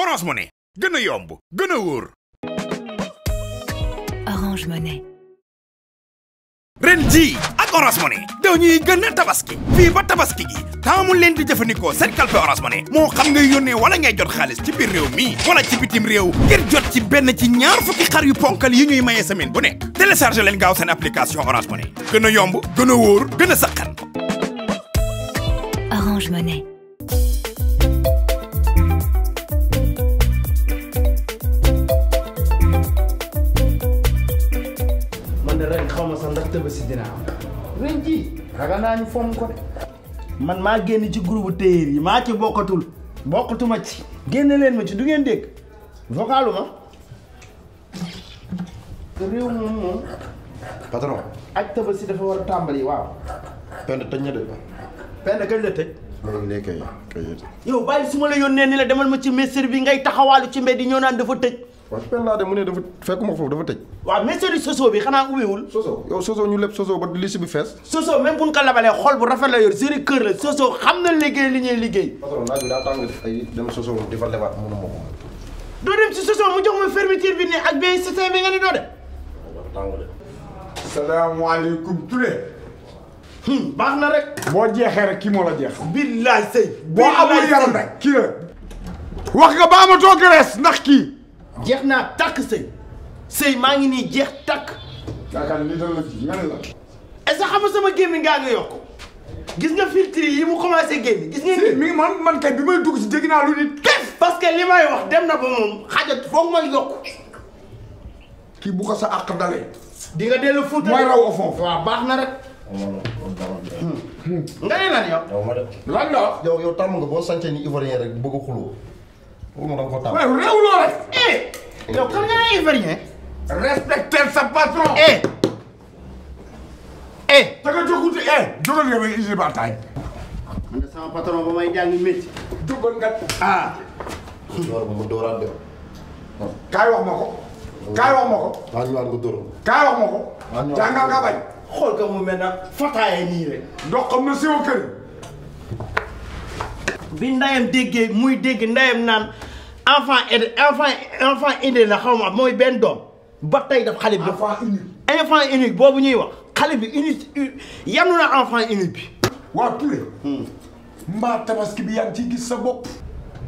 Orange Money gën a yomb gën a wóor. Orange Money. ren jii ak Orange Money daw ñuy gën a tabaski fii ba tabaski gi taamu leen di jëfandikoo seen kalpe Orange Money moo xam ngay yónnee wala ngay jot xaalis ci biir réew mi wala ci bitim réew ngir jot ci benn ci ñaar fukki xar yu ponkal yi ñuy mayee semaine bu nekk téléchargé leen gaaw seen application Orange Money gën a yomb gën a wóor gën a saqan Orange Money man de ren xaw ma sax ndax tëbësi dina am ren ji ragal naa ñu fomm ko de man maa génn ci groupe téyeer yi maa ci bokkatul bokkatuma ci génne leen ma ci du ngeen dégg vocalu ma réew moom moom patron ak tëbësi dafa war a tàmbali waaw pend tëj na de pend kañ la tëj yow bàyyi su ma la yónnee ni la demal ma ci messer bi ngay taxawaalu ci mbedd di ñoo naan dafa tëj waaw su de mu ne dafa fekkuma foofu dafa tëj. waaw mais sëriñ soso bi xanaa ubbiwul. soso yow soso ñu lépp soso ba liste bi fees. soso même bu ñu ko labalee xol bu rafet la yor sëriñ kër la soso xam na liggéey li ñuy liggéey. patron naaj ay dem soso di fa lebaat mënu ma ko. doo dem si soso mu jox ma fermeture bi ne ak benn système bi nga ni doo dem. waaw tàng de. salaamaaleykum hmm, baax na rek. boo jeexee rek kii moo la jeex. billaay sëy. boo amul yaram rek kii la. wax nga ba amatoo graisse ndax kii. jeex naa tàkk sëy sëy maa ngi nii jeex tàkk. yaakaar ni dana la ci nga ne la. est-ce que xam nga sama génn ngaa ngi yokk gis nga filtre yi mu commencé génn gis ngeen. mi ngi man man kay bi may dugg si dégg naa lu ni tef. parce que li may wax dem na ba moom xajat foog ma yokk. kii bu ko sa àq dalee. di nga dellu Fuuta. mooy raw au fond. waaw baax na rek. Hmm. Hmm. nga ne lan yow. lan la yow yow tàmm nga boo sàncee ni ivoirien rek bëgg a xuloo. moom da nga ko taal waaw réew loo rek. eh yow comme yaa ngi inférieur. Eh. respecter sa patron. eh. eh. da nga jóg tuuti eh. jógal nga may usine ba taay. man de sama patron ba may jàng métti. jógal nga ah. loolu moom mu dóoraat de. kaay wax ma ko. kaay wax ma ko. maa ñu waat ko dóor. kaay wax ma ko. maa ñu waat ko jàngal nga bañ. xool ka mu mel na fataaye nii rek. ndox xam na siiw kër. bi ndayam déggee muy dégg ndayam naan. enfant aidé enfant enfant aidé la xaw ma mooy benn doom ba tey daf xale bi. enfant unique enfant unique boobu ñuy wax xale bi unique yanu na enfant unique bi. waa Touré. Hmm. mbaa tabaski bi yaa ngi ciy gis sa bopp.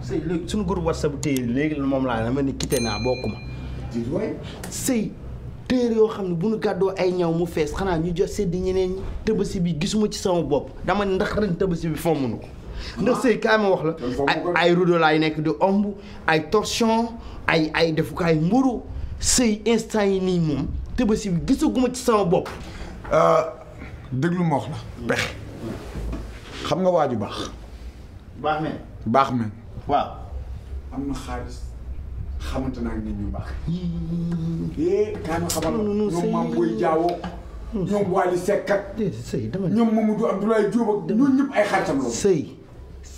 sëy léegi suñu groupe whatsapp bi téye léegi moom laa dama ni quitté naa bokkuma. sëy téere yoo xam ne bu ñu gàddoo ay ñaw mu fees xanaa ñu jox seddi ñeneen ñi. tabaski bi gisuma ci sama bopp dama ndax ren tabaski bi fomm nu ko. ndax sëy kaay wax la ay rudo laay nekk di omb ay torsion ay ay defukaay mburu sëy instant yi nii moom tëbasi bi gisaguma ci sama bopp euh, déglu ma wax la pex xam nga waaju baax baax men baax men waaw am na xaalis xamante naa nit ñu baax eh kaay ma xamal la ñoom maam booy jaawoo ñoom Wally Seck ñëpp ay xaritam la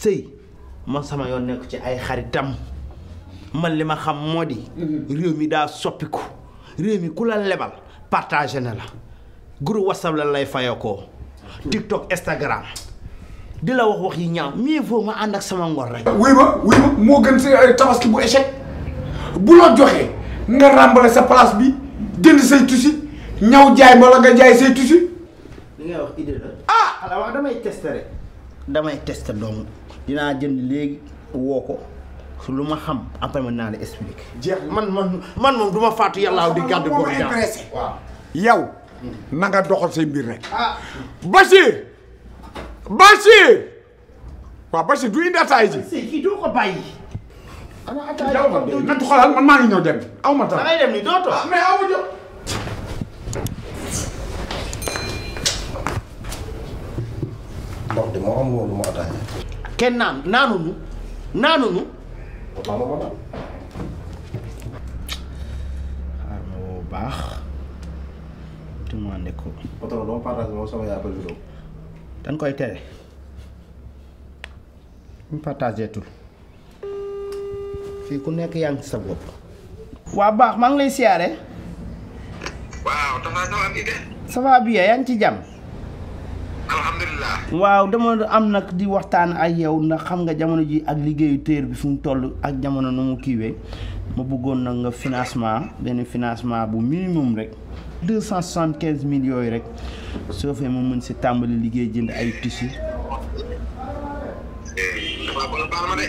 sëy man sama yoon nekk ci ay xaritam man li ma xam moo di. Mhm. réew mi daa soppiku réew mi ku la lebal partagé na la groupe whatsapp la lay fayoo ko tiktok instagram di la wax wax yi ñaaw mieux vaut ma ànd ak sama ngor rek. wuy ma wuy ma moo gën si tabaski bu échec bu la joxee nga ràmbale sa place bi jënd say tusi ñaw jaay ma la nga jaay say tusi. li ngay wax idée la ah. damay test dong dinaa jënd léegi woo ko su lu ma xam après mën naa la expliquer. jeex man man man moom du ma fàttu yàlla di gàddu góor waaw yow na nga doxal say mbir rek. Ah. du indi ataay doo ko bàyyi. ana ataay ji maa ngi ñëw dem aw ma taal. dem ni doo toog ah, moo am woon lu ma ataaya. kenn naan naanuñu naanuñu. waaw ma xaar ma woo baax demandé ko. oto doo koy tere ñu partagé fii ku nekk yaa ngi sa bopp. waa baax maa ngi lay siyaare. waaw ça va ça va bien yaa ngi ci jàmm. alhamdulilah. waaw dama am nag di waxtaan ak yow ndax xam nga jamono ji ak liggéeyu téer bi fi mu toll ak jamono nu mu kiiwee ma bëggoon nag nga financement benn financement bu minimum rek deux cent soixante quinze mille yooyu rek soo fee mu mën si tàmbali liggéey jënd ay tissu. Eh, damaa ko baal ma de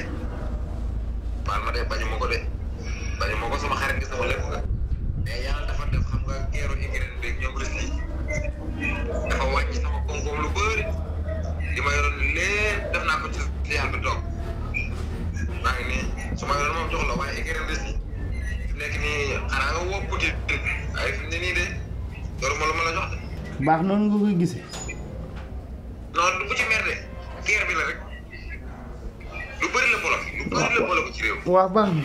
baal ma de bañu ko de ma xarit gi sama lépp nga. dafa def xam nga sama koom-koom lu bëri li ma yoroon def naa ko ci li yàlla toog maa ngi su ma moom jox la waaye Ukraine Russie fi nekk nii xanaa nga woo Poutine waaye fi de baax noonu nga koy gisee. non bu ci mer de guerre bi la rek lu bëri la la borom ci réew. waaw baax na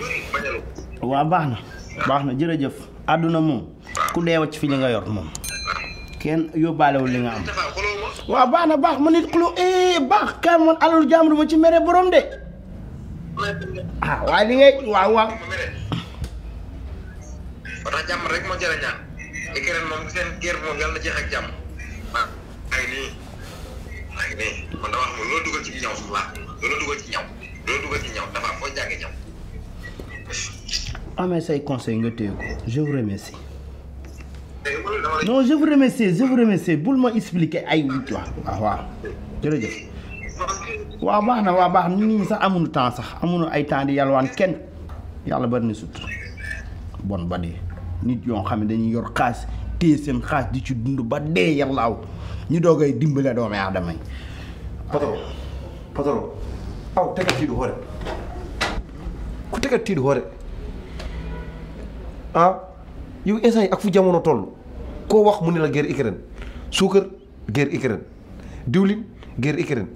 waaw baax na baax na jërëjëf. àdduna moom ku deewa ci fi li nga yor moom kenn yóbbaalewul li nga am waaw baax na baax ma nit xuloo eh, baax kan man alalu ci mere borom de ah, jàmm rek moo jërë ñaan écrin moom seen guerre moom yàlla na jeex ak jàmm man dama xam loolu dugal ñaw loolu dugal ci ñaw ñaw dafa foo jànge ñaw amee say conseil nga téye ko je vous remercie. non je vous remercie bul ma expliquer ay waaw waaw jërëjëf. waaw baax na waaw baax na nit ñi sax amuñu temps sax amuñu ay temps di yalwaan kenn yàlla bari na sut bon ba dee nit yoo xam ne dañuy yor xaas téye seen xaas di ci dund ba dee yàlla aw ñu doog doogay dimbale doomi aadama yi. patron patron aw tegal tiidu xoore ku tegal tiidu xoore ah yow instant yi ak fu jamono toll koo wax mu ne la guerre Ukraine suukar guerre Ukraine diwlin guerre Ukraine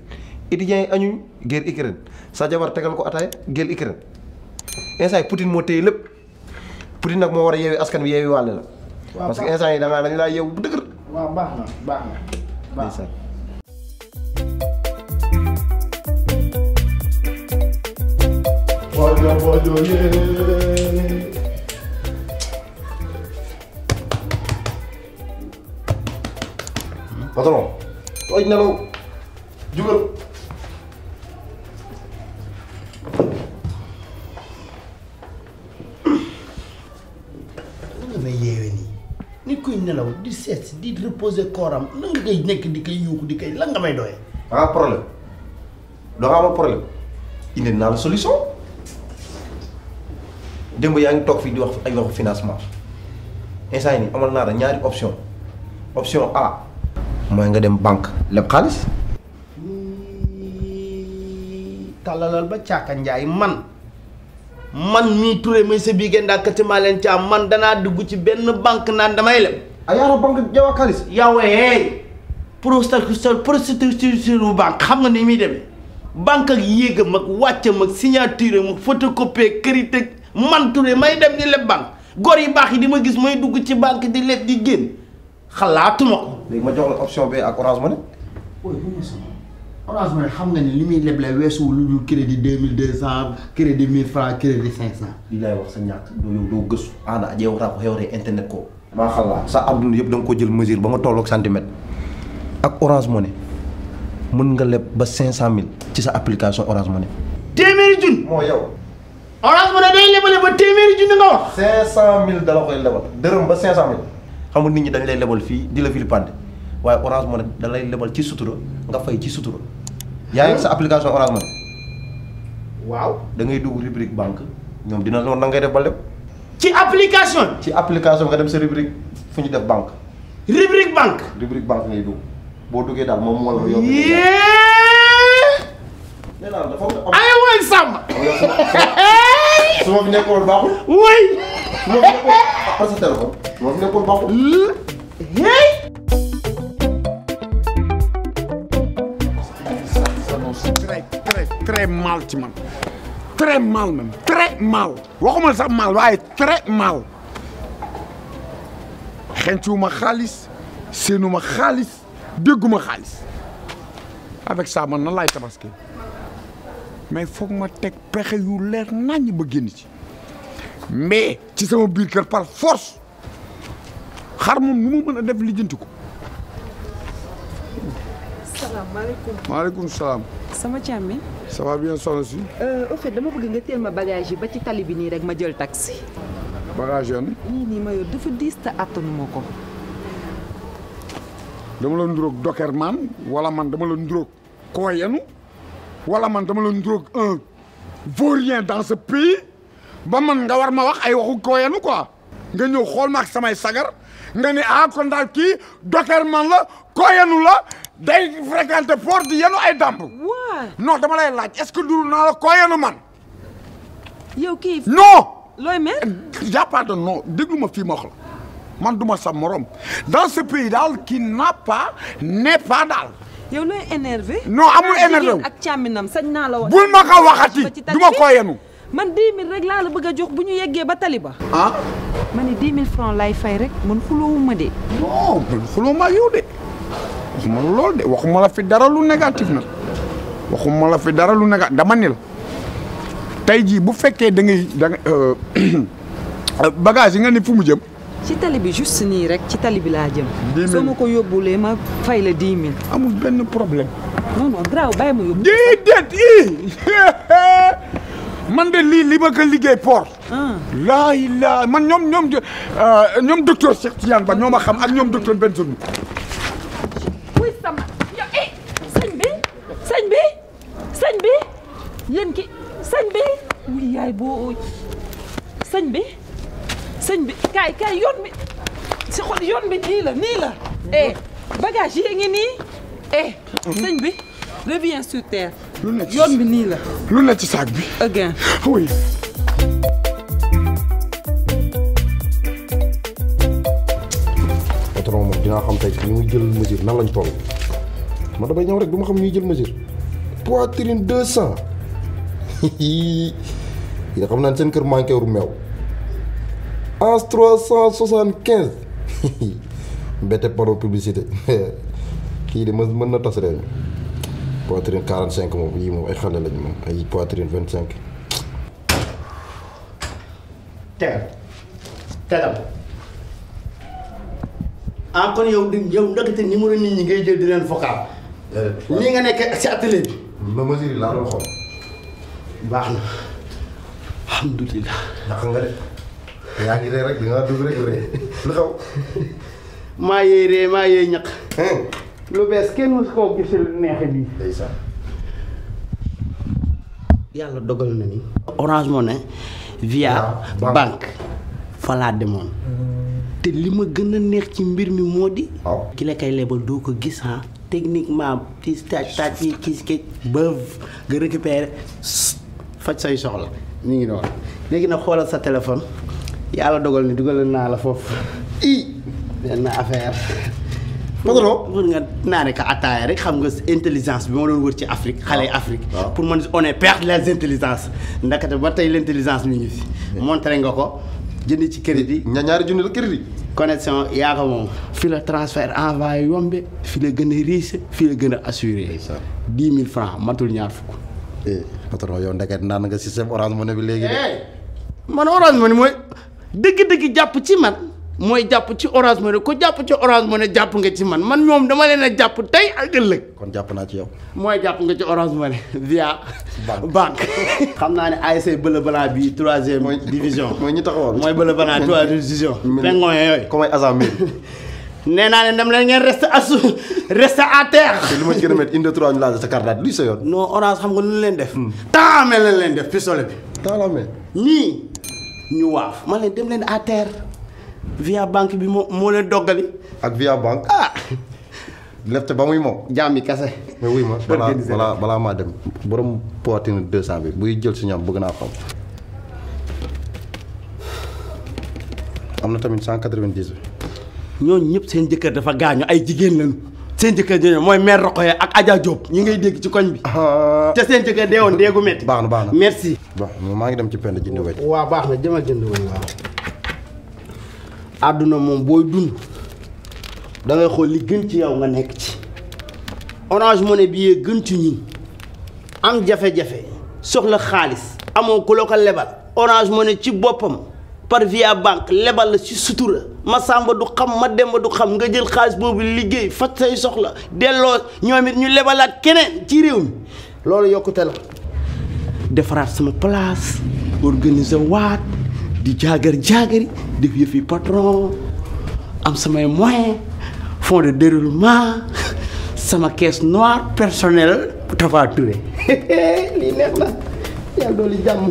étudiants yi añuñ guerre Ukraine sa jabar tegal ko ataaya guerre Ukraine instant yi Poutine moo téye lépp Poutine nag moo war a yeewee askan wi yeewee wàlle la. parce que instant yi da ngaa dañu laa yeewu bu dëgër. waaw patron tooj nelaw jugal nga may yeewee nii nit kuy nelaw di seet di reposer kooram lan nga koy nekk di koy yuuxu di koy lan nga may doyee ah problème doo problème indi naa la solution démb yaa ngi toog fii di wax ay waxu financement instant yi nii amal naa la ñaari option option A mooy nga dem banque leb xaalis. tàllalal ba caaka njaay man man mii Touré may sa biige ndaa kati maa leen caa man danaa dugg ci benn banque naan damay leb. ah yaa banque jawa xaalis. yow eh prostitution prostitution bu banque xam nga ni muy demee banque ak yéegam ak wàccam ak signature am ak photocopie crédit man Touré may dem di leb banque gor yi baax yi di ma gis mooy dugg ci banque di leb di génn. xalaatuma ko. léegi ma jox la option B ak orange money. ooy bu ma soxla orange money xam nga ni li muy leble weesu lu dul crédit deux mille deux cent crédit mille franc crédit cinq cent. li lay wax sa ñàkk doo yow doo gëstu. ana ajee waxtaan ko xew internet ko. maa xalaat sa àdduna yëpp da nga ko jël mesure ba nga toll ak centimètre. ak orange money mën nga leb ba cinq cent mille ci sa application orange money. téeméeri junni. moo yow. orange money day lebale ba téeméeri junni nga wax. cinq cent mille dala koy lebal dërëm ba cinq cent mille. xam nga nit ñi dañ lay lebal fii di la vilipande waaye Orange Money da lay lebal ci sutura nga fay ci sutura. yaa ngi sa application Orange Money. waaw da ngay dugg rubrique banque ñoom dina la na ngay def ba lépp. ci application ci application nga dem sa rubrique fu ñu def banque. rubrique banque. rubrique banque ngay dugg boo duggee daal moom moo la yomb. nee naa dafa sàmm. su ma fi nekkoon baaxul. woy. ci man très mal même très waxuma sax mal waaye mal xenciwuma xaalis seenuma xaalis dégguma xaalis avec ça man nan laay tabaski mais foog ma teg pexe yu leer naññ ba génn ci. mais ci sama biir kër par force xar moom nu mu mën a def lijjanti ko. salaamaaleykum. maaleykum salaam. sama càmmi. ça va bien soxna si. Euh, au fait dama bëgg nga teel ma bagage yi ba ci tali bi nii rek ma jël taxi. bagage yan. nii nii ma yor dafa diis te attanu ma ko. dama la nduroog dokerman wala man dama la nduroog kooyenu wala man dama la nduroog un vaurien dans ce pays. ba man nga war ma wax ay waxu kooyanu quoi nga ñëw xool ma ak samay sagar nga ne ah kon daal kii docker man la kooyanu la day fréquenté port di yenu ay dàmb non dama lay laaj est-ce que duru naa la kooyanu man yow kii non looy ma fii ma wax la man duma sa morom dans ce pays daal ki n'a pas n'est pas daal yow looy énervé non amul énervé ak sañ naa la woon bul ma ko waxati du ma kooyanu man 10 000 laa la bëgg a jox bu ñu yeggee ba tali ba. ah. ma ne 10 lay fay rek man xulóowu ma de. non man xulóowu ma yow de waxuma la fi dara lu négatif nag waxuma la fi dara lu négatif dama ni la tey jii bu fekkee da ngay da nga euh, bagage yi nga ni fu mu jëm. ci tali bi nii rek ci tali laa jëm. 10 soo ma ko yóbbulee ma fay la 10 000. amul benn problème. non non garaaw ma yóbbu. déedéet ii. man de lii li ma ko liggéey port. Ah. laa ilaa man ñoom ñoom euh, ñoom docteur Cheikh Ba ñoo ma xam ak ñoom docteur Bensoumou. wuy sama yow eh sëñ bi sëñ bi sëñ bi yéen ki sëñ bi wuy yaay boo bi sëñ bi kaay kaay yoon bi si xol yoon bi nii la nii la. eh bagage ye ngi nii eh. sëñ bi reviens sur terre. lu ne ci yoon bi nii la. lu ne ci saak bi. again oui. patron moom dinaa xam tey ñu jël mesure nan lañ toll man damay ñëw rek du ma xam ñuy jël mesure poitrine deux cent yi nga xam naan seen kër manqué wu meew ans trois cent soixante quinze mbette paro publicité kii de ma mën na tas réew mi poitrine 45 moom yii moom ay xale lañ moom ay poitrine 25. tegal tegal ah kon yow di yow ndekete numéro nit ñi ngay jël di leen focal. nii eh, nga nekk si atelier bi. ma mesure laa doon xool. baax na alhamdulilah. ndax nga de yaa ngi rek di dugg rek lu xew. maa yee ree maa yee ñaq. Eh? lu bees kenn mës koo gis lu neexe yàlla dogal na ni. Orange Money via banque falaa demoon. te li ma gën a neex ci mbir mi moo di. ki la kay lebal doo ko gis ah. techniquement ci taj taj yi kii kii bëv nga récupérer faj say soxla. ñu ngi léegi nag xoolal sa téléphone yàlla dogal ni dugal naa la foofu i benn affaire. Magoro mën nga naane ka ataaya rek xam nga intelligence bi ma doon wër ci Afrique xale Afrique pour man on est les intelligences ndakate ba tey l' intelligence mi ngi fi montré nga ko jënd ci crédit ña ñaari junni la crédit connexion yaa ko moom fi la transfert envoyé yombe fi la gën a riche fi la gën a assuré dix mille francs matul ñaar fukk eh, patron yow ndeket naan nga système orange money bi léegi de eh, man orange money mooy dëgg-dëgg jàpp ci man mooy jàpp ci Orange Money ko jàpp ci Orange Money jàpp nga ci man man ñoom dama leen a jàpp tey ak ëllëg. kon jàpp naa ci yow. mooy jàpp nga ci Orange Money via. banque xam naa ne ASC Bële Banaa bi troisième. mooy division mooy ñi taxawoon. mooy Bële Banaa troisième division. pengoo yooyu comme ay agent nee naa ne dem leen ngeen reste asu reste à terre. te li ma ci gën a métti une trois ñu laaj sa carte xam nga lu leen def. Hmm. temps amee lañ leen def pistolet bi. temps la nii ñu waaf. ma leen dem leen à terre. via banque bi moo moo leen doggali. ak via banque. Ah! lefte ba muy moom. jaam yi kese. mais wuy balaa balaa balaa maa dem. borom poitrine 200 bi buy jël si ñam bëgg naa xam. am na tamit 190 bi. ñooñu ñëpp seen jëkkër dafa gaañu ay jigéen lañu. seen jëkkër jooju mooy mère Roqoye ak Adja Diop ñi ngay dégg ci koñ bi. Ah. te seen jëkkër dee woon dee gu métti. baax na baax na merci. bon maa ngi dem ci pend jënd wecc. waaw baax na jëmal jënd wecc waaw. àdduna moom booy dund da ngay xool li gën ci yow nga nekk ci Orange ne bi gën ci ñi am jafe-jafe soxla xaalis amoo ku la ko lebal Orange Money ci boppam par via banque lebal la ci sutura ma sàmba du xam ma demba du xam nga jël xaalis boobu liggéey faj say soxla delloo ñoom it ñu lebalaat keneen ci réew mi loolu yokkute la defaraat sama place organiser waat di jaagar jaagari def yëf yi patron am samay moyen fonds de déroulement sama caisse noire personnelle Tapha Touré lii neex na yàlla doolu jàmm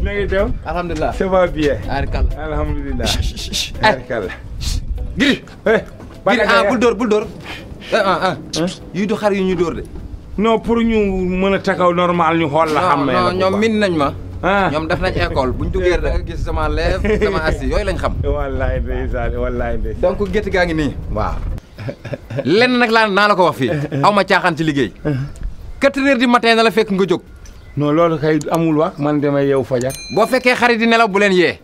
na ngi dem alhamdulilah ça bien alhamdulilah arkal giri eh, giri ah bul dóor bul dóor eh, ah, ah. yuy du xar yu ñu dóor de non pour ñu mën a taxaw normal ñu xool la. xam la non ñoom min nañ ma. Ah. ñoom def nañ école buñ duggee da nga gis sama lèvre sama assis yooyu lañ xam. wallaay ndeysaan wallaay ndeysaan donc gétt gaa ngi nii waaw. lenn nag laa naa la ko wax fii aw ma caaxaan ci liggéey. 4 heures du na la fekk nga jóg. noo loolu kay amul wax man damay yeewu fajar. boo fekkee xarit di nelaw bu leen yee.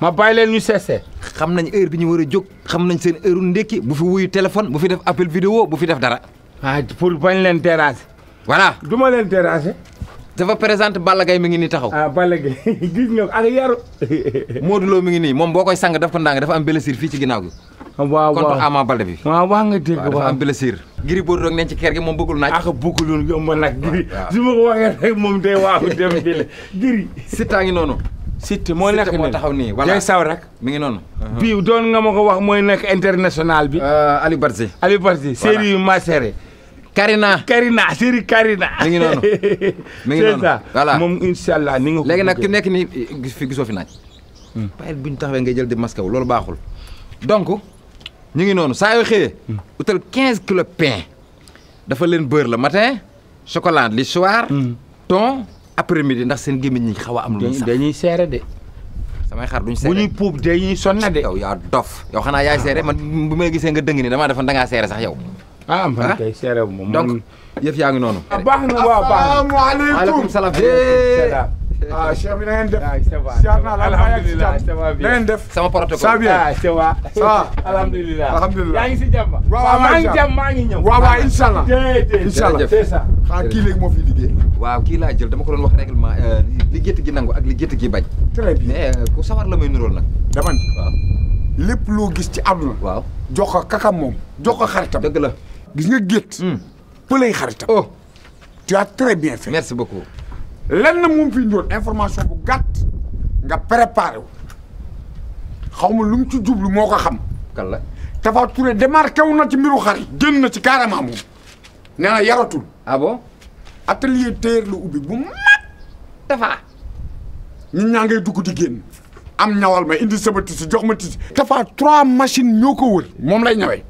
ma bàyyi leen ñu seese. xam nañ heure bi ñu war a jóg xam nañ seen heure ndékki bu fi wuyu téléphone bu fi def appel vidéo bu fi def dara. ah pour bañ leen terrasser. voilà du ma leen terrasser. dafa présente Balla Gaye mi ngi nii taxaw. ah Balla Gaye gis nga ak yaru. Modou Lo mi ngi nii moom boo koy sang daf ko dafa am fii ci ginnaaw gi. Ah, waaw waaw contre Ama Baldé bi. waaw wax nga dégg waaw dafa am blessure. Gris Bordeaux rek ci kër gi moom bëggul naaj. ah bëggulul yomb nag. Gris su ma ko waxee rek moom day waaw ngi noonu. Siteu moo nekk moo taxaw nii voilà day saw rek mi ngi noonu. bii doon nga ma ko wax moo nekk international bi. Euh, Aliou Badji. Aliou Badji Karina Karina série Karina. mi ngi noonu mi ngi noonu voilà moom incha allah léegi nag ki nekk nii fi fi naaj. bàyyil hmm. bu ñu taxawee ngay jël di masque wu loolu baaxul. donc ñu ngi noonu saa yoo hmm. utal 15 kilos pain. dafa leen beurre la matin chocolat li soir. Hmm. thon après midi ndax seen gémmiñ ñi xaw a am. lu ñu sax dañuy seere de. samay xar duñ seere bu ñuy puub dañuy sonna de. yow yaa dof yow xanaa yaay seere ah. man bu may gisee nga dëng ni damaa defoon da ngaa seere sax yow. ah man kay seere moom donc yëf yaa ngi noonu. Ah, baax na waaw baax na asalaamaaleykum salaam. ah chef bi na ngeen def. alhamdulilah na ngeen def. sama protocole ah, yaa ngi si jàmm. waaw maa ngi ngi ñëw. waaw waaw incha allah incha allah xanaa ah, kii léegi moo fi liggéey. waaw kii laa jël dama ko doon wax règlement euh, li gétt gi nangu ak li gétt gi bañ. Euh, ku sawar la may nuróol nag. dama ni loo gis ci àdduna. waaw jox ko kakam moom jox ko xaritam dëgg la. gis nga gétt hmm. pëlay xaritam oh tu as très bien fait merci beaucoup lenn moom fi ndoon information bu gàt nga préparé xaw ma lu ci jublu moo ko xam kan la Tapha Touré démarqué wu na ci mbiru xar génn na ci carrément moom a na yaratul ah bon atelier tailleur lu ubbi bu mag Tapha ñi ñaa ngay dugg ti génn am ñawal ma indi sama tissu jox ma tissu Tapha trois machines ñoo ko wër moom lay ñawee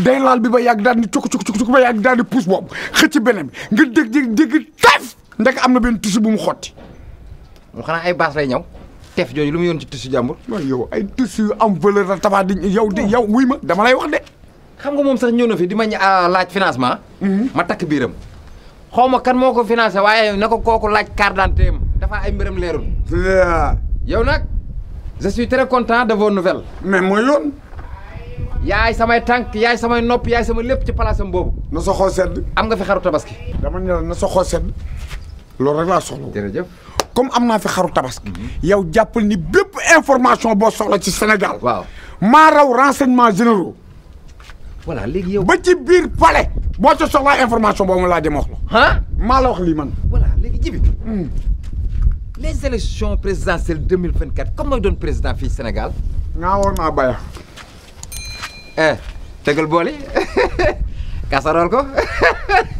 day laal bi ba yàgg daal di cuk cuk cuk ba yàgg daal di pousse boobu xëcc beneen bi nga dégg dégg teef ndek am na benn tissu bu mu xotti. mu xanaa ay baas lay ñëw. teef jooju lu mu yoon ci tissu jàmbur. waaw yow ay tissu yu am valeur la tabaat di yow di yow wuy ma dama lay wax de. xam nga moom sax ñëw na fi di ma ah, laaj financement. Mhm. ma takk biiram. xaw ma kan moo ko financé waaye na ko kooku laaj carte d'identité am dafa ay mbiram leerul. yow nag je suis très content de vos nouvelles. mais mooy yoon. yaay samay tànk yaay samay nopp yaay sama lépp ci palaasam boobu. na soxo xol sedd. am nga fi xaru tabaski. dama ne na sa xol sedd loolu rek laa soxla. comme am naa fi xaru tabaski. Mhm. yow jàppal ni bépp information boo soxla ci Sénégal. waaw maa raw renseignements généraux. voilà léegi yow. ba ci biir palais. boo ca soxlaa information boobu laa dem wax la. maa la wax lii man. voilà léegi jibi hmm. les élections présidentielles 2024 comme mooy doon président fii Sénégal. naa war baya Eh, tegal boole kasarool ko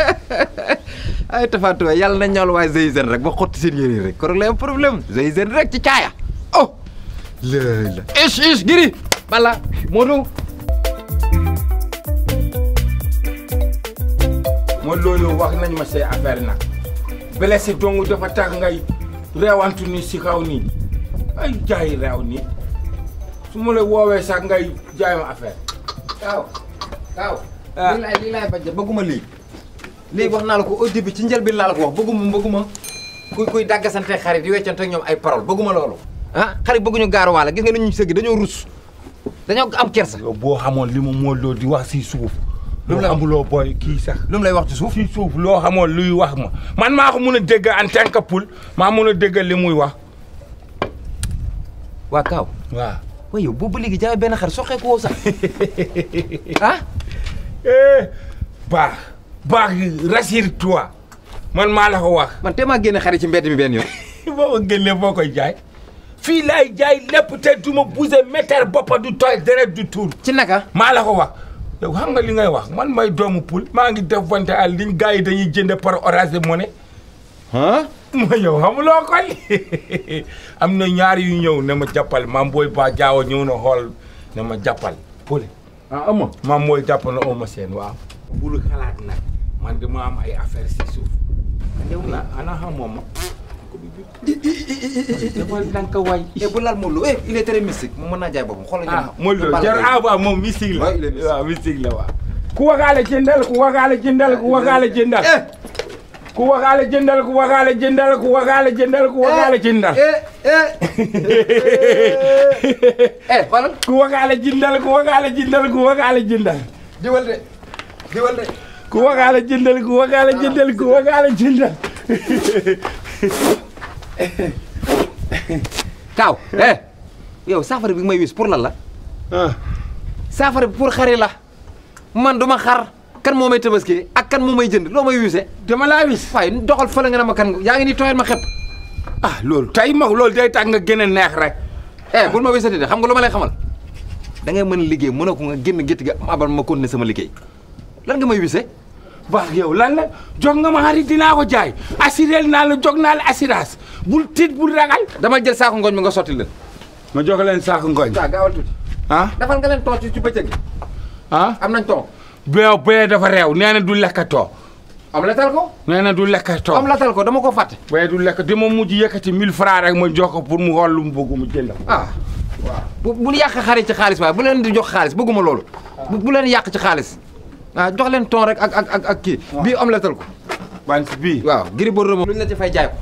ay tafatuwa yàlla na ñool waaye Zeyzen rek ba xotti seen yére rek kon lay am problème Zeyzen rek ci caaya oh lay la ish ish giri bala Modou ma loolu wax nañ ma say affaire nag blessé dong dafa tax ngay reewantu ni si kaw nii ay jaay reew nii su ma la woowee sax ngay jaay ma waaw waaw. waaw ah. lii laay lii laay bañ bëgguma lii. lii wax naa la ko au début ci njëlbeen laa la ko wax bëgguma bëgguma kuy kuy dàggasante xarit yi weccante ñoom ay parole bëgguma loolu. ah xarit bëgguñu gaaruwaale gis nga ñu sëgg dañoo rus dañoo am kersa. yow boo xamoon li mu moo loolu di wax si suuf. lu mu la amuloo booy kii sax. lu mu lay wax ci suuf si suuf loo xamoon luy wax ma man maa ko mun a dégg en tant que poul maa mun a dégg li muy wax. waa Kaaw waaye yow boobu léegi jaay benn xar soxeeku woo sax ah. Eh, baax baax rassure-toi man maa la wax. man te maa génne xar ci mbedd mi benn yoon. boo ko génnee boo koy jaay. fii laay jaay lépp te du ma bousez mètre boppa du tooy deret du tuur. ci naka. maa la ko wax. yow xam nga li ngay wax man may doomu pul maa ngi def wante à ligne gars yi dañuy jënd par Orange Money. ah. ma yow xamuloo ko am na ñaar yu ñëw ne ma jàppal maam booy ba jaaw ñëw na xool ne ma jàppal pule ah ama maam jàpp na oma seen waaw bul xalaat nag man dama am ay affaire si suuf yow na naa jaay boppam xoolal ah Modou Lo jar ah waaw moom mystique la waaw mystique la waaw ku waxaale jëndal ku waxaale jëndal ku ku waxaale jëndal ku waxaale jëndal ku waxaale jëndal ku waxaale eh, jëndal. eh, eh, eh. fan. ku waxaale jëndal ku waxaale jëndal ku waxaale jëndal. diwal de diwal de. ku waxaale jëndal ku waxaale jëndal ku waxaale jëndal. Kaaw. eh yow saafara bi may wis pour lan la. Ah. saafara bi pour xari la man duma xar. kan moom may tabaski ak kan moo may jënd loo may wise dama laa wis waaye doxal fële nga ne ma kan yaa ngi ni tooyal ma xepp ah loolu tey ma loolu day tax nga gën neex rek eh bul ma wisati de xam nga lu ma lay xamal da ngay mën liggéey mën a ko nga génn gétt ga abal ma continuer sama liggéey lan nga may wise baax yow lan la jog nga ma xarit dinaa ko jaay assuré naa la jog naa la assurance bul tiit bul ragal dama jël saako ngooñ ma nga sotti leen ma jox leen saako ngooñ gaawal tuuti ah dafal nga leen toog ci ci bëccëg ah am nañ toog beew bee dafa réew nee na du lekkatoo. am latal ko. nee na du lekkatoo am latal ko dama ko fàtte. bee du lekk dama mujj yëkkati 1000 francs rek ma jox ko pour mu xool lu mu bëgg mu jënd ko. Ah, bu bu yàq xarit ci xaalis waaye bu leen di jox xaalis bëgguma loolu. Ah. bu leen yàq ci xaalis. ah jox leen ton rek ak ak ak ak kii. Ah. bii am latal ko. wànq bii waaw giri boo rëmm. lu la ci fay jaay ko.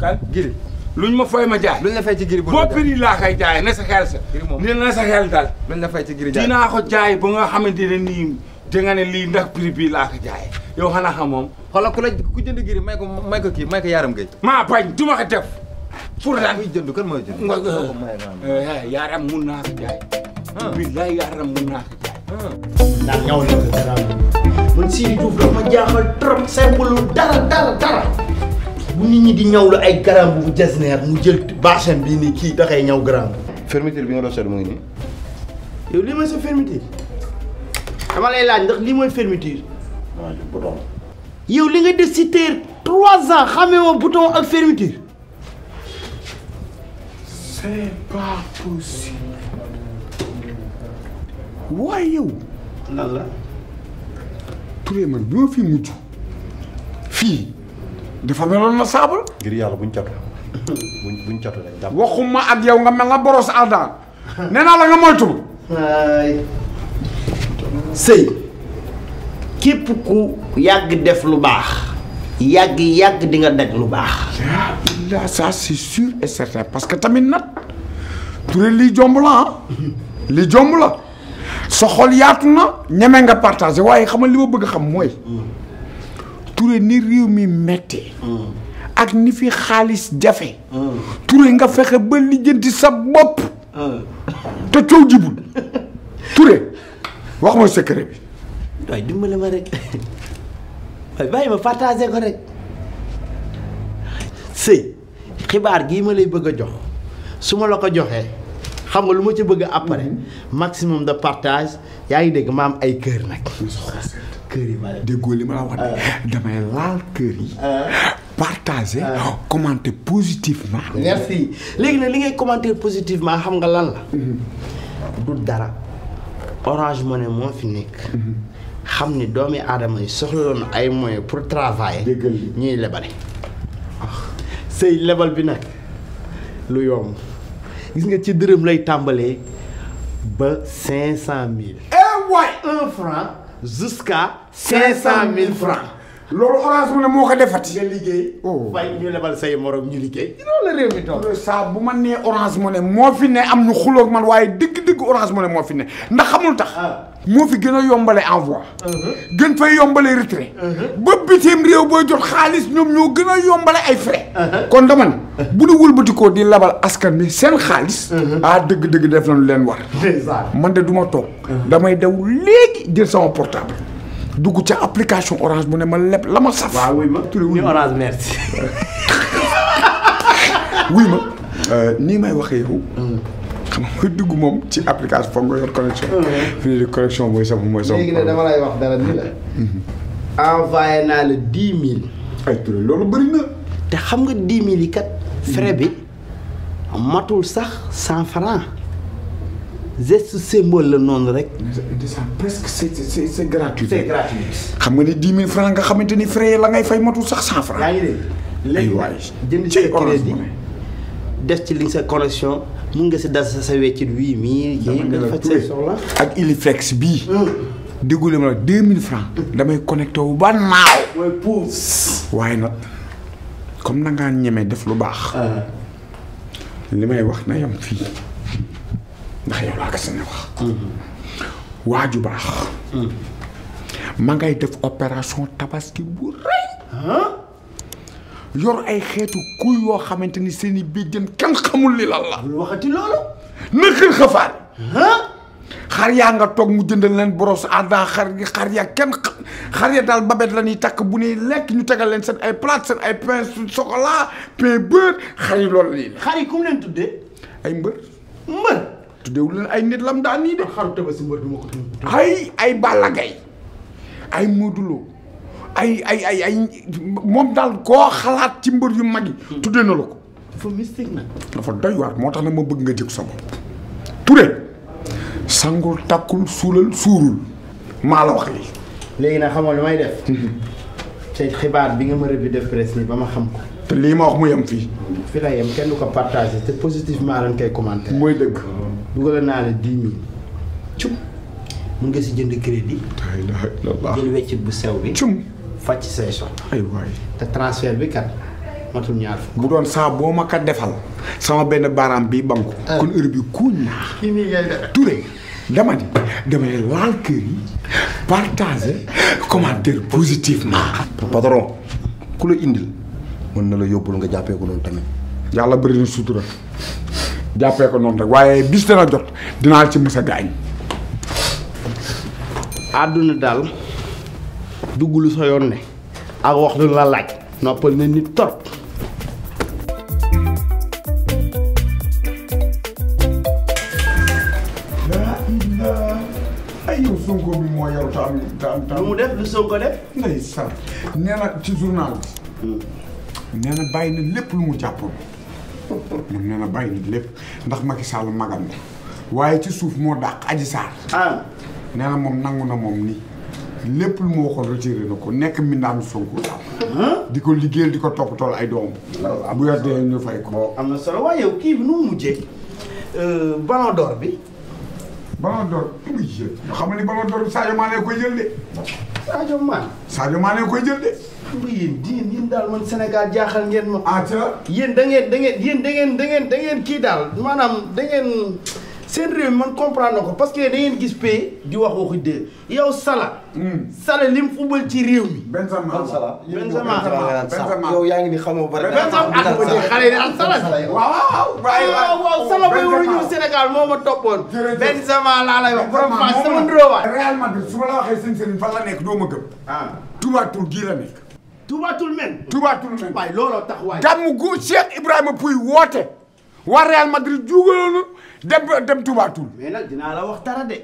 kan giri. luñ ma ma jaay. luñ la fay ci giri boo rëmm laa koy jaayee na sa xel sa. giri moom nee na sa xel daal. luñ la fay ci giri jaay dinaa ko jaay ba ne nii. te nga ne lii ndax prix bii laa ko jaayee yow xanaa xam moom. xoolal ku la ku jënd giri may ko may ko kii may ko yaaram gay. maa bañ du ma ko def. pour daan jënd kan mooy jënd. nga eh, eh, yaaram mun naa ko jaay. Ah. billaay mun naa ko jaay. Ah. ndax ñaw na ko garaaw man Sidy Diouf dafa ma jaaxal trop simple dara dara dara. nit ñi di ñawlu ay garam bu jasneer mu jël bâchen bii nii kii da koy ñaw garam. fermeture bi nga doon seet mu ngi nii. yow lii mooy sa fermeture. dama lay laaj ndax lii mooy fermeture. bouton. yow li nga def ci terre trois ans xamee woo bouton ak fermeture. waaye yow. lan la. man bi ma fi mujj fii dafa meloon na saabu. ngir yàlla buñ catu buñ buñ catu rek. waxuma ak yow nga mel na boros aldan nee la nga moytu. sëy képp ku yàgg def lu baax yàgg yàgg di nga daj lu baax. ah ça c'est sûr et certain parce que tamit nag Touré lii jomb la ah lii jomb la sa xol yaatu na ñeme nga partagé waaye xam nga li ma bëgg xam mooy Touré ni réew mi méttee. ak ni fi xaalis jafe. Touré nga fexe ba lijjanti sa bopp. Ah. te coow jibul Touré. wax ma secret bi. waaye dimbale ma rek waaye bàyyi ma partagé ko rek sëy xibaar gii ma lay bëgg a jox su ma la ko joxee xam nga lu ma ci bëgg a après mhm. maximum de partage yaa ngi dégg ma am ay kër nag. yi ma la déggoo li ma la wax de ah. damay laal kër yi. Ah. partager ah. commenter positivement. léegi nag li ngay commenter positivement xam nga lan la. Mhm. du dara. orange money moo fi nekk. xam ni doomi aadama yi soxlaloon ay moyens pour travailler. ñuy lebale. Ah, sëy lebal bi nag lu yomb gis nga ci dërëm lay tàmbalee ba cinq cent mille. eh waay un franc jusqu'à cinq cent mille francs. loolu orange mu ne moo ko defati. nga liggéey. Oh. fay ñu lebal say morom ñu liggéey. loolu saa bu ma nee orange mu ne moo fi ne am ñu xuloog man waaye dëgg-dëgg orange mu ne moo fi ne ndax xamul tax. Ah. moo fi gën a yombale envoi. Uh-huh. gën fay yombale retrait. Uh-huh. ba bitim réew booy jot xaalis ñoom ñoo gën a yombale ay frais. Uh-huh. kon dama ne bu ñu wëlbatikoo di labal askan bi seen xaalis. ah dëgg-dëgg def nañu leen war. man de duma ma toog. damay daw léegi jël sama portable. dugg ca application orange mu ne ma leb la ma saf. waaw wuy ma ni orange merci. wuy ma euh, nii may waxee yow. xam nga mooy dugg moom ci application foog nga yor connexion. fi mu ne connexion mooy wax dara ni mhm. naa la dix mille. ay loolu bëri na. te xam nga dix mille yi kat. frais bi mhm. matul sax cent franc. geste symbole la noonu rek. presque c'est c'est c'est xam nga ni dix mille francs nga xamante ni frais la ngay fay matul sax cent francs. yaa ngi dégg léegi jënd ci crédit def ci li sa connexion mun nga si dal sa sa weccit huit mille. dama nga ak Iliflex bii. Hmm. déglu ma la deux mille francs. damay connecté wu ba naaw. mooy puus. waaye nag comme na ngaa ñeme def lu baax. Ah. li may wax na yam fii. ndax yow laa gis ne wax. Mm-hmm. waaju baax. Mm-hmm. ma ngay def opération tabaski bu rëy. yor ay xeetu kuy yoo xamante ni seeni i jën kenn xamul li lan la. waxati loolu. nëkkal xafaar. xar yaa nga toog mu jëndal leen brosse à dents xar xar yaa kenn xar ya daal babet la ñuy takk bu ñuy lekk ñu tegal leen seen ay plate seen ay pain chocolat pain beurre xar yi loolu la ñuy. xar yi ku leen tuddee. ay mbër. tuddeewul leen ay nit lam daan nii de. xaru tabaski mbër bi ma ko ay ay Balla ay Modou Lo ay ay ay moom daal koo xalaat ci mbër yu mag yi. Hmm. tuddee na la ko. dafa mystique nag. dafa moo tax nag ma bëgg nga jëg sa bopp. Touré sangul takkul suulal suurul maa la wax lii. léegi na xamoo lu may def. te hmm. xibaar bi nga ma rëbbi def presse nii ba ma xam ko. te lii ma wax mu yem fii. fi la yem kenn ko partage te positivement lañ koy commenté. mooy dëgg. dugal naa la dix cum mun nga si jënd crédit. alhamdulilah jël weccit bu sew bi. cum faj say soxla. ay waay te transfert bi kat matul ñaar fukk. bu doon saa boo ma kat defal. sama benn baaraam bi banku. Ah. kon heure bi kuuñ naa. kii dama ni damay laal kër yi partagé commentaire positivement. patron ku la indil. mën na la yóbbul nga jàppee ko noonu tamit. yàlla bëri na sutura jàppee ko noonu rek waaye bis dana jot dinaa ci mës a gaañ. àdduna daal dugg lu sa yoon ne ak wax lu la laaj noppal na nit torop nee bàyyi na lépp lu mu jàppoon moom nee bàyyi na lépp ndax Macky Sall magam la waaye ci suuf moo dàq Adji Sarr ah. nee moom nangu na moom nii lépp lu mu waxoon retiré na ko nekk mbindaanu Sonko daal di ko liggéeyal di ko toppatoo ay doom bu yor dee ñu fay ko am na solo waaye yow kii bi nu mu mujjee euh, ballon d'or bi ballon d'or muy jël xam nga ni ballon d'or bi Sadio Mané koy jël de koy jël de daal man Sénégal jaaxal ngeen ma. ah yéen da ngeen da ngeen yéen da ngeen da ngeen da ngeen daal maanaam da ngeen seen réew man comprendre ko parce que da ngeen gis pay di wax waxu dëgg yow sala hmm. Salah lim fubal ci réew mi. Benzema Salah la Benzema yow yaa ngi ni xamoo ma Benzema ak ba tey xale yi ak Salah. waaw waaw waaw Salah bay a ñëw Sénégal moo ma toppoon. Benzema laa lay wax borom Fass sama nduróowaay. Real la waxee seen sëriñ fan la nekk doo ma gëm. ah Touba Tour gii la nekk. tubaatul men tubaatul men waaye looloo tax waaye gàmm gu Cheikh Ibrahima Pouy woote waa Real Madrid juugaloonu dem dem tubaatul mais nag dinaa la wax dara de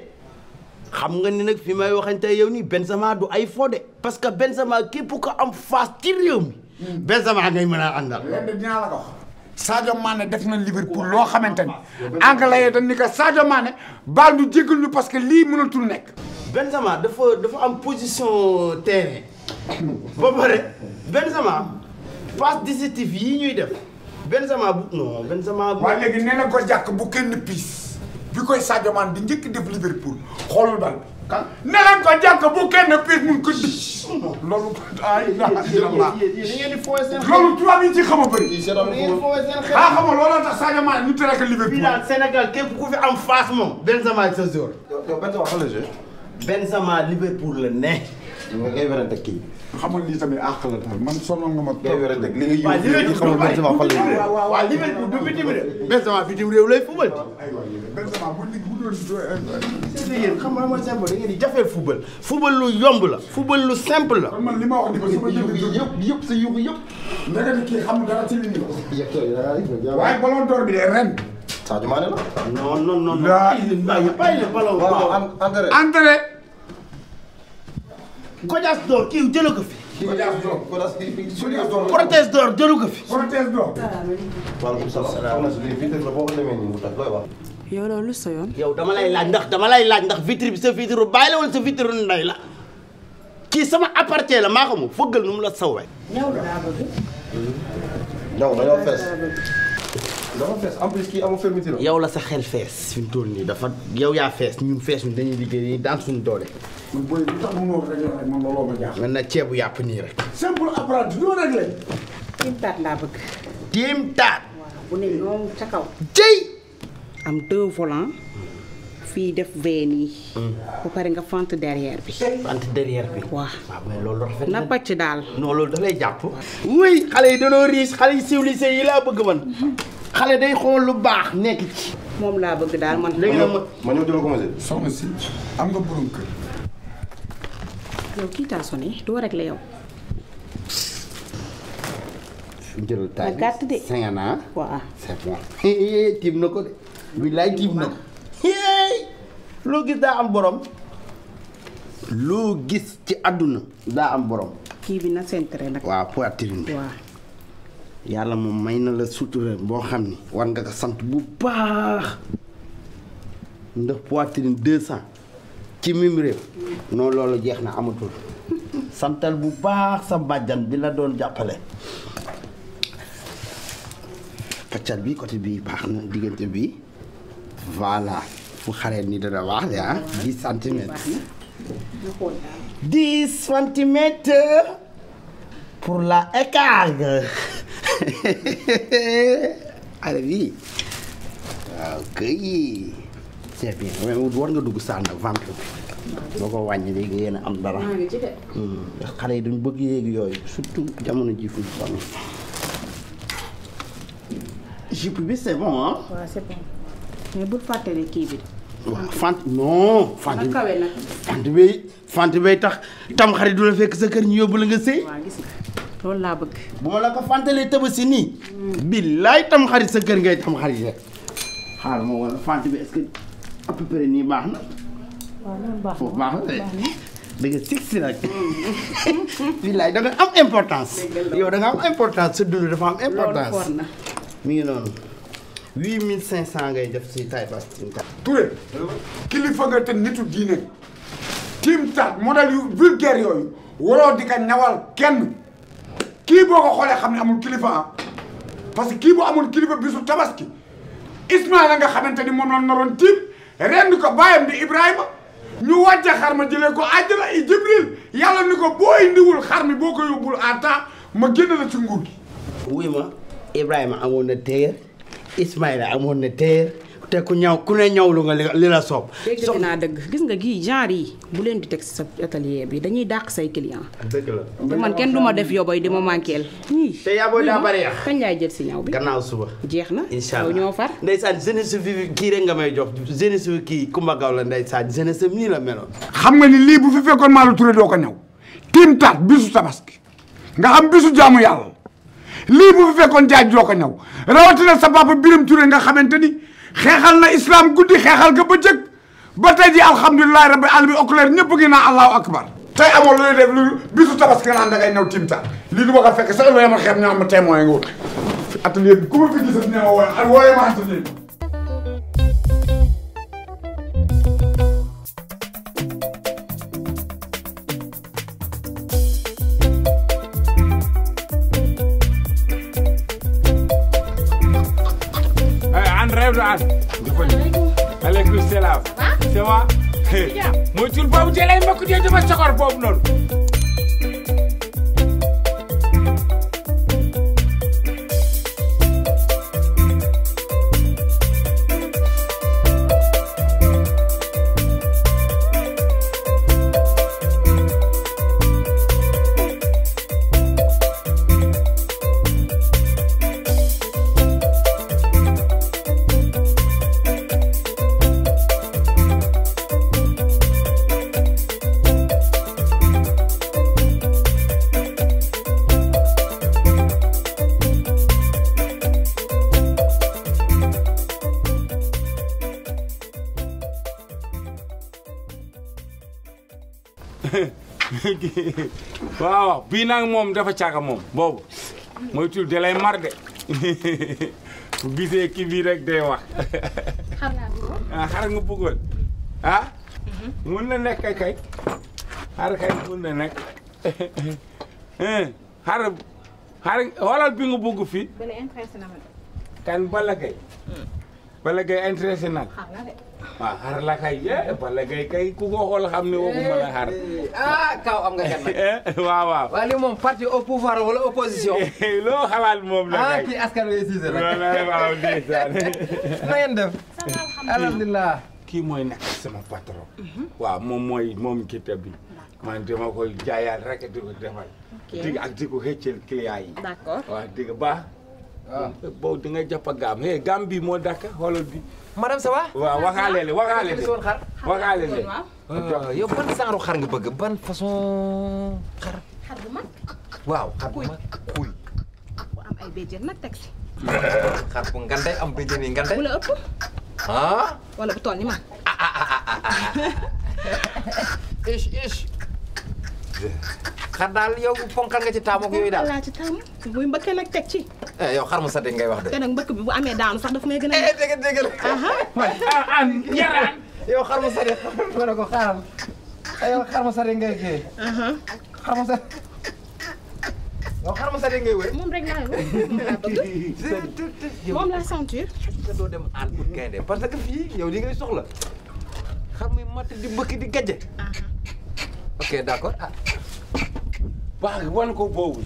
xam nga ni nag fi may waxante yow nii Benzema du ay fo de parce que Benzema képp ko am face ci réew mi hmm. Benzema ngay mën a àndal léegi dinaa la ko wax na Liverpool loo xamante ni anglais yi dañ ni ko Sadio baal ñu jégal ñu parce que lii mënatul nekk Benzema dafa dafa am position terrain ba pare Benzema passe décisive yi ñuy def Benzema bu non Benzema. waaw léegi nee na ko jàkk bu kenn piis bi sa Sadio Mané di njëkk def Liverpool xoolul daal. ah ne leen ko jàkk bu kenn piis mun ko di. loolu. loolu tubaab yi ci xam a bëri. ah xam nga looloo tax Sadio Mané ñu tere ko Liverpool. fii daal Sénégal képp ku fi am face moom. Benzema ak sa jour. yow Benzema fan la Benzema Liverpool la ne. nga ngay werante ak kii. xamal ni tamit àq la daal man sonal nga ma. ngay werante ak li nga yóbbu li xamal Benzema fan la waaw waaw waaw Liverpool du bitim réew. Benzema bitim réew lay fubal. aywa Benzema bu nit bu doon c'est yéen xam nga mooy simple da ngeen di jafee fubal fubal lu yomb la fubal lu simple la. man li ma wax ni ko sama jëmm yëpp yëpp sa yuuxu yëpp. ndeke ni kii xam dara ci li ñu wax. waaye ballon d'or bi de ren. Sadio Mané la. non non non. bàyyi bàyyi le ballon d'or. waaw André André. Gojaas d'or kii jëlee ko fi. Gojaas d'or Gojaas d'or. Cortège d'or jëlee ko fi. Cortège d'or. waaleykum salaam. yow loolu lu sooyoon. yow dama lay laaj ndax dama lay laaj ndax vitre bi sa vitre bàyyi la wala sa vitre ndey la kii sama appartient la maa ko moom fëggal nu mu la sawee. ñaw la daa bëgg. ñaw dañoo fees. dama fees en yow la sa xel fees. suñu tool nii dafa yow yaa fees ñun fees ñun dañuy liggéey dañuy daan suñu doole. man booy ceebu yàpp nii rek. simple apprenti du ma réglé. tiim taat laa bëgg. tiim taat. bu ne ñoom ca kaw. jëy. am deux volants. fii def veine yi. Hmm. ba pare nga fente derrière bi. fente derrière bi. waaw waaw mais loolu rafet na pàcc daal. non loolu da lay jàpp. wuy xale yi danoo riis xale yi civilisé yi laa bëgg man. xale day xool lu baax nekk ci. moom laa bëgg daal man. ma ñëw dina commencé. soxna si am nga borom kër. yow kii taa doo rek la yow. jël taay bi gàtt de. cinq ans. waaw tiim na ko de. wilaay tiim na yéey loo gis daa am boroom loo gis ci àdduna daa am boroom kii bi na waaw poitrine yàlla moom may na la sutura boo xam ni war nga ko sant bu baax ndax poitrine deux ci mim noo non loolu jeex na amatul santal bu baax sa bàjjan bi la doon jàppale paccal bi côté bii baax na diggante bi voilà fu xaree ni dana wax de ah dix centimètres dix pour la écargue xale bi waaw kay c'est bien war nga dugg sànn ventre boo ko wàññi léegi yéen am dara hmm. xale yi duñ bëgg yéegi yooyu surtout jamono ji fuñ sonn jupe bi c'est bon ah. mais bul fàtte ne kii bi. waaw fant non. fant kawe tax tam du la fekk sa kër ñu yóbbu la nga sëy. waaw laa bëgg. bu ma la ko fantalee tëbasi nii. Hmm. billaay tam sa kër ngay tam xarit rek. xaaral ma wala fant bi est-ce que à nii baax na. waaw baax na hmm. billaay da am importance. yow danga am importance sa dund dafa am importance. ngi noonu. huit mille cent ngay def si kilifa nga te nitu diine tiim taat modèle yu yooyu waroo di ko ñawal kenn kii boo ko xoolee xam ne amul kilifa ah. parce que kii boo amul kilifa bisu tabaski Ismaïla nga xamante ni moom la naroon tiim ren ko bàyyam di Ibrahima ñu wàcce xar ma jëlee ko àjjana i Jibril yàlla ni ko boo indiwul xar mi boo ko yóbbul à temps ma génn la ci nguur gi. wuy ma Ibrahima amoon na téer Ismaïla amoon na teer te ku ñaw ku ne ñawlu nga li la soob. so naa dëgg gis nga gii genre yi bu leen di teg sa atelier bi dañuy dàq say client dëgg la man kenn du ma def yobay di ma manqueel. te yaa booy daa bari yàq kañ laay jël si ñaw bi. gannaaw suba jeex na. incha allah ñoo far. ndeysaan jeunesse bi kii rek nga may jox jeunesse bi kii Kumba Gaw la ndeysaan jeunesse bi nii la meloon. xam nga ni lii bu fi fekkoon Maalou Touré doo ko ñaw. tiim taat bisu tabaski nga xam bisu jaamu yàlla lii bu fi fekkoon jaaj joo ko ñaw rawatina sa papa Biram Touré nga xamante ni xeexal na islam guddi xeexal nga bëccëg ba tey ji alhamdulilahi rabbi alamin oculaire ñëpp ngi naan allahu akbar tey amoon looy def lu bisu tabaski nga naan da timta lii du ma fekk sax looy ma xeeb ñoo am témoin nga wut atelier bi ku ma fi gisat ne ma wooye ma atelier bi Sa'ad. aleykum salaam. ça va. muy tur boobu jëlee mbokk jee dama soxor boobu noonu. waaw bii nag moom dafa caaga moom boobu mooy tudd da mar de bu gisee kii bii rek day wax. xar nga bëggoon ah xar nga bëggoon ah? na nekk kay xar kay mun na nekk eh, xar xar bi nga bëgg fi kan bala kay. bala na. waaw xar la kay eh, Balla eh, ah, Gaye eh, moom parti au pouvoir wala opposition. loo xalaat moom la ah, kay. ah kii askan wi Cissé la. waaw ndeysaan. na kii mooy nekk sama patron. waaw moom mooy moom kita bi. man dama koy jaayaat rek di ko defal. dig ak di ko xëccal client yi. d'accord waaw dig baax. waaw ah. boobu gaam hey gaam moo dakk xoolal madame ça va. waaw waxaale le waxaale le waxaale le euh, yow ban saaru xar nga bëgg ban façon xar. xar bu mag. waaw xar bu mag kuy. bu am ay béjjén nag teg si. xar bu nganday am béjjén yi nganday. bu la ëpp. ah. wala bu toll ni man. ah ah ah ah. ah, ah. ish ish. xar daal yow ponkal nga ci taamu ak yooyu daal laa ci taamu muy mbëkk nag teg ci eh, yow xar mu sa ngay wax de te nag mbëkk bi bu amee daanu sax daf may gën a eh, dégg dégg ah, ah. an ah, yaraan yow xar mu sa de ma ne ko xaaral yow xar mu sa ngay kii xar mu sa yow xar mu sa ngay wër moom rek laa wër moom la sentir te doo dem aan ut gaynde parce que fii yow li ngay soxla xar muy matt di mbëkk di gajje ok d'accord ah baax wan ko boobu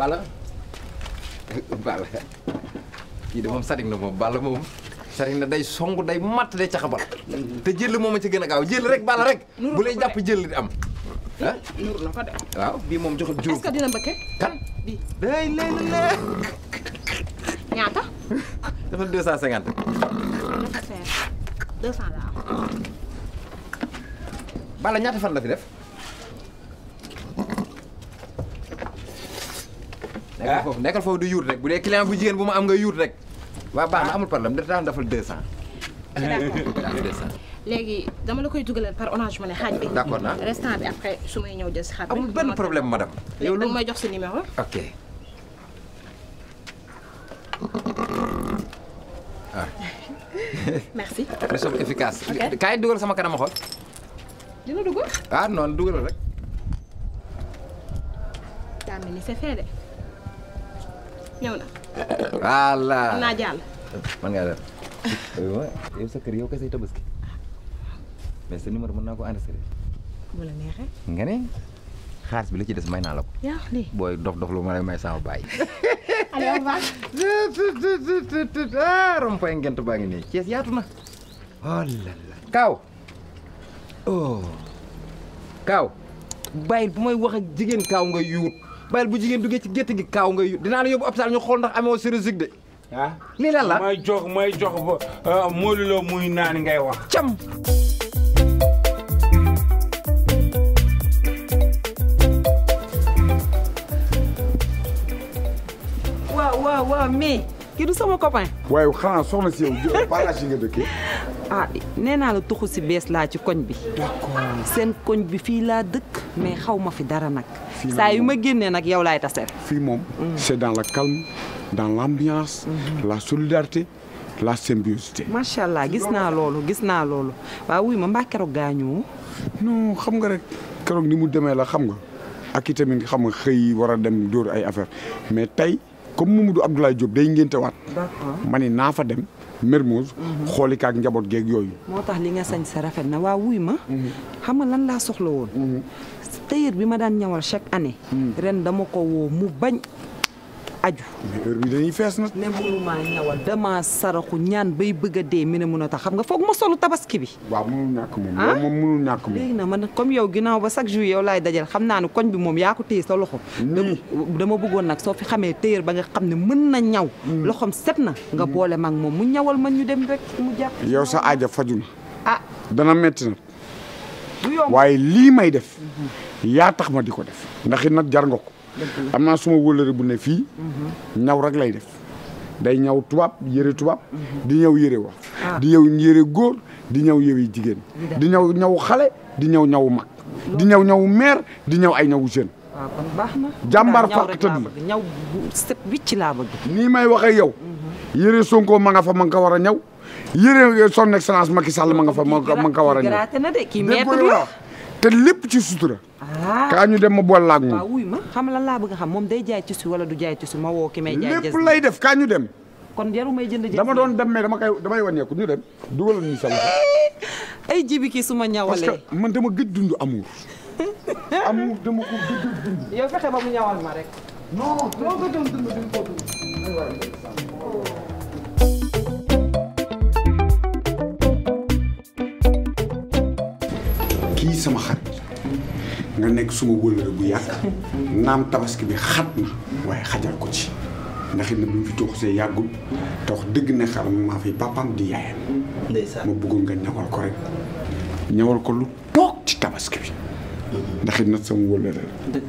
bala bala kii de moom sarig na moom bala moom sarig na day song day matt day caxabal te jël moom a ci gën a gaaw jël rek bala rek bu lay jàpp jël di am ah nur na ko de waaw bii moom joxul juróom est-ce que dina kan day lay la ñaata defal deux cent bala ñaata fan la fi def. nekkal ah. foofu nekkal foofu di yuut rek bu dee client bu jigéen bu ma am nga yuut rek. waaw baax na amul problème da daan defal 200. léegi dama la koy dugalal par orange ma ne xaaj bi. d'accord naa restant bi après su may ñëw jël si xaaj bi. amul benn problème madame. yow lu jox sa numéro. ok. ah. merci. nous sommes efficaces. ok kaay dugal sama kanam ma xool. dina dugg. ah noonu dugalal rek. daa ni c'est de ñëw na. voilà naa jàll. man ngaa def yow sa kër yow kese tabaski mais sa numéro mën naa ko enregistré. bu la neexee. nga ne xaalis bi la ci des may naa la ko. booy dox dox lu ma may sama baay. allo ah, ngent baa ngi nii Thiès yaatu na. Oh Kaaw. oh kaaw bàyyil bu may wax jigéen kaw nga yuut bàyyil bu jigéen duggee ci gétt gi kaaw nga yuut dinaa la yóbbu hôpital ñu xool ndax amoo sérosique de ah lii lan jox may jox ah, moolu loo muy naan ngay wax cam waaw waaw waaw mais kii du sama copain. waaye xanaa soxna si yow jërëjëf Palachi nga dëkkee. ah nee naa la tuxu si bees laa ci koñ bi. seen koñ bi fii laa dëkk. mais xaw ma fi dara nag. saa yu ma génnee nag yow laay taseel. fii moom mm. c'est dans le calme dans l'ambiance. Mm-hmm. la solidarité la symbiosité. macha allah gis naa loolu gis naa loolu waaw wuy ma mbaa keroog gaañoo. non xam nga rek keroog ni mu demee la xam nga ak itamit xam nga xëy war a dem dóor ay affaire mais tey. comme Mamadou Abdoulaye Diop day ngéente waat. ma ni naa fa dem. Mermoz. Mhm. xooli njaboot geeg yooyu. moo tax li nga sañ sa rafet na waa wuy ma. Mhm. xam nga lan laa soxla woon. Mhm. tailleur bi ma daan ñawal chaque année. ren dama ko woo mu bañ. aju. mais heure bi dañuy fees dama saraxu ñaan bay bëgg a dee mi ne mën a tax xam nga foog ma solu tabaski bi. waaw mënul ñàkk moom. ah moom mënul ñàkk moom. léegi nag man comme yow ginnaaw ba chaque jour yow laay dajal xam naa koñ bi moom yaa ko téye sa loxo. dama bëggoon nag soo fi xamee téyër ba nga xam ne mën na ñaw. Hmm. loxoom set na. nga hmm. boole ma moom mu ñawal man ñu dem rek mu jàpp. yow sa aaja fajul. ah dana metti nag. waaye lii may def yaa tax ma di ko def. ndax it nag jar nga ko am naa suma wëllëre bu ne fii mhm. ñaw rek lay def day ñaw tubaab yëre tubaab mhm. di ñaw yëre wa ah. di ñaw yëre góor di ñaw yëre jigéen di ñaw ñaw xale di ñaw ñaw mag di ñaw ñaw meer di ñaw ay ñaw jeune waaw ah, kon baax na jàmbaar fàq tëdd la ñaw set wicc laa bëgg nii may waxee yow mhm. yëre Sonko ma nga fa ma nga ko war a ñaw yëre son excellence Macky Sall ma nga fa ma nga ko war a ñaw te lépp ci sutura. Ah. kaa ñu dem ma boole laag moom. waaw wuy ma xam la laa bëgg a xam moom day jaay ci tissu wala du jaay tissu ma woo ki may jaay lépp lay def kaa ñu dem. kon jarul may jënd dama doon dem mais dama koy damay waneeku ñu dem dugalal ñu sa ay jibi kii su man dama gëj dund amour. amour dama ba mu ñawal ma rek. non kii sama xarit nga nekk suma wëllëre bu yàgg naam tabaski bi xat na waaye xajal ko ci ndax na bi mu fi tuuxusee yàggul te wax dëgg ne xaram maa fi papaam di yaayam ma bëggoon nga ñawal ko rek ñawal ko lu toog ci tabaski bi mm-hmm. ndax it nag sama wëllëre la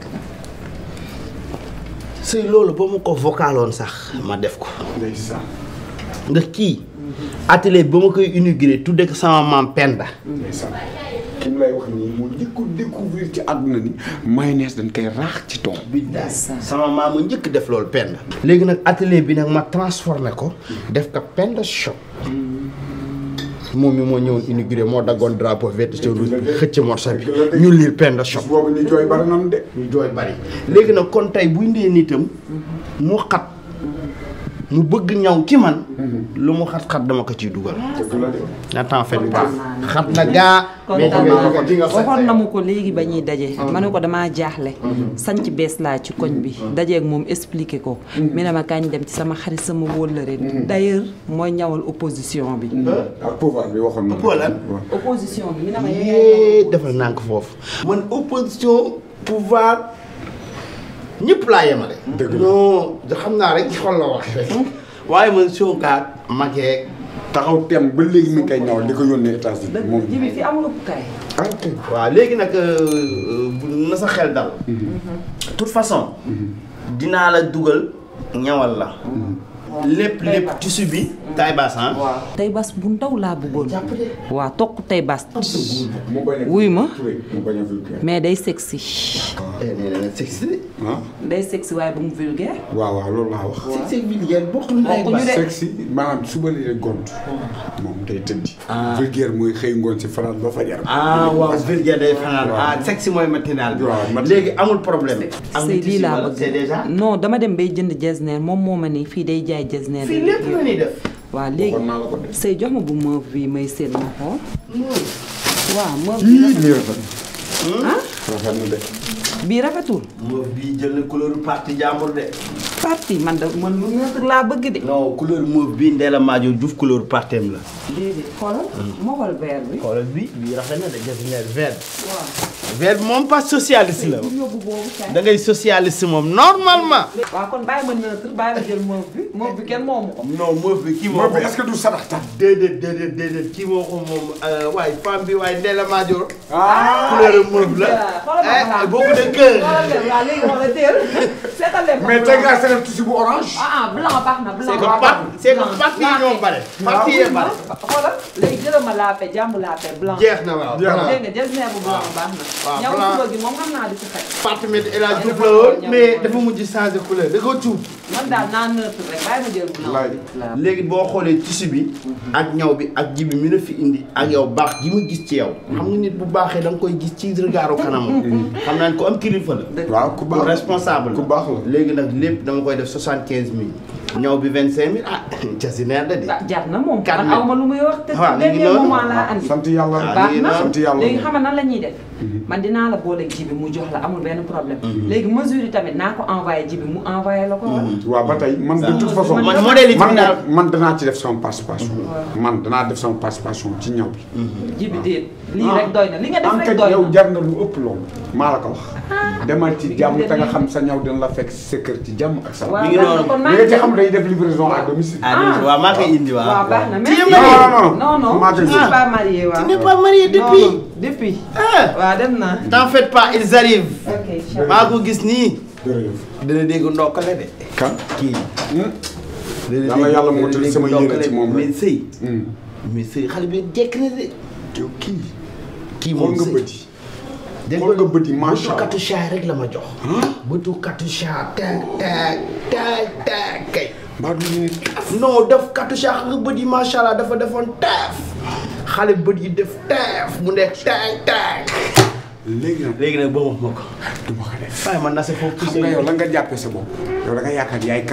sëy loolu ba mu ko vocaloon sax ma def ko ndeysaan kii atelier ba ma koy inauguré tudde ko sama maam Penda ndeysaan ki ñu lay wax nii moo njëkk a ci àdduna ni mayonnaise dañ koy raax ci tool. sama maam mu njëkk def loolu penda léegi nag atelier bi nag ma transformé ko def ko penda shop moom mi moo ñëwoon inauguré moo daggoon drapeau vert ci rouge bi xëcc morso bi ñu liir penda shop boobu ñu jooy bari nan ñu jooy bari léegi nag kon tey buy ndee nitam mu xat mu bëgg ñaw ki man mm-hmm. lu mu xat-xat dama ko ciy dugal na temps fait pas xat na gaa waxoon na mu ko léegi ba ñuy daje mm-hmm. ma ko damaa jaaxle mm-hmm. sanc bees laa ci koñ bi dajeeg moom expliqué ko mi ne ma kañ dem ci sama xarit sama wóllëre d'ailleurs mooy ñawal opposition bi ak pouvoir bi defal naa foofu man opposition pouvoir ñëpp laa yemale. dëgg la xam naa rek xol la wax rek. Hmm? waaye man soogaat. magee taxaw tem ba léegi mi ngi koy ñaw li ko yónnee États-Unis moom. ji bi fi amul ah, kay. waaw léegi nag euh, euh, na sa xel dal. Hmm. Hmm. toute façon. dinaa la dugal ñawal la. lépp lépp tissu bi. tay baas bu ndaw laa bëggoon. waaw tokk tay baas. wuy ma. mais day sexy. Eh, day sexy waaye bu mu vulgaire. waaw waaw loolu laa wax. sexy vulgaire bokkul tay baas sexy ah. moom day tëddi. Ah. vulgaire mooy xëy ngoon si fanaan ba fajar. Ah, sexy mooy matinal bi. léegi amul problème. am lii laa bëgg non dama dem bay jënd jesner moom moo ma ni fii day jaay. ay jës ne fii lépp la ñuy def. waaw léegi sëy jox ma bu meuf bi may seen ma xool. waaw meuf bi lii rafet na de. bii rafetul. meuf bii jël na couleur parti jàmbur de. parti man da man lu neutre laa bëgg de. non couleur meuf bii Ndella Madior Diouf couleur partem la. déedéet xoolal. moo xool vert bi. xoolal bi bii rafet na de jëf vert. waaw. weer bi moom pas socialiste la da ngay socialiste moom normalement. waaw kon bàyyi ma neutre bàyyi ma jël moof bi moof bi kenn moomu ko. non moof bi kii moo ko est-ce que du sarax tam. déedéet déedéet déedéet kii moo ko moom euh, waaye femme bi waaye Ndella Madior. ah couleur moof la. ah eh, beaucoup de cœur. mais tey ngaa bu orange. Ah, ah blanc baax na blanc baax na. c'est que parti yi ñoo bare. parti yi bare. xoolal léegi jëlal ma blanc. jeex na waaw jeex na dégg nga jeex na ah. bu ah, moom xam naa di ci xaj. parti mi El Hadj Diouf la mais dafa mujj changé couleur da ko tuub. man daal naa neutre rek bàyyi ma jël blanc. léegi boo xoolee tissu bi. ak ñaw bi ak ji bi mi fi indi ak yow baax gi ma gis ci yow. xam nga nit bu baaxee da nga koy gis ci regaaru kanam. Mm-hmm. xam naa ne ku am kilifa waaw ku baax responsable. ku baax léegi nag lépp dama koy def soixante quinze mille. ñaw bi vingt cinq mille ah, jasi neex na di. Ah, jar na moom. kan aw ma lu muy wax. te léegi ah, moment laa ah, andi. sant yàlla baax na sant yàlla léegi xam na lan la ñuy def. man dinaa la boole ji bi mu jox la amul benn problème. Mhm. léegi mesure yi tamit naa ko envoyé ji mu envoyé la ko. Mhm. Mhm. man de toute façon. man modèle man man danaa ci def sama participation. man ci ñaw bi. ji bi rek ah. doy na li nga def rek doy na maa la ko wax. Ah. demal ci jàmm xam sa ñaw dina la fekk sa kër ci jàmm ak sa. mi ngi noonu li nga ci xam day def livraison à ah. domicile. à domicile waaw maa koy indi waaw. waaw depuis. depuis. Eh. waaw dem naa. t'en fais pas ils arrivent. ok ko gis nii. dana dégg ndokkale de. kan kii. Hmm? dana yàlla moo tëdd sama yéene ci moom la sëy. Hmm. xale bi jekk na de. kii. moom nga bëti. xool nga bëti macha allah bëtu katu rek la ma jox. bëtu katu chat teg teg teg teg kay. mbaa du ñu ne. non def katu chat nga bëti macha allah dafa defoon taaf. xale bët yi def teef mu nekk teey teey. léegi nag léegi nag boobu ma ko. du ma yow la nga jàppee sa bopp. yow da nga yaakaar yaay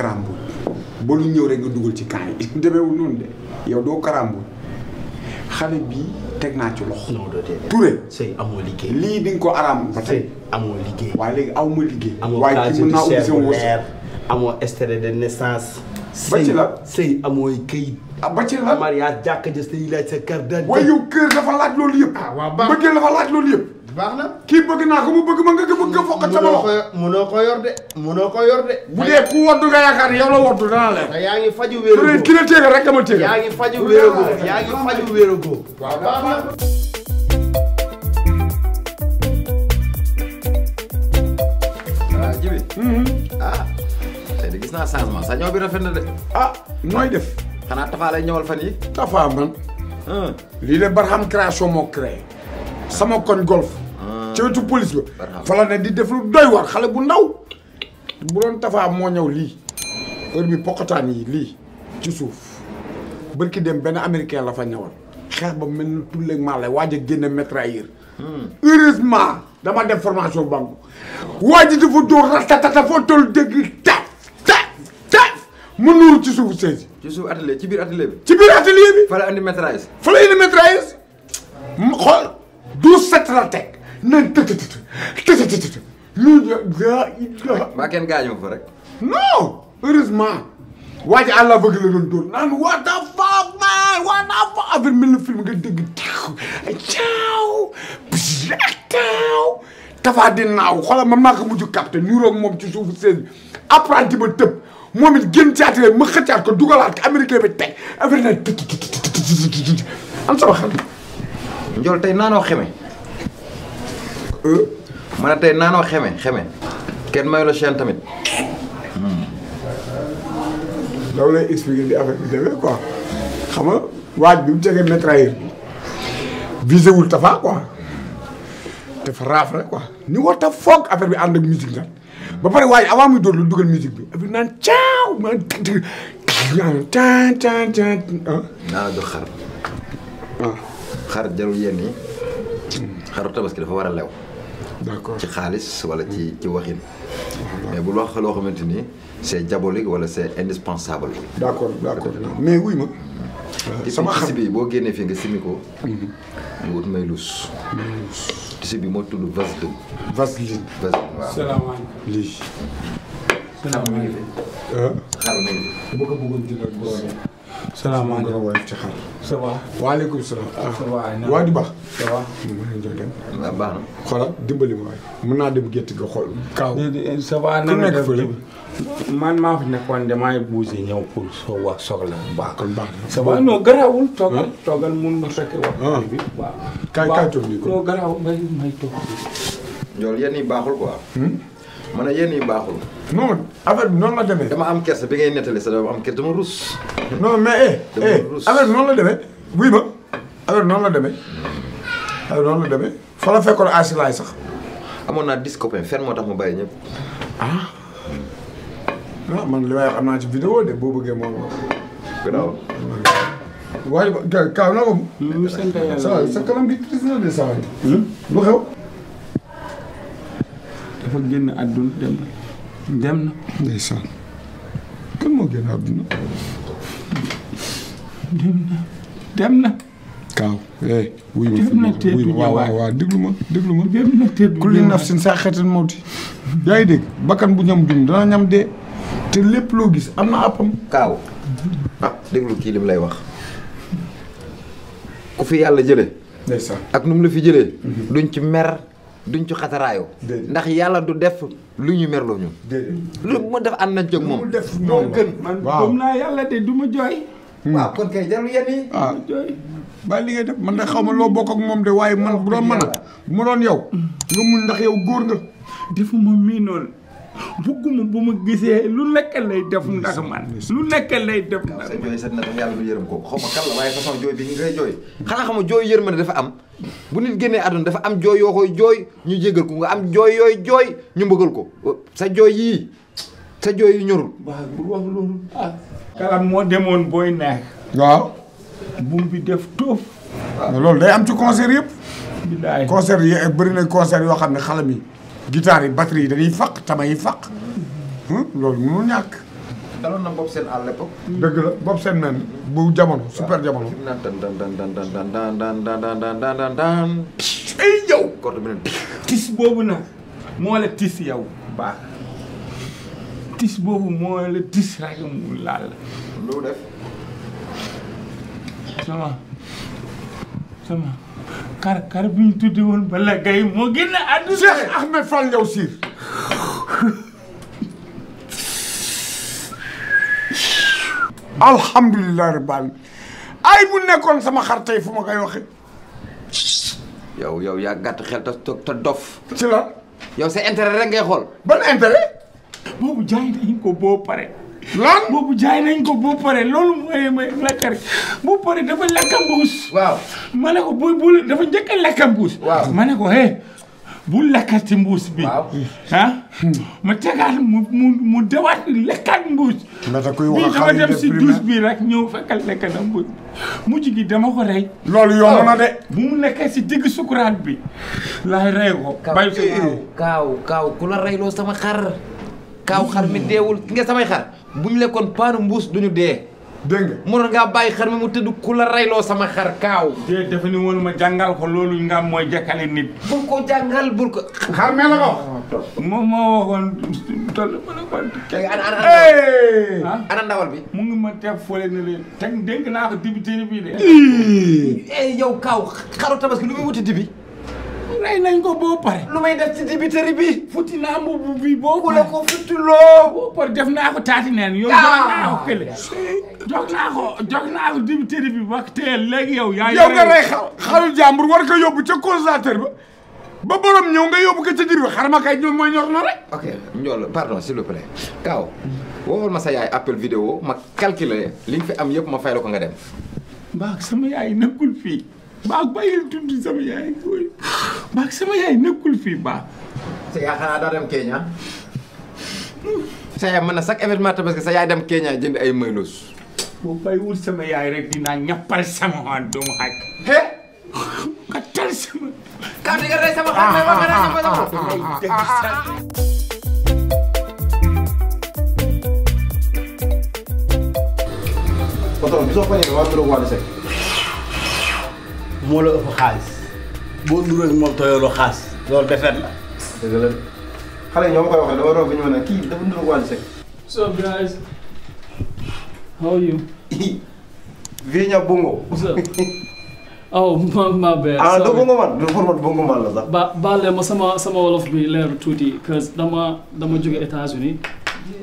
ba lu ñëw rek nga dugal ci kaa yi. demeewul yow doo karambu xale bi teg naa ci loxo. non doo tee sëy amoo liggéey. lii di nga ko araam fa tey. amoo liggéey. waaye léegi aw ma liggéey. amoo casier du serre amoo extrait de naissance. ba la sëy amooy këyit. ah ba ci la mariage jàkka jës dañuy laaj sa carte d'identité. waaye yow kër dafa laaj loolu yëpp. ah waaw baax bëggee dafa laaj loolu yëpp. na kii bëgg naa ko mu bëgg ma nga bëgg a fokk sama loxo munoo ko yor de munoo ko yor de bu dee ku woddu nga yaakaar yow la woddu danaa leer yaa ngi faju wéeragoo ki la téegal rek dama téegal yaa ngi faju wéeragoo yaa ngi faju wéeragoo waaw baax na waaw ah, jibi mm-hmm. ah de gis naa changement sañoo bi de ah, xanaa Tafa lay ñëwal fan yi Tafa man. lii la Barham création moo créé. sama koñ golf. Ah. ci wetu police ba. fa di def xale bu ndaw. bu doon Tafa moo ñëw lii. heure bi pokotaan yi lii. ci suuf bërki dem benn américain la fa ñëwal. xeex ba mel ni tulleeg maa lay waaj a génne mitrailleur. heureusement dama def formation bambu. waa ji dafa dóor ratatata foo toll dégg mu nuur ci suufu sees ci suuf atelier ci biir atelier bi. ci biir atelier bi. fa la indi maîtrise. fa la indi maîtrise mu xool douze sept la teg maa kenn gaañoo fa rek. non heureusement. waa ji àll bëgg la doon dóor naan what film nga dégg taw caaw bisi ak taaw tafa di naaw xoolal ma maa mujj capté niroog moom ci suufu sees apprenti ba moom it génn ci attiré ma xëccaat ko dugalaat ko américain bi teg affaire na am sama xel. Ndiol tey naanoo xeme. Euh? ma ne tey naanoo xeme xeme. kenn mayu la chaîne tamit. loolu hmm. lay expliqué di affaire bi demee quoi xam nga waaj bi mu jege mitrailleur bi visé wul Tafa quoi dafa raaf rek quoi. ni war ta foog affaire bi ànd ak musique nag. ba pare waaye avant muy dóorlu dugal musique bi affaire naan caaw ma dégg tan tan tan ah. naa jox xar. waaw ah. xar jarul yenn yi hmm. xaru tabaski dafa war a lew. d'accord ci xaalis wala ci hmm. ci waxin. mais bul wax loo xamante ni c'est diabolique wala c'est indispensable. d'accord d'accord mais wuy ma. sama xam bi boo génnee fii nga simi ko. mu mhm. wut may lus. tissu bi moo tudd vaseline. vaseline vaseline lii. salaamaaleykum. xaaral ma bëggoon salaamaaleykum wa rahmatulah. ça va. waaleykum salaam. ça va ah, waay di baax. ça va. mën ah, baax na. xoolal dimbali ma waay mën naa dem gétt ga xool. kaw ça va na nga def man maa fi nekkoon damay bougé ñëw pour soo wax soxla baax. kon baax na ça va non garaawul. toogal toogal mun na fekk wax. Ah. bi waaw kaay nii ko non garaawul may may toog. loolu yéen ñi baaxul quoi. Hmm? ma ne yéen yi baaxul. non affaire bi noonu la demee. dama am kersa bi ngay nettali sa dama am kersa dama rus. non mais eh. dama affaire noonu la demee. buy ma affaire bi la demee affaire bi noonu fekkoon asilaay sax. amoon naa dix copains fen moo tax ma bàyyi ñëpp. ah man li may am naa ci vidéo de boo bëggee moom la. gannaaw. waaye ba Kaaw naa ko. sa kanam gi gis na de saa lu xew. dafa génn àdduna dem na dem na. ndeysaan kan kaaw eh, waaw waaw déglu ma déglu ma. dem na te du kulli nafsin saaxatin mawti. yaa ngi dégg bakkan bu ñam dana ñam dee. te lépp loo gis am na àppam. kaaw ah déglu kii lim lay wax ku fi yàlla jëlee. ak nu la fi jëlee. Mhm. duñ ci mer. duñ ci xataraayo ndax yàlla du def lu ñu merloo ñun lu def ànd nañ ci moom mu def moo gën man gëm naa yàlla de du ma jooy hmm. waaw kon kay jarul yenn ah. li ngay def man de xaw ma loo bokk ak moom de waaye man bu doon mën a bu ma doon yow nga mun ndax yow góor nga defuma mii noonu bugguma bu ma gisee lu nekk lay def ndax man lu nekk lay def ndax sa jooy set na tam yàlla du yërëm ko xaw ma kan la waaye façon jooy bi ngay jooy xanaa xam nga jooy yërmande dafa am bu nit génnee àdduna dafa am jooy yoo koy jooy ñu jégal ko nga am jooy yooyu jooy ñu mbëggal ko sa jooy yii sa jooy yi ñorul. waaw bu ah. moo demoon booy neex. waaw. buum bi def tuuf. Ah. loolu day am ci concert yëpp. bilaay yi bëri na concert yoo xam ne xalam yi. guitare yi batterie yi dañuy faq tama yi faq. Hmm? loolu mënul ñàkk. daloon na Bob Seen à l'époque. dëgg Seen men bu jamono super jamono. naan daan daan daan daan daan daan boobu nag moo la tis yow baax tis boobu moo la tis rek mu laal. lu def. sama sama kar kar bi ñu tuddi woon Balla Gaye moo génn àdduna Ahmed Fall Ndiaw Sir alhamdulilah rabbil ay bu nekkoon sama xar tey fu ma koy waxe yow yow yaa gàtt xel te te dof. ci la. yow sa intérêt rek ngay xool. ban intérêt. boobu jaay nañ ko boo pare. lan boobu jaay nañ ko boo pare loolu mooy mooy lakkar bu pare dafa lekk mbuus. waaw ma ne ko bu bu dafa njëkk a lekk waaw ma ne ko hey. bu lekkati mbuus bi. waaw ah mu tegaat mu mu mu dawaat lekkaat mbuus. nga da koy wax dama bi rek ñëw fekkal lekk na mbuus. mujj gi dama ko rey. loolu yomb na de. Ah. bu mu nekkee si digg sukuraat bi. laay rey ko. bàyyi kaaw kaaw ku la reyloo sama xar. kaaw xar mi deewul ki nga samay xar bu lekkoon paanu mbuus duñu dee. dégg nga mënoon ngaa bàyyi xar mi mu tëdd ku la reyloo sama xar kaaw. te ni woon ma jàngal ko loolu nga mooy jekkale nit. bul ko jàngal bul ko. xar mee la ko. Oh, moom moo waxoon toll ma ne ko. ana ana bi. mu ngi ma teg fóole ne leen. teg dénk naa ko dibi téere bii de. Eh, yow kaaw xaru tabaski lu muy wuti dibi. rey nañ ko boo pare. lu may def ci dibiteri bi. futti naa mbubu bi boo. ku la ko futti loo. boo pare def naa ko taati neen yow ah. jox naa ko kële. jox naa ko jox naa ko dibiteri bi ba teel léegi yow. yaa yow nga rey xaw xalu jàmbur war ko yóbbu ca consulateur ba. ba borom ñëw nga yóbbu ko ca dir bi xarama kay ñoom mooy ñor na rek. ok Ndiol pardon s'il vous plaît. Kaaw woowal ma sa yaay appel vidéo ma calculer li nga fi am yëpp ma fay la ko nga dem. mbaa sama yaay nekkul fii. baa bàyyil dund sama yaay baa sama yaay nekkul fii baa sa yaay xanaa daa dem Kenya sa yaay mën sa yaay dem Kenya jënd ay mayloos boo bàyyiwul sama yaay rek dinaa ñappal sama waa doomu xaj ka tal sama ka di nga sama xaj ma nga rey sama sama moo la ëpp xaalis boo ndur ak moom tooyaloo xaalis loolu defet la. dëgg la ñoo ma koy waxee dama romb ñëw ne kii dafa ndur ak Wally Seck. what's ma oh, ma bad. ah du ma sama sama wolof bi leer tuuti parce que dama dama jóge États-Unis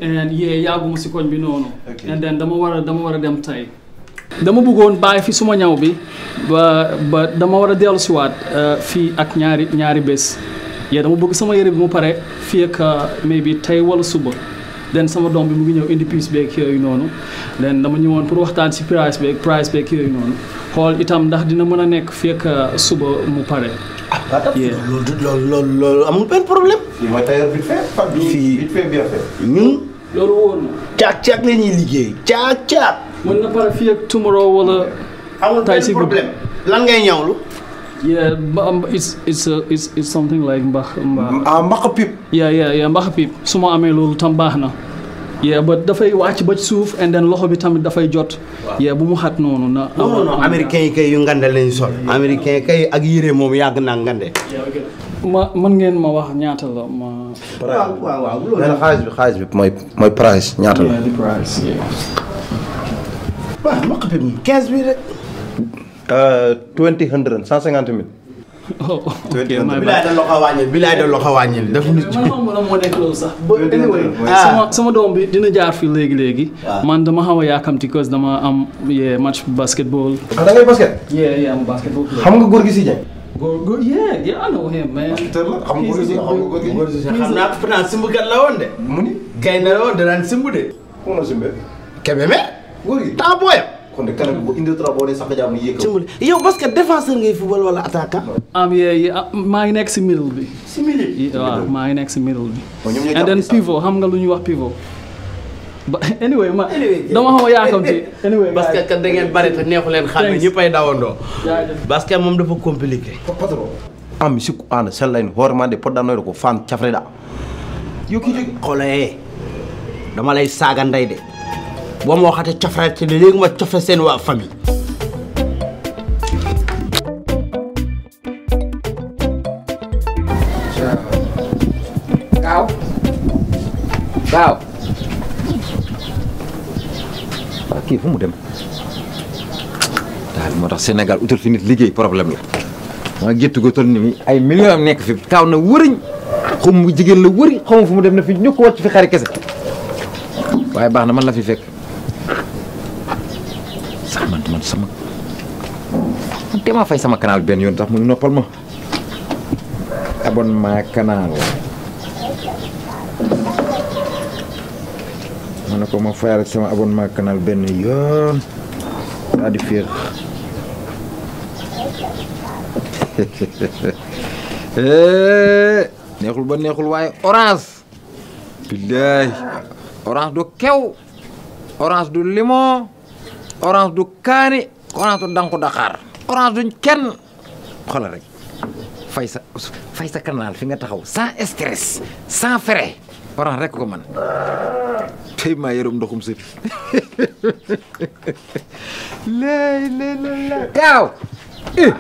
and yee si koñ bi noonu. and then dama war a dama war a dem tey. dama bëggoon bàyyi fi suma ñaw bi ba ba dama war a dellusiwaat siwaat euh, fii ak ñaari ñaari bés yee dama bëgg sama yére bi mu pare fii ak euh, may bi tey wala suba den sama doom bi mu gi ñëw indi pièce beeg yooyu noonu den dama ñëwoon pour waxtaan si price beeg price beeg yooyu noonu xool itam ndax dina mën a nekk fii ak euh, suba mu pare. ah loolu loolu loolu amul benn problème. fii ñun. loolu wóor ñuy liggéey caag caag. mën na pare fii ak tomorrow wala. tay si amul lan ngay ñawlu. yeah ba it's it's uh, mbax. Ah, pip. yeah yeah yeah mbax pip su ma amee loolu tam baax na. yeah ba dafay wàcc bët suuf and loxo bi tamit dafay jot. yeah bu mu xat noonu na. non non américain yi kay yu ngande lañu sol. américain kay ak yére moom yàgg naa ngande. ma mën ngeen ma wax ñaata la ma. xaalis mooy mooy price ñaata la. waaw mboq bi moom 15 bi rek. 20 euh, hundred 150 mille. oh da loxo wàññil daf nit nekk loolu sax. Ah. sama doom bi dina jaar fii léegi léegi. Ah. man dama xaw a yaakamti cause dama am yee match basketball. ah ngay basket. yee yee am basketball. xam nga góor gi si de. mu ni góor yi temps booyam. kon nag kanam bu indil trop sax jaamu yow parce que défenseur ngay football wala am yee ah, maa ngi nekk si middle bi. si middle maa ngi nekk si middle bi. and then pivot xam nga lu ñuy wax pivot. ba ma dama xaw a yaakamti anyway parce que kat da ngeen bari te neexu leen xam ne ñëppay dawandoo. parce que moom dafa compliqué. patron. am sikku aan sellayn hormande poɗɗannoyɗo ko fan cafreɗa yokkide xolaye eh, dama lay saaga ndey de boo ma waxatee cofere te léegi ma cofere seen waa famille. waaw. waaw. waaw ah, kii fu mu dem. daal moo tax Sénégal utal fi nit liggéey problème la. maa gétt ko toll nii ay millions am nekk fi kaaw na wëriñ xaw ma jigéen la wëri xaw ma fu mu dem na fi ñu ko wàcc fi xari kese waaye baax na man la fi fekk. sama man damaa fay sama canal benn yoon tax mu noppal ma abonnement canal ma ne ko ma fayal sama abonnement canal benn yoon daal di féex eh, neexul ba neexul waaye orange billaay orange du kew orange du limon orange du kaani orange du danku Dakar orange duñ kenn xoolal rek fay sa fay sa fi nga taxaw sans stress sans frais orange rek ko man tey maa yërëm ndoxum sëti lay lay la gaaw eh.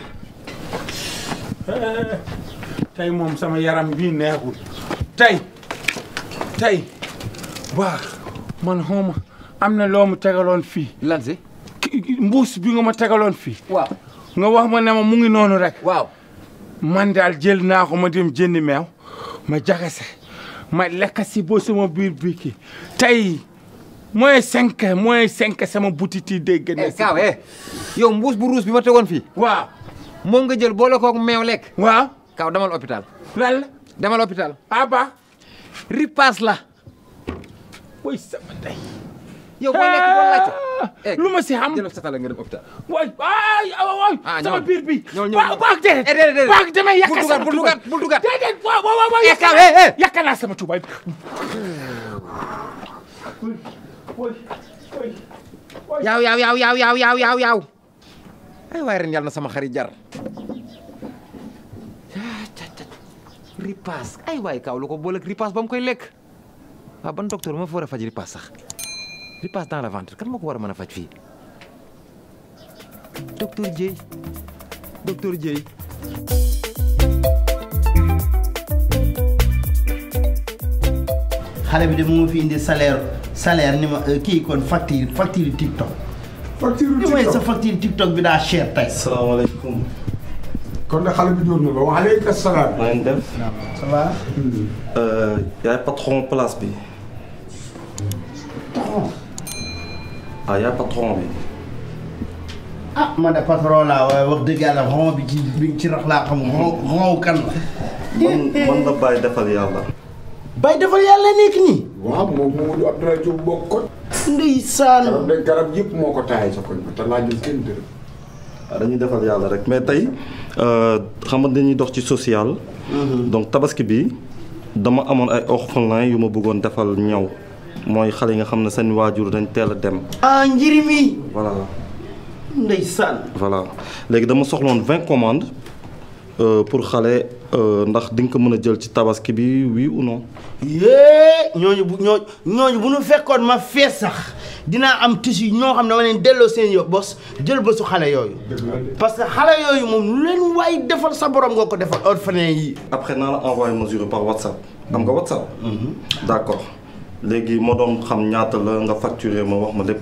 tey moom sama yaram bii neexul tey tey baax man xawma am na loo mu tegaloon fii lan mbuus bi nga ma tegaloon fii. waaw nga wax ma ne ma mu ngi noonu rek. waaw man daal jël naa ko ma dem jëndi meew ma jaxase ma lekk si bo sama biir bii kii tey mooy cinq mooy cinq sama butit yi dégg na. Eh, eh. yow mbuus bu ruus bi ma tegoon fii. waaw moom nga jël boole koog meew lekk. waa kaw demal hôpital. lan la demal hôpital. aba ripaas la. woy sama ndey. yow boo lekk boo laajte. Ah, eh, lu ma si xam jëlal satala nga dem hôpital. waay waay waay ah, sama biir bi. ñëw ñëw ñëw baax dee. Eh, déedéet baax damay yàq sama bul dugat bul dugat déedéet waaw waaw waaw eh, yàq yàq naa sama tubaay bi. yaaw yaaw yaaw yaaw yaaw yaaw yaaw yaaw ay waay ren yàlla na sama xarit jar ah, ripaas ay waay kaw lu ko boole ak ripaas ba mu koy lekk waaw ban docteur ma fa war a faj ripaas sax qui passe dans l'aventure kan moo ko war a mën a faj fii docteur Dieye docteur Dieye xale bi de mu fi indi salaire salaire ni ma euh, kii kon facture facture TikTok. facture TikTok li may sa facture TikTok bi daa cher tey. salaamaaleykum. kon nag xale bi door na ba waaleykum salaam. maa ngi def. ça va. Euh, yaay patron place bi. patron. ah yaay patron bi. ah laa waaye wax dëgg yàlla xaw bi ci bi ci rax laa xam xaw kan la. man man la bàyyi defal yàlla. bàyyi defal yàlla nekk nii. waaw moom Mamadou Abdoulaye Diop bokk ko. ndeysaan garab de garab yëpp moo ko taayee sa koñ ba te ah, dañuy defal yàlla rek mais tey euh, xam dañuy dox ci social. Mm-hmm. donc tabaski bi dama amoon ay orphelin yu ma bëggoon defal ñaw. mooy xale yi nga xam ne seen waajur dañ teel a dem. ah njëriñ mi. voilà. ndeysaan. voilà léegi dama soxloon vingt commandes euh, pour xale euh, ndax di ko mën a jël ci tabaski bi oui ou non. ñooñu bu ñooñu ñooñu bu nu fekkoon ma fee sax dinaa am yi ñoo xam ne dama leen delloo seen yo bos jël bësu xale yooyu. parce que xale yooyu moom lu leen waay defal sa borom nga ko defal orphelin yi. après naa la envoyé mesure par WhatsApp. am nga WhatsApp. Mhm. d'accord. léegi moo doon xam ñaata la nga facturé ma wax ma lépp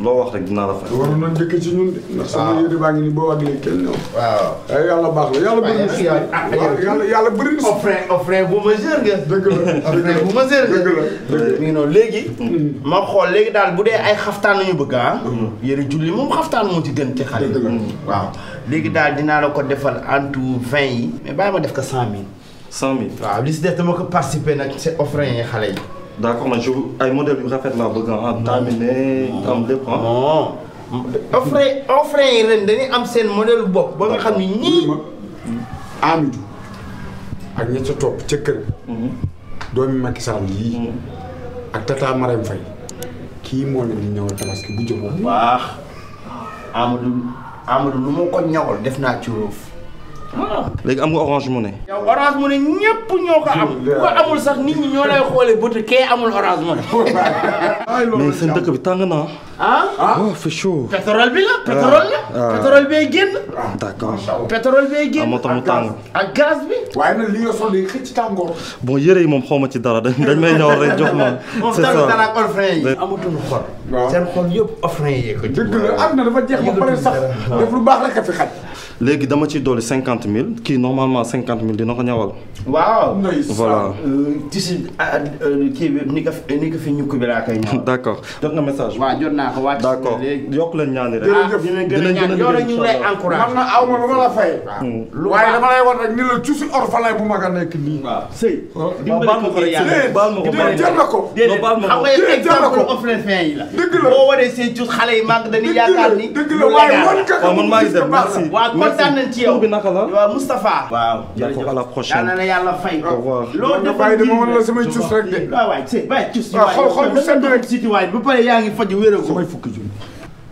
loo wax rek dinaa la fay. waroon nañ njëkk ci ñun de. ndax sama ah. yére baa ngi eh, la yàlla yàlla bu ma jër ngeen. dëgg la offre bu ma jër ngeen. dëgg la mi ngi noonu léegi. Hmm. ma xool léegi daal bu dee ay xaftaan lañu ñu bëgg ah. Hmm. yére julli moom xaftaan moo ci gën ci xale. dëgg la hmm. waaw léegi daal dinaa la ko defal entre vingt yi. mais bàyyi ma def ko cent mille. cent mille waaw li si des dama ko participer nag c'est offre yi xale yi d' accord man je ay modèles yu rafet laa bëgg am ah, terminé am lépp ah. non. offre ren dañuy am seen modèle bopp ba nga xam ni ñii. Amidou ak ñi ca topp ca kër. Mhm. doomi Macky Sall yii. Mhm. ak tata Marème Faye kii moo leen di ñëwal tabaski bu jëm. bu Amadou Amadou lu ma ko ñawal def naa ci roof. léegi am nga orange money. yow orange money ñëpp ñoo am. ko sax nit ñi ñoo lay xoolee bët kee amul orange money. mais seen dëkk bi tàng naa. ah waaw ah, c'est oh, chaud. pétrole bi la ah, pétrole la. Ah. pétrole bee génn. d'accord pétrole bee génn. moo tax mu tàng ak gaz bi. waaye nag li nga sol day xëcc tàngoor. bon yére yi moom xaw ma ci dara dañ may ñëw rek jox ma. c'est ça moom tamit ak orphelin yi. amatuñu xol. waaw seen xol yëpp orphelin yi ko. dëgg la am na dafa jeex ba pare sax def lu baax rek a fi xaj. léegi dama ci dolli cinquante mille kii normalement cinquante mille dina ko ñawal. waaw voilà. Euh, tissu euh, euh, kii bi ni ko fi ni ko fi ñukk bi laa koy ñawal. d'accord jot nga message. waaw jot naa ko wàcc. d'accord yokk leen ñaan rek. jërëjëf dinañ gën a ñaan ñu lay encouragé. man na aw ma lu ma la fay. Hmm. waaye dama lay war rek ni la ci si orphelin bu mag a nekk nii. waaw sëy. Oh, dimbali ko ngir yàlla baal ma ko baal ma ko déedéet baal ma ko. xam nga exemple orphelin yi la. dëgg la boo waree seen jur xale yi màgg dañuy yaakaar ni. dëgg la waaye man kaka waaw man maa ngi dem merci. waaw kontaan nañ ci yow bi naka la. waaw Moustapha. waaw jërëjëf à la prochaine. yàlla na yàlla fay. loo defal dama wan la samay cus rek de. waaw waay sëy waay cus. waaw xool xool bu sedd rek. bu paree yaa ngi faj wéeru su may fukki junni.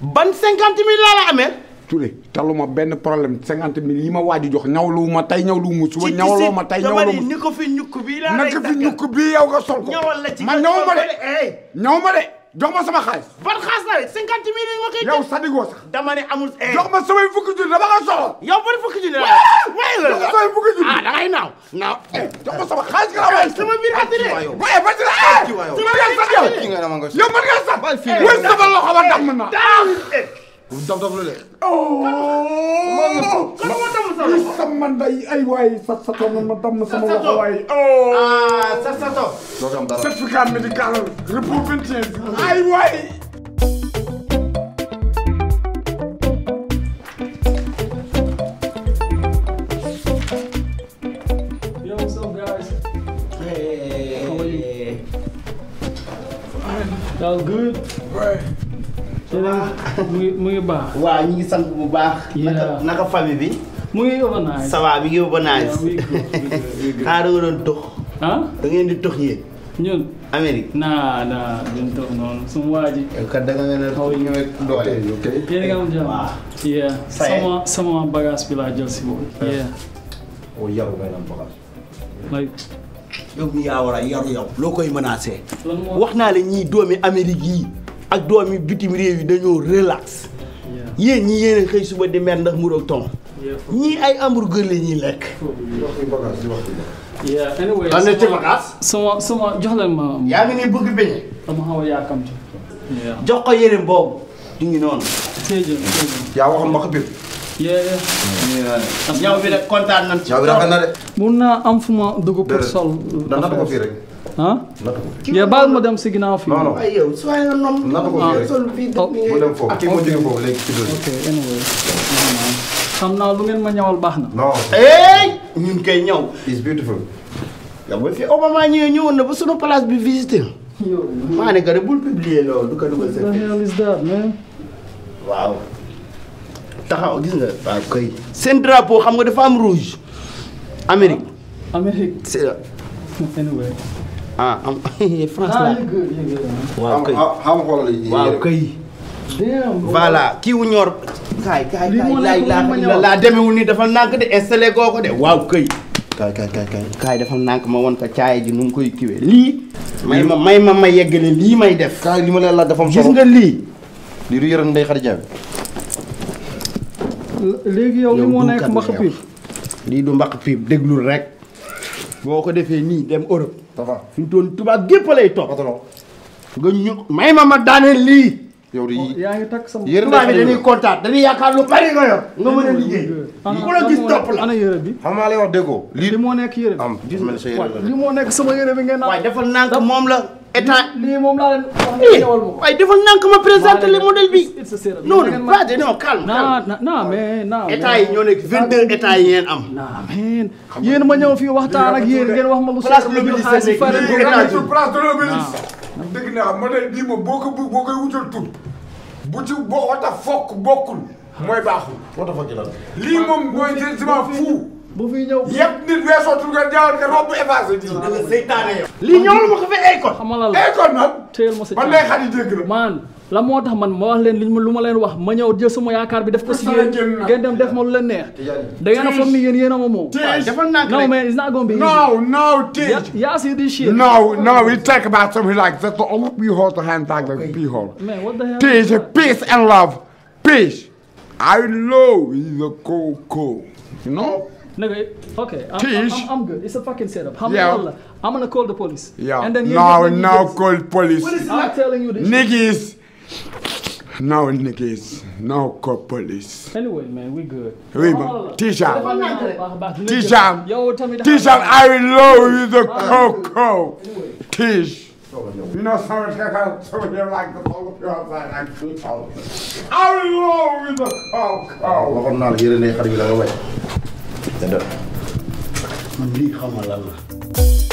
ban cinquante mille laa la ta lu ma benn problème cinquante mille yi ma waaj a jox ñawlu ma tey ñawlu mu suba ñawloo ma tey ñawloo ma ni ko fi ñukk bi laa lay naka yow nga sol ko. ñawal la ci ma eh. ñaw ma de ñaw ma de. jox ma sama xaalis. ban xaalis la rek cinquante mille yi ma koy. yow Sadiko sax. dama ne amul. jox ma samay fukki junni dama ko soxla. yow ban fukki junni la. ma samay fukki junni. ngay naaw naaw. ma sama xaalis nga la waaye. sama biir attiré waaye ba ci la. yow mën nga sax yow mën nga sax. wala sama loxo ba dam na. dof dof la de. man ma sama nday ay waay sa sa tool ma damm sama wax waay. ah sa sa tool. doo am dara certificat médical repos 21 ay waay. That was good. Right. mu ngi baax. waaw ñu ngi sant bu baax. naka naka bi. mu ngi yóbba naa ça va mi ngi yóbba naa xanaa da nga doon tux. ah da ngeen di tux yéen. ñun. Amérique. naa naa duñ tux noonu suñu waa nga ne xaw ñëwee doole. sama sama bagage bi laa jël si boobu. Oh, yow mi yaa war a yaru yow. loo koy menacé. wax naa la ñii doomi Amérique yii. ak doom yi bitim réew yi dañoo relax yéen ñi yéen xëy suba di mer ndax mu ak ñii ay hamburger la ñuy lekk. yaa ngi ci vacances. sama sama jox leen ma. yaa ngi nii bëgg beñe. jox ko yére boobu. di ngi noonu. ma ko biir. ñaw bi kontaan nañ ci. ñaw na mun naa am fu ma dugg pour sol. dana ko fii ah. yow baal ma dem si ginnaaw fii. non non ay yow soo nga nom. natu ko xam naa lu ngeen ma ñawal baax na. non. ñun kay ñaw. it's beautiful. yow ba fi Obama ñëwee ñëwoon na ba sunu place bi visité. maa ne que bul publier loolu du ko dugal sa waaw. taxaw gis nga. waaw kay. seen drapeau xam nga dafa am rouge. Amérique. Amérique. c'est anyway. ah am France la waaw kay waaw kay voilà kii ñor. kaay kaay kaay laa demewul nii dafa nànk de installé goo ko de waaw kay. kaay kaay kaay kaay dafa nànk ma woon ko caay ji nu mu koy kiwee lii. may ma may ma ma yeggale lii may def. kaay li ma leen laaj solo lii. du yoroon ndey xarit Diaby. léegi yow li moo nekk mbaq piib lii du mbaq piib déglul rek. boo ko defee nii dem Europe. dafa fi mu toll tubaab gépp lay topp. nga ñu may ma ma daaneel lii. yow de yaa ngi takk sama tubaab bi dañuy kontaan dañuy yaakaar lu bari nga yor nga mën a liggéey ku la gis topp la ana yére bi xam nga lay wax déggoo lii moo nekk yére bi am gis ma sa yére lii moo nekk sama yére bi ngeen naan waaye defal nànk moom la état lii moom laa leen wax waaye defal nànk ma présenté le modèle bi non non pas de non calme calme non mais non état yi ñoo nekk vingt deux état yi ngeen am non yéen ma ñëw fii waxtaan ak yéen ngeen wax ma lu place de l'Obélisque place de l'Obélisque dégg naa a bii moom boo ko boo koy wutal tur bu ci boo wata fokk bokkul mooy baaxul. wata fokk la lii moom mooy sentiment fou. bu fi ñëw yëpp nit weesoo tur nga jaawal nga romb effacé di. seytaane yow. lii ñëw la ma ko fa école. xamalala école nag. teel ma sa man lay la moo tax man ma wax leen li ma lu ma leen wax ma ñëw jël sama yaakaar bi def ko si yéen ngeen dem def ma lu leen neex. da ngeen a foog ni yéen yéen a ma moom. defal naa non mais it's not gonna be easy. no no Tej. yaa si di shit. no no we talk about something like that's oh, the only people to hand tag like people. man what the hell. Tej peace and love peace. I love the coco. You know. Nigga, okay, I'm, I'm, I'm, I'm good. It's a fucking setup. How yeah. Allah, I'm gonna call the police. Yeah. And then you no, no, call police. What is I'm telling you this. Niggas. now niggas, now cop Tijam, Tijam, Tijam, I will lower the cocoa. Tish. You know, someone check out someone here like the whole of your life, like two thousand. I will the cocoa.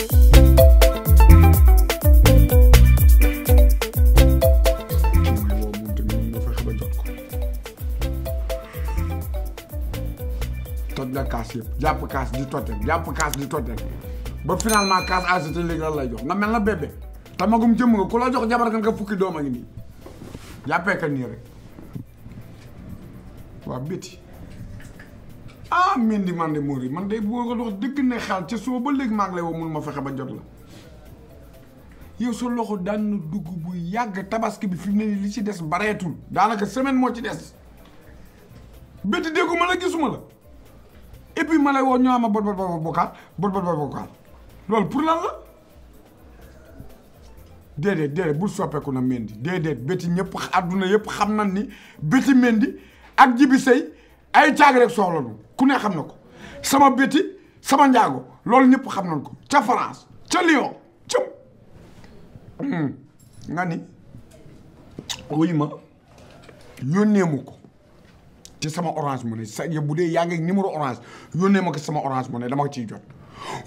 toj na kaas yëpp jàpp kaas di toj rek kaas di toj ba finalement kaas agité jox nga mel na bébé tamagum jëm nga ku la jox jabar nga fukki doom a ngi nii jàppee ka nii rek waa béti ah min di man de Mori man de boo ko dox dëgg ne xaal ca suba ba léegi maa ma fexe ba jot la yow sa loxo daan dugg bu yàgg tabaski bi fi mu ne ci des bareetul daanaka semaine moo ci des béti déggu ma la gisuma la et puis ma lay woon ñu ama bot bot bot bocal bot bot bot bocal loolu pour lan la déedéet déedéet bul soppeeku na Mendy déedéet béti ñëpp àdduna yëpp xam nañ ni béti Mendy ak Jibi Sey ay caag rek soxla nu ku ne xam na ko sama béti sama njaago loolu ñëpp xam nañ ko ca France ca Lyon ca hmm, nga ni wuyu ma yónnee mu ko ci sama orange mu ne sa bu dee yaa ngi numéro orange ma ko sama orange mu ne dama ko ciy jot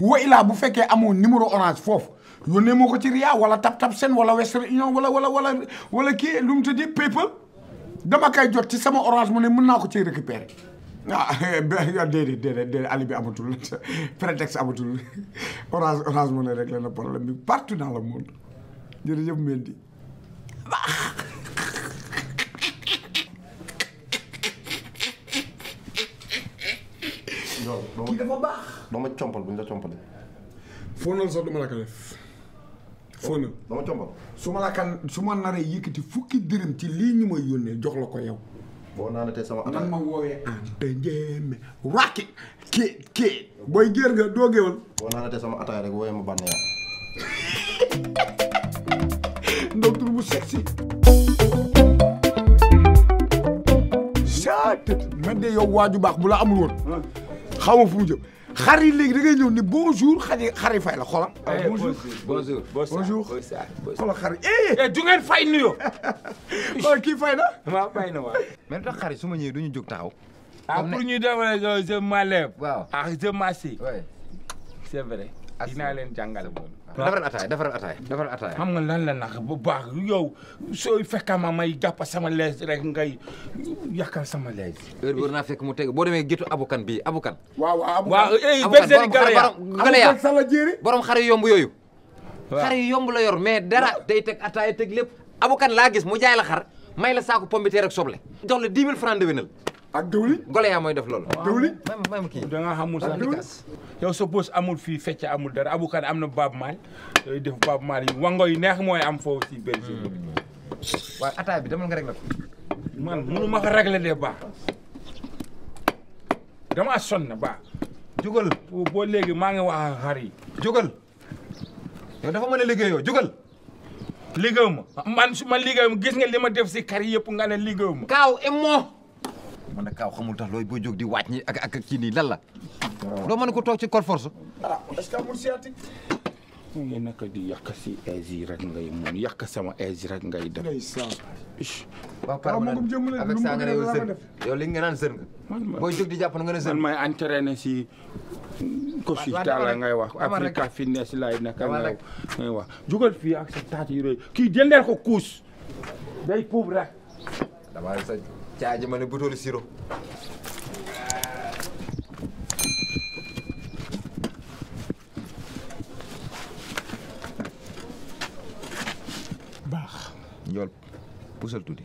wa ilaa bu fekkee amoo numéro orange foofu yónnee ma ko ci Ria wala Tap Tap Send wala Western Union wala wala wala wala kii lu mu tudd Paypal dama koy jot ci sama orange mu ne mën naa ko ciy récupérer ah déedéet déedéet déedéet ali bi amatul prétexte amatul orange orange mu ne réglé na problème bi partout dans le monde jërëjëf Mendy kii dafa baax. dama compal bu ñu la compalee. fóonal sax du ma la ko def. fóonal oh, ma la kan su ma naree yëkkati fukki dërëm ci lii ñu may yónnee jox la ko yow. boo naanatee te attaque nan ma woowee Anta Ndiémé Rocky kii kii booy géer nga doo géwal. sama attaque rek woowee ma bànneex. ndaw tur bu sexy. jaajëf. man de yow waaju baax bu la amul woon. Ah. xaw ma fu mu jëm xar yi léegi da ngay ñëw ni bonjour xar yi xar yi fay la xoolal. Eh, bonjour bonjour bonjour xoolal xar yi. Eh! Eh, du ngeen fay nuyoo. xool kii fay na. waaw fay na waaw. mais tax xar yi su ma ñëwee du ñu jóg taxaw. ah pour ñu demee euh, je m'enlève. waaw ah je m'assieds. c'est vrai dinaa leen jàngale moom. defaral ataay defaral ataay defaral ataay. xam nga lan la nax bu baax yow sooy fekka ma may jàpp sama lees rek ngay yàqal sama lees. heure bi naa fekk mu teg boo demee gétu abukan bii abukan. waaw abukan waaw eh bergerie Galeya Galeya borom xar yu yomb yooyu. waaw xar la yor mais dara day teg ataay teg lépp. abukan laa gis mu jaay la xar may la saako pomme de soble. jox la dix mille francs ak dawli gole yaa mooy def loolu. dawli même kii da nga xamul sax yow sa bës amul fii fecc amul dara abukan am na Baaba Maal yooyu def Baaba Maal yi wango yu neex mooy am foofu si Belgique. waaw bi demal nga réglé ko. man munu ma ko réglé de baax dama sonn baax. jugal boo léegi maa ngi wax ak xar yi. jugal yow dafa mën a liggéeyoo jugal. liggéeyuma man su ma liggéeyuma gis nga li ma def si kar yëpp nga ne liggéeyuma. kaaw et man na kaaw xamul tax looy booy jóg di waat ñi ak ak kii nii lan la. doo mën ko toog ci col force. ah est que amul sciatique. mu di yàq si aise yi rek ngay mun yàq sama aise rek ngay def. waaw par avec ça nga ne nga naan sën nga. booy jóg di jàpp na nga ne sën. man may entraîné si. ko si taala ngay wax Africa fitness laay naka ngay wax. jugal fii ak sa taat yu rëy kii jëndee ko kuus. day puub rek. caaji ma ne butoolu siro baax njool tuuti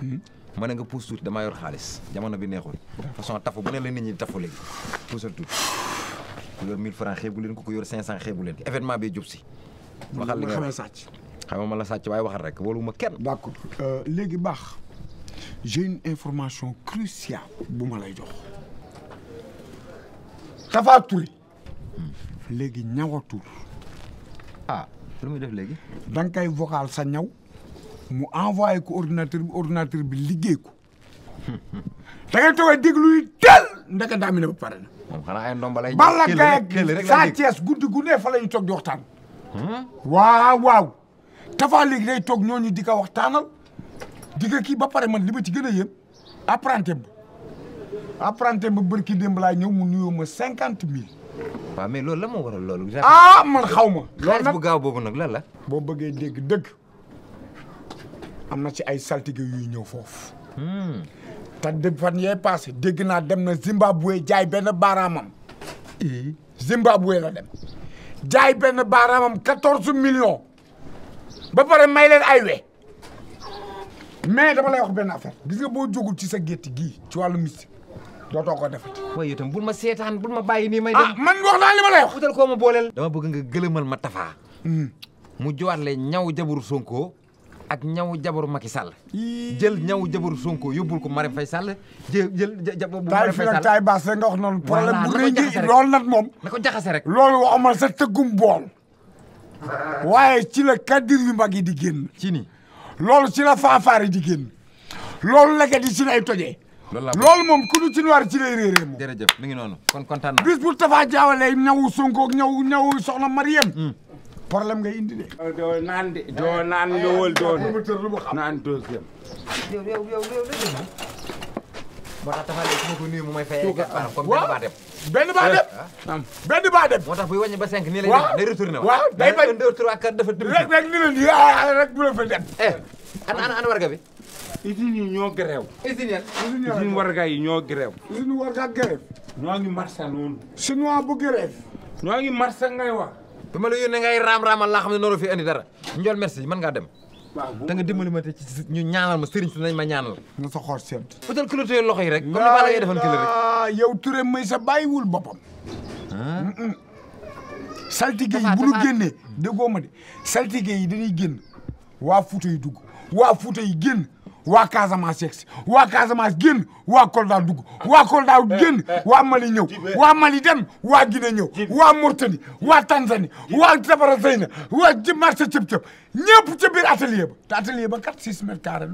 hmm? ma ne nga puus tuuti dama yor xaalis jamono bi neexul façon tafu bu ne la nit ñi tafu léegi puusal tuuti ku yor 1000 francs xeebu leen ku ko yor 500 xeebu leen événement bi jub si waxal li nga xamee sàcc xamee ma la sàcc waaye waxal rek wóolu ma kenn d'accord euh, léegi baax j'ai information cruciale bu ma lay jox. Tapha Touré. léegi ñawatul. ah lu muy def léegi. da koy vocal sa ñaw mu envoyé ko ordinateur bi ordinateur bi liggéey ko hmm. da ngay toog a déglu teel ndaka daa mi ne ba pare na. moom xanaa lay. Balla Gaye ak Sa Thiès guddi gu ne fa la ñu toog di waxtaan. Hmm? waaw waaw. Tapha léegi day toog ñooñu di ko waxtaanal. di nga kii ba pare man li ma ci gën a yëm apprenti ba apprenti ba bërki démb laa ñëw mu nuyoo ma cinquante mille. waaw mais loolu la moo waral loolu. ah man xaw ma. loolu bu gaaw boobu nag lan la. boo bëggee dégg dëgg na ci ay saltige yuy ñëw foofu. Hmm. te de fan yee passé dégg naa dem na Zimbabwe jaay benn baaraamam. Zimbabwe la dem. jaay benn baaraamam quatorze millions. ba pare may leen ay we mais dama lay wax benn affaire gis nga boo jógul ci sa gétti gii ci wàllu mystique dootoo ko defati. waaye itam bul ma seetaan bul ma bàyyi nii may dem. Ah, man wax naa li ma lay wax. koo ma booleel. dama bëgg nga gëlëmal ma tafaa. Hmm. mu jowaat le ñaw jabaru Sonko ak ñaw jabaru Macky Sall. jël ñaw jabaru Sonko yóbbul ko Marème Faye Sall jël jël jabaru Marème Faye Sall. taay fii taay baas nga wax noonu. problème bu ngi loolu nag moom. na ko jaxase rek. loolu waxuma sa tëggum bool. waaye ci la kaddir yu mag yi di génn. ci ni. loolu ci la faafaare di génn loolu leget yi ci lay tojee loolu moom ku du ci war ci lay réeree moom jërëjëf mi ngi noonu kon kontaan naa bis bu Tafa jaawalee ñawu Sonko ak ñaw ñawu soxna Mariam problème ngay indi de naan de doo naan lowol doon naan deuxième yow moo tax Tafa léegi su ma ko nuyu mu may fay comme benn baa dem. Ah. benn baa dem. moo tax buy wàññi ba 5 nii lay def day retourné waaw waaw day bañ 1 2 3 4 dafa dugg. rek rek nii la nii ah, ah rek bu la fa dem. eh ana ana ana warga bi. usines yi ñoo gréew. usines yan. usines warga yi ñoo gréew. usines warga gréew. ñoo ngi marsa noonu. chinois bu gréew. ñoo ngi marsa ngay wax. bi ma la yónnee ngay raam raamal laa xam ne noonu fi andi dara. Ndiol merci mën ngaa dem. da nga dimbali ma te ci ñu ñaanal ma sëriñ si nañ ma ñaanal. na sa xor seet. utal culotté loxo yi rek. comme ni ma la ngay defal kilo rek. yow Touré may sa bàyyiwul boppam. saltige yi bu ñu génnee mm. déggoo ma de saltige yi dañuy génn waa Fuuta yi dugg waa Fuuta yi génn. waa Casamance yegg si waa Casamance génn waa Kolda dugg waa Kolda génn waa Mali ñëw waa Mali dem waa Guinée ñëw waa Mauritanie waa Tanzanie waa Sabara Zeyna waa marché cëb-cëb ñëpp ca biir atelier ba te atelier ba 4 6 mètres carrés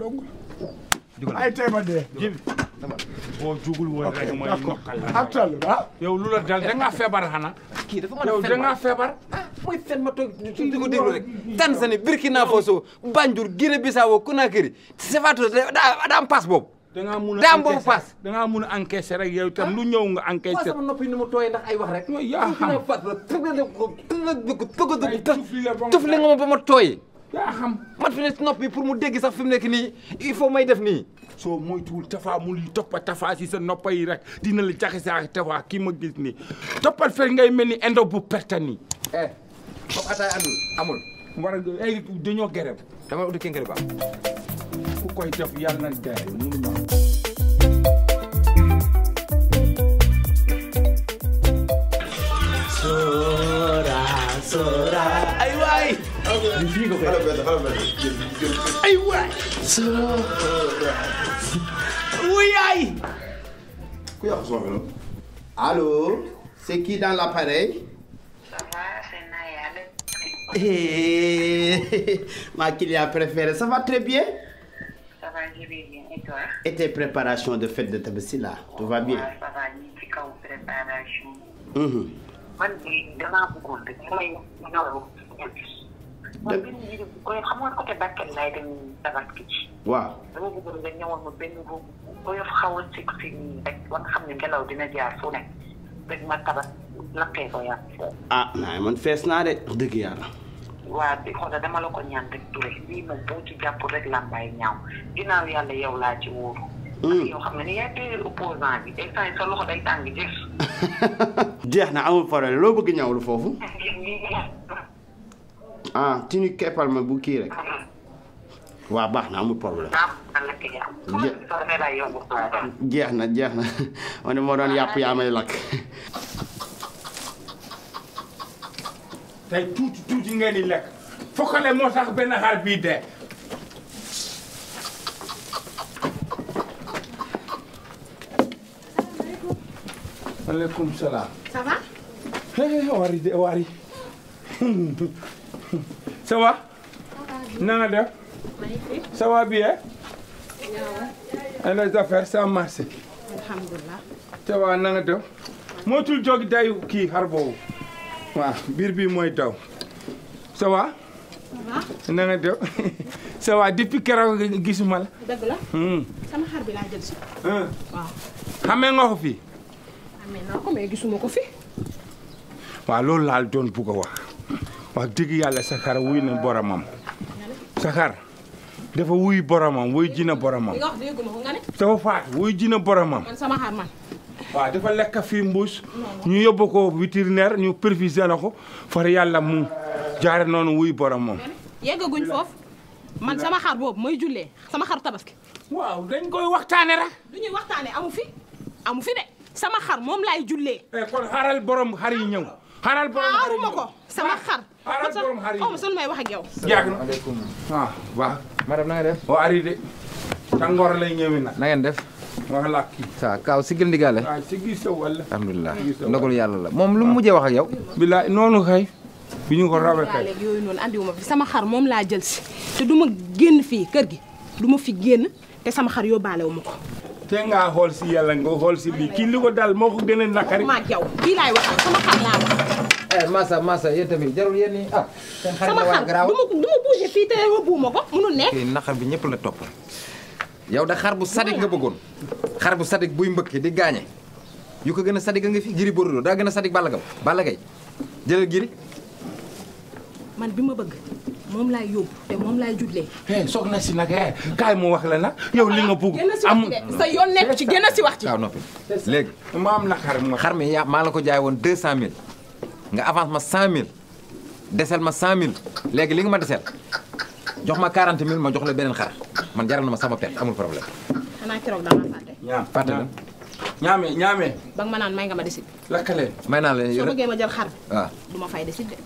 ay tey ma dee. jibi boo jugul woon rek mooy ñokkal atal ah. lu la dal da ngaa feebar xanaa. kii dafa mën a feebar yow da ngaa feebar. ah mooy fen ma toog di ko déglu rek. Tanzanie Burkina Faso Banjul Guinée Bissau Conakry Sefato daa am paas boobu. da ngaa mun a daa am boobu paas. da ngaa mun a encaissé rek yow itam lu ñëw nga encaissé. waaw sama noppi ni mu tooyee ndax ay wax rek. yow yaa xam tuf li nga ma ba ma tooyee. yaa xam man fi ne si nopp bi pour mu dégg sax fi mu nekk nii il faut may def nii. soo moytuwul tafaa mu li toppa tafaa si sa noppa yi rek dina la jaxase ak tafaa kii ma gis nii toppal fer ngay mel ni endo bu perte nii. eh comme ataay andul amul. mu war a ay dañoo gërëm. dama uti kénkeri ba ku koy def yàlla na dee mënu ma Sora. ay waay. ay waay. Sora. wuyaay. ku yàqu sama vélo. allo. c'est qui dans l'appareil. ça eh. va c'est Naya. ma cliente préférée ça va très bien. ça et toi. et de fête de Tabaski là tout va bien. ça man de damaa bëggoon koy xam nga ci. waaw dama bëggoon nga ma benn bu koyof xaw a sikk si nii rek ba nga ma tabax lakkee ko yàq. naa man fees naa de dëgg dama la ko ñaan rek Touré lii moom boo ci jàpp rek yow laa ci wóoru. ndax jeex. na amul problème loo bëgg ñawlu foofu. ah tinu keppal ma bu kii rek. waaw baax na amul problème. jeex na jeex na ma ne moo doon yàpp yaa tuuti tuuti ngeen lekk fokkale moo tax benn xaal bii dee. maaleykum salaam. ça va. wari de wari. ça va. na nga def. ça va bien. les affaires ça marche. alhamdulilah. ça va na nga def. mootul jóg kii xar boobu. waaw biir bi mooy daw. ça va. ça va. na nga def. ça va depuis hmm. hmm. nga ko amee gisuma ko fi. waaw loolu laal doon bugg a wax wax dëgg yàlla Sakar wuy na boromam Sakar dafa wuy boromam wuy jina boromam. li nga wax dégguma faat wuy jina boromam. sama xar man. dafa lekk fi mbuus ñu yóbbu ko vétérinaire ñu perfuser na ko far yàlla mu jaare noonu wuy boromam. yeggaguñ foofu man sama xar boobu mooy jullee sama xar tabaski. waaw dañ koy waxtaane rek. du ñuy waxtaane amu fi amu fi de. sama xar moom laay jullee. Eh, kon xar yi ñëw. xaaral borom xar yi ñëw ko sama xar. xaaral borom ma ah, def. waaw oh, ari de. tàngoor lay def. wax la kii. waaw Kaaw sigil ndigaale. Ah, waaw yàlla la moom lu mu mujjee yow. bilaay noonu xëy. ñu ko rawee kay yooyu sama xar moom laa jël si. te du ma génn fii kër gi du ma fi génn te sama xar yóbbaale wu ma ko te ngaa xool si yàlla nga xool si lii kii li ko daal moo ko a naqari. maa yow kii laay wax sama xar laa wax. Eh, Massa Massa yéen jarul yéen ñi ah, la waa garaaw sama xar du ma du ma bougé fii te buuma ko mënul nekk. naqar bi ñëpp la topp yow da xar bu sadik nga bëggoon xar bu sadik buy mbëkk di gaañe yu ko gën a sadik nga fi giri bordo daa gën a sadik Balla Gaye Balla Gaye jëlal giri. man bi ma bëgg. moom laay yóbbu te moom laay jullee. Eh, soxna si nag eh, kaay mu wax la nag yow li nga bugg. amul sa yoon nekk si wax ci. waaw noppi léegi. ma am na xar ma xar mi yaa maa la ko jaay woon deux cent mille nga avance ma cent mille desel ma cent mille léegi li nga ma desel jox ma quarante mille ma jox la beneen xar man jaral na ma sama perte amul problème. xanaa keroog da nga fàtte. ñaam fàtte la ñaame ñaame. ba nga ma naan may nga ma desit. lakkale may naa la soo bëggee ma jël xar. waaw ah. du ma fay desit de.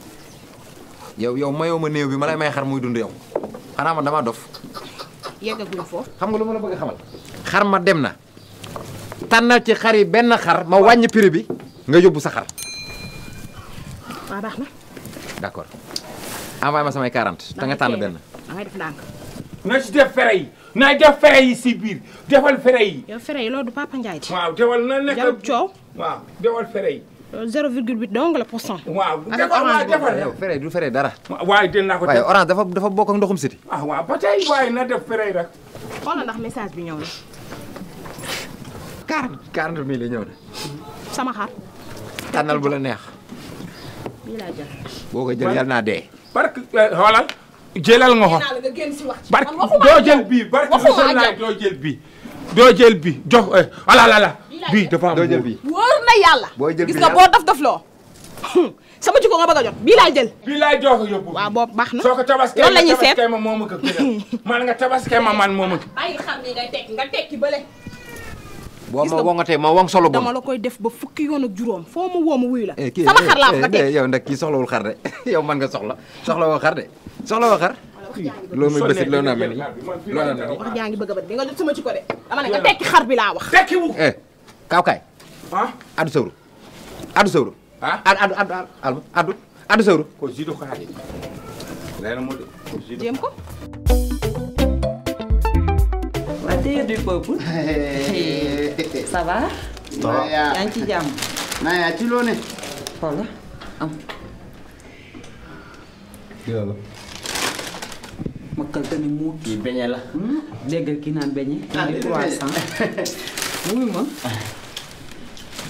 yow yow mayoo ma néew bi ma lay may xar muy dund yow xanaa man damaa dof. yeggaguñ foofu. xam nga lu ma la bëgg xamal. xar ma dem na. tànnal ci xar yi benn xar ma wàññi prix bi nga yóbbu sa xar. waaw baax na. d'accord envoyé ma samay 40 te nga tànn ci def fere yi na si biir defal fere yi. yow fere yi du Papa Ndiaye di. waaw defal na coow. waaw defal fere zéro virgule huit dong la pour cent. waaw yow frais du frais dara. waaye dina ko waaye orange dafa dafa bokk ak ndoxum siti. ah waaw ba tey waaye na def frais rek. xoolal ndax message bi ñëw na. quarante quarante mille la ñëw na. sama xar. tànnal bu la neex. bii laa jël. boo ko jël yal naa dee. parce que eh, xoolal. jëlal nga xool barke doo jël bii barke doo jël bii doo jël bii jox ala la la. bii dafa am doo jël bii wóor na yàlla. boo jël gis nga boo daf daf loo. sama jikko nga bëgg a jot bii laay jël. bii laay jox ko yóbbu. waaw boobu baax na soo ko tabaskee ma tabaskee ma moomu ko man nga tabaskee ma man moomu ko. bàyyi xam ne ngay tekki nga tekki bële. boo ma woo nga tey ma wong solo bon dama la koy def ba fukki yoon ak juróom foo ma woo ma wuyu la. Eh, sama eh, xar laa eh, ko tey yow nag kii soxlawul xar de yow man nga soxla soxlawoo xar de soxlawoo xar. loolu mooy bësit loolu naa mel ni loolu naa mel ni. wax jaa ngi bëgg a bëri di nga jot sama ci ko de dama ne nga tekki xar bi laa wax tekkiwu kaw kaay. ah addu sawru. addu ko jiitu ko haaɗi leena ko waa tey du peuple ça va ci jàmm Naya ci loo ne xoolal muut kii beñe la hmm? déggal kii naan beñe 300 ah, wuy ma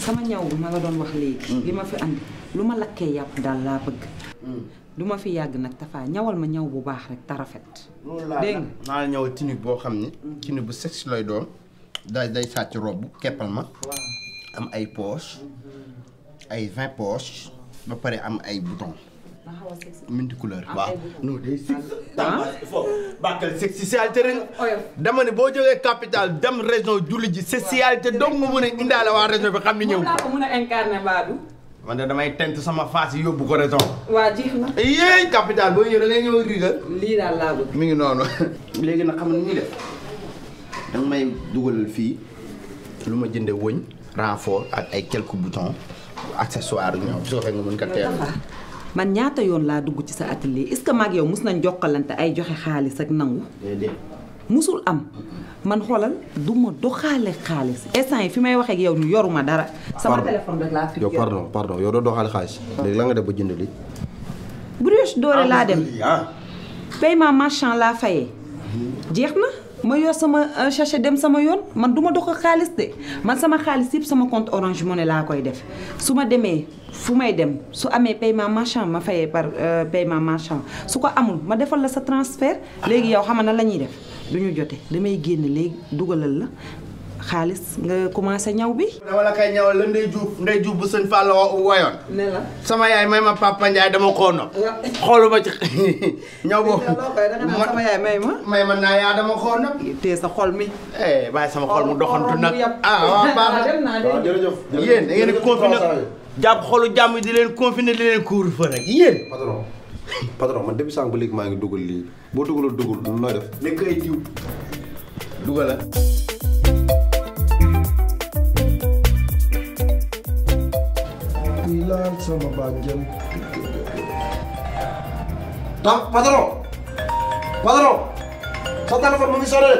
sama ñaw bi ma la doon wax léegi. Mm. li ma fi andi lu ma lakkee yàpp daal laa bëgg. Mm. du ma fi yàgg nag Tafa ñawal ma ñaw bu baax rek tarafet rafet. dégg nga naa ñaw tunique boo xam ni. Mm. tunique bu sexy lay doon. day day sàcc robe keppal ma. am ay poche. Mm-hmm. ay vingt poche. ba pare am ay buton multicouleur waaw non day six foofu bàkkal sexualité rek oh, dama ne boo jógee capitale dem région julli ji sexualité donc mu mën a indaale waa région bi xam ni ñëw ko mën a incarné Badou man de damay tent sama face yi yóbbu ko région yéey capitale boo ñëw da ngay ñëw riga lii daal mi ngi noonu léegi nag xam ne ñuy def danga may dugalal fii lu ma jënde wëñ renfort ak ay quelques boutons accessoires ñoom soo fekk nga mën ka teel man ñaata yoon laa dugg ci sa atelier est-ce que maag yow mus nañ jokkalante ay joxe xaalis ak nangu. déedéet. musul am man xoolal du ma doxaale xaalis instant yi fi may wax ak yow ni yoruma dara. sama téléphone rek laa fi yow pardon pardon yow doo doxaale xaalis. léegi la nga def ba jënd li brioche doore ah, laa dem ah. paiement marchand laa fayee jeex na. ma yor sama euh, sachet dem sama yoon man du ma dox xaalis de man sama xaalis yëpp sama compte orange ne laa koy def su ma demee fu may dem su amee paiement marchand ma fayee par euh, paiement marchand su ko amul ma defal la sa transfert léegi yow xam na la ñuy def du ñu jote damay génn léegi dugalal la xaalis nga commencé ñaw bi. dama la koy ñawal la bu sëñ Fall woyoon. ne sama yaay may ma Papa Ndiaye dama koo nopp. xooluma ci ñaw boobu. ma sama ma. may ma yaa dama koo sa xol mi. eh sama xol mu doxantu nag. ah waaw yéen da ngeen di jàpp xolu jàmm di leen confiné di leen kuur fa rek yéen. patron man depuis sànq ba léegi maa ngi dugal lii boo dugaloo dugal noonu laa def. nekk ay diw dugal di laal sama bàjjen. donc patron. patron. sa téléphone mu ngi sonné de.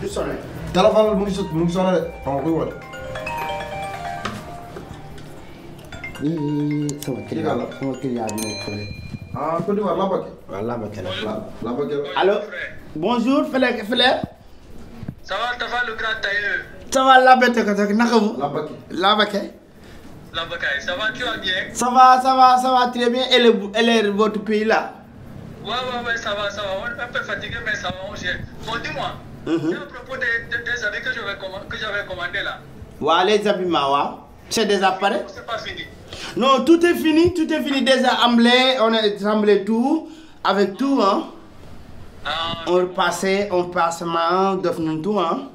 du sonné. téléphone mu ngi mu ngi sonné de. xam nga kuy woote. sama client la sama client bi nekk fële. ah Côte d'Ivoire Labake. waaw Labake la. Labake la. allo. bonjour Fele Fele. ça va Tafa le grand tailleur. ça va Labake naka mu. Labake Labake. Lamba Kaye ça va tu vas bien. va ça va ça va très bien élève élève votre pays là. waaw waaw waaw ça va ça va on est un va on gère bon dis-moi. c'est mhm. à propos des des habits que j'avais commandé que j'avais commandé là. waaw les habits ma waaw. c'est déjà non tout est fini tout est fini déjà assemblé on a assemblé tout avec tout hein. Ah, on repassait on passe ma def nañ tout hein.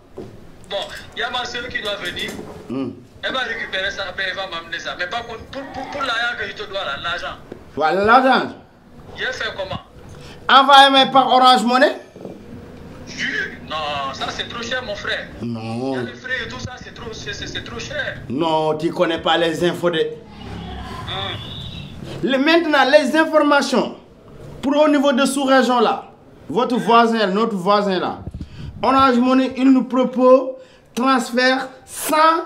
bon y a ma sœur qui doit venir. Hmm. Elle va récupérer ça, après elle va m'amener ça. Mais par contre, pour, l'argent que je te dois là, l'argent. l'argent. J'ai fait comment par Orange Money. Non, ça c'est trop cher mon frère. Non. Les frais c'est trop, cher. Non, tu connais pas les infos maintenant, les informations pour au niveau de sous-région là, votre voisin, notre voisin là, Orange Money, il nous propose transfert sans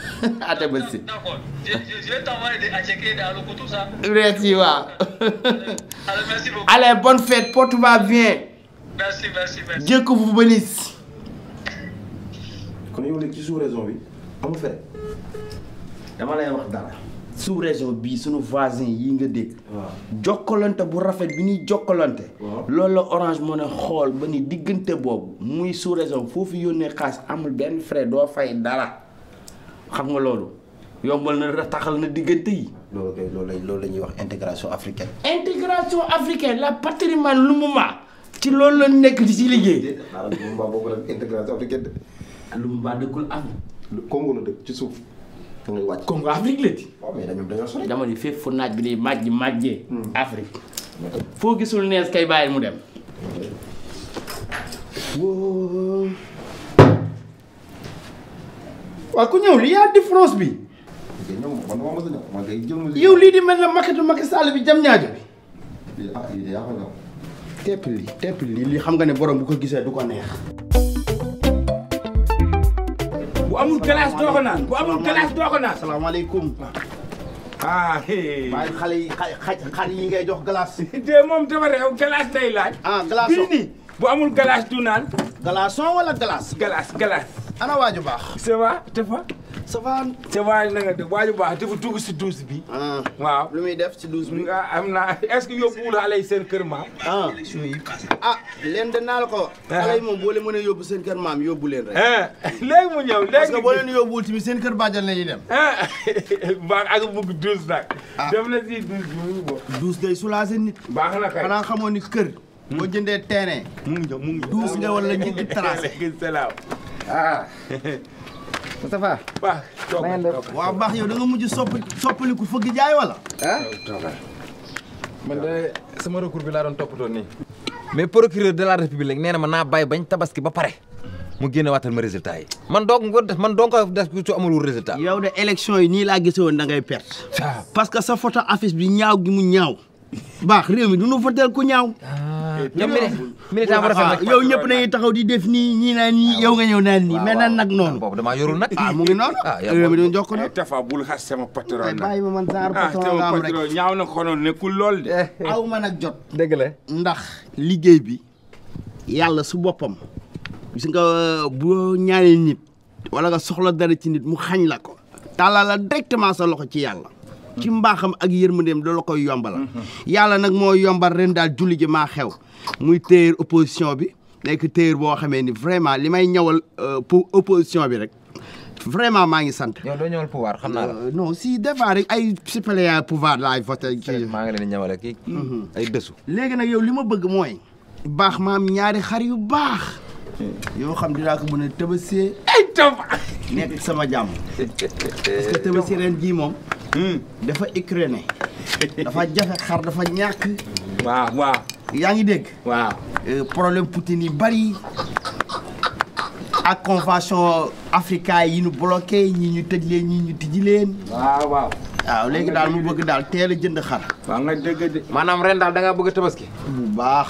ate Tabaski. D'accord. Je, je, je vais t'envoyer Merci, ouais. Allez, merci beaucoup. Allez, bonne fête, porte-toi bien. Merci, merci, kon yow léegi ci sous-région bi sunu voisin yi nga dégg jokkalante bu rafet bi ñuy jokkalante loolu la ne xool ba ni diggante boobu muy sous-région foofu yónnee xaalis amul benn frais doo fay dara xam nga loolu yombal na taxal na digg yi. loolu kay loolu la ñuy wax intégration africaine. intégration africaine la patrimoine Lumumba ci loolu la nekk di ci liggéey. Lumumba boobu dëkkul am. Congo la dëkk ci suuf. da dama ni fépp fu naaj bi di màjj màjjee. Hmm. Afrique. foo gisul nees kay bàyyi mu dem. waaw ku ñëw lii yaa bi. yow lii di mel na maquette Macky Sall bi jam ñaajo bi. Ah, tepp lii xam nga ne borom bu ko gisee du ko neex. bu amul glace doo ko naan bu amul glace doo ko naan. salaamaaleykum. ah hee. maa yi xaj xar yi ngay jox glace. te moom dafa réew ana waaju baax. ça va Tafa. ça va. ça baax dafa dugg si douze bi. Ah. waaw lu muy def si douze bi. Ah, am naa est-ce que yóbbuwul xale yi seen kër maam. ah ah leen danaa la ko. Ah. xale yi moom boo leen mënee yóbbu seen kër maam yobbu leen rek. léegi mu ñëw léegi. parce que boo leen yóbbuwul tamit seen kër bàjjan la ñuy dem. baax ak bugg douze nag. def na si douze bi mu ngi bokk. douze day soulager nit. baax na kay xanaa ni kër. moo jëndee terrain. mu ngi ñëw mu ngi ñëw douze nga wala ñetti tracé. ma ah. Moustapha. waaw coow na waaw baax yow da nga mujj soppali soppali ku fëgg jaay wala. ah man de sama recours bi laa doon toppatoo nii. Ah. mais procureur de la république nee na ma naa bay bañ tabaski ba pare. mu génne waatal ma résultat yi. man donc nga def man donc def su amul résultat. yow de élection yi nii laa gisee woon da ngay perte. Ah. parce que sa photo affiche bi ñaaw gi mu ñaaw. baax réew mi du ñu voteel ku ñaaw. militant bu ah, rafet yow ñëpp nañu taxaw di def nii ñii naan nii yow nga ñëw naan nii mais nan nag noonu boobu damaa yorul nag ah mu ngi noonu ah, réew mi doon jokk na eh, tafa bul xas sama patron bàyyi ma man saar ah, patron nga am rek ñaaw na xonoon lool eh, eh. aw ma nag jot dëgg la ndax liggéey bi yàlla su boppam gis nga euh, boo ñaanee nit wala nga soxla dara ci nit mu xañ la ko tàllal la directement sa loxo ci yàlla ci mbaaxam ak yërmandeem da la koy yombala mm-hmm. yàlla nag moo yombal ren daal julli ji maa xew muy téer opposition bi nekk téer boo xamee ni vraiment li may ñëwal euh, pour opposition bi rek vraiment maa ngi sant. yow doo ñëwal pouvoir xam naa la. Euh, si des fois rek ay suppléant pouvoir laay voté. kii maa ngi leen di ñëwal kii. Mhm. ay dëssu. léegi nag yow li ma bëgg mooy. baax maam ñaari xar yu baax. yoo xam dinaa ko mën a tëbasee. ay tamba. sama jàmm. parce que ren jii moom. Hmm. dafa écréné. dafa jafe xar dafa ñàkk. waaw yaa ngi dégg. waaw euh, problème Poutine yi bari ak convention africain yi ñu bloqué ñi ñu tëj leen ñi ñu tijji leen. waaw waaw. waaw léegi daal mu bëgg daal teel a jënd xar. maanaam ren daal da bëgg a tabaski. bu baax.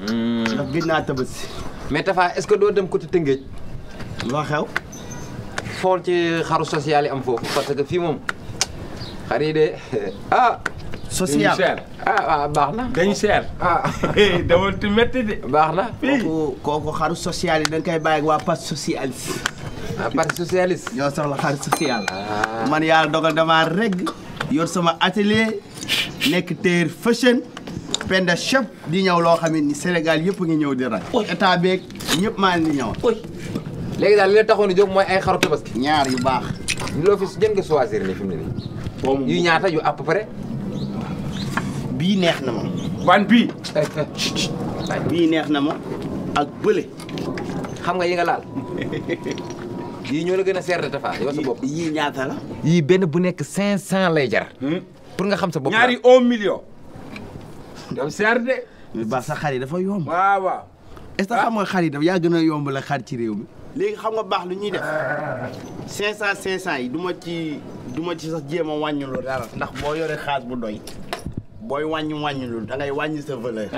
Hmm. ndax gëj naa tabaski. mais Tafa est-ce que doo dem côté Tëngéej. loo xew. xool ci xaru social yi am foofu parce que fii moom xar de ah. social ah waaw ah, baax na. dañ seer ah dama ti métti de. baax na kooku kooku xaru social yi da nga koy bàyyi waa parti socialiste. ah parti socialiste. ñoo soxla xaru social. Ah. man yàlla dogal damaa reg yor sama atelier nekk teer fashion. penda chef di ñëw loo xam ni Sénégal yëpp ngi ñëw di ray état beeg ñëpp maa ngi ñëw. léegi daal li la taxoon a mooy ay xaru tabaski. ñaar yu baax. loo fi yu ñaata yu à peu bii neex na ma. waan bii. bii neex na ma ak bële. xam nga yi nga laal. yii ñoo la gën a seer de Tafa yow sa bopp. yii ñaata la. yii benn bu nekk 500 lay jar. Hmm? pour nga xam sa bopp ñaari un million. yow seer de. mais ba sa xar yi dafa yomb. waaw waaw. est-ce que ah. xam nga xar yi dafa yaa gën a yomb la xar ci réew mi. léegi xam nga baax lu ñuy def 500 500 yi du ma ci du ma ci sax jéem a wàññiloo dara ndax boo yore xaas bu doy booy wàññi wàññilul da ngay wàññi sa valeur.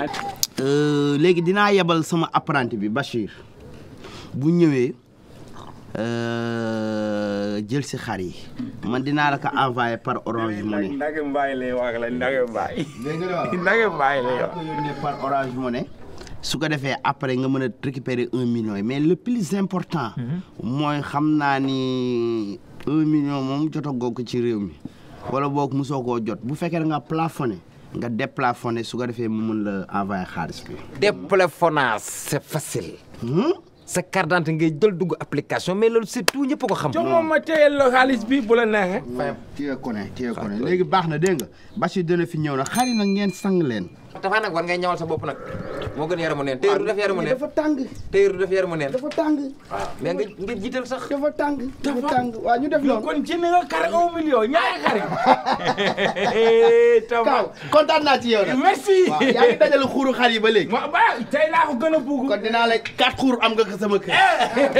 Euh, léegi dinaa yebal sama apprenti bi Bachir bu ñëwee euh, jël si xar yi man dinaa la ko envoyé par Orange Money. ndage mbaay ko defee après nga mën a récupérer un million mais le plus important. Mm-hmm. mooy xam naa un million moom jotagoo ko ci réew mi. wala boog mosoo koo jot bu fekkee nga plafonné. nga déplafonné su ko defee mu mun la envoyé xaalis bi. déplafonnage c' est facile. Hmm? sa carte d' identité ngay jël dugg application mais loolu c' est tout ñëpp ko xam. non moom ma téyel la xaalis bi bu la neexee. fayam téye ko ne téye ko ne léegi baax na dégg nga Bachir dana fi ñëw na xarit nag ngeen sang leen. Tapha nag war ngay ñawal sa bopp nag moo gën yaramu neen téyër du def yaramu neen dafa tàng téyër du def yaramu neen dafa tàng waaw mais nga nga jiital sax dafa tàng dafa tàng waaw ñu def loolu kon jënd nga xar un million ñaari xar Tapha kaw kontaan naa ci yow nag merci yaa ngi dajal xuuru xar yi ba léegi ma ba tey laa ko gën a bugg kon dinaa la quatre xuur am nga ko sama kër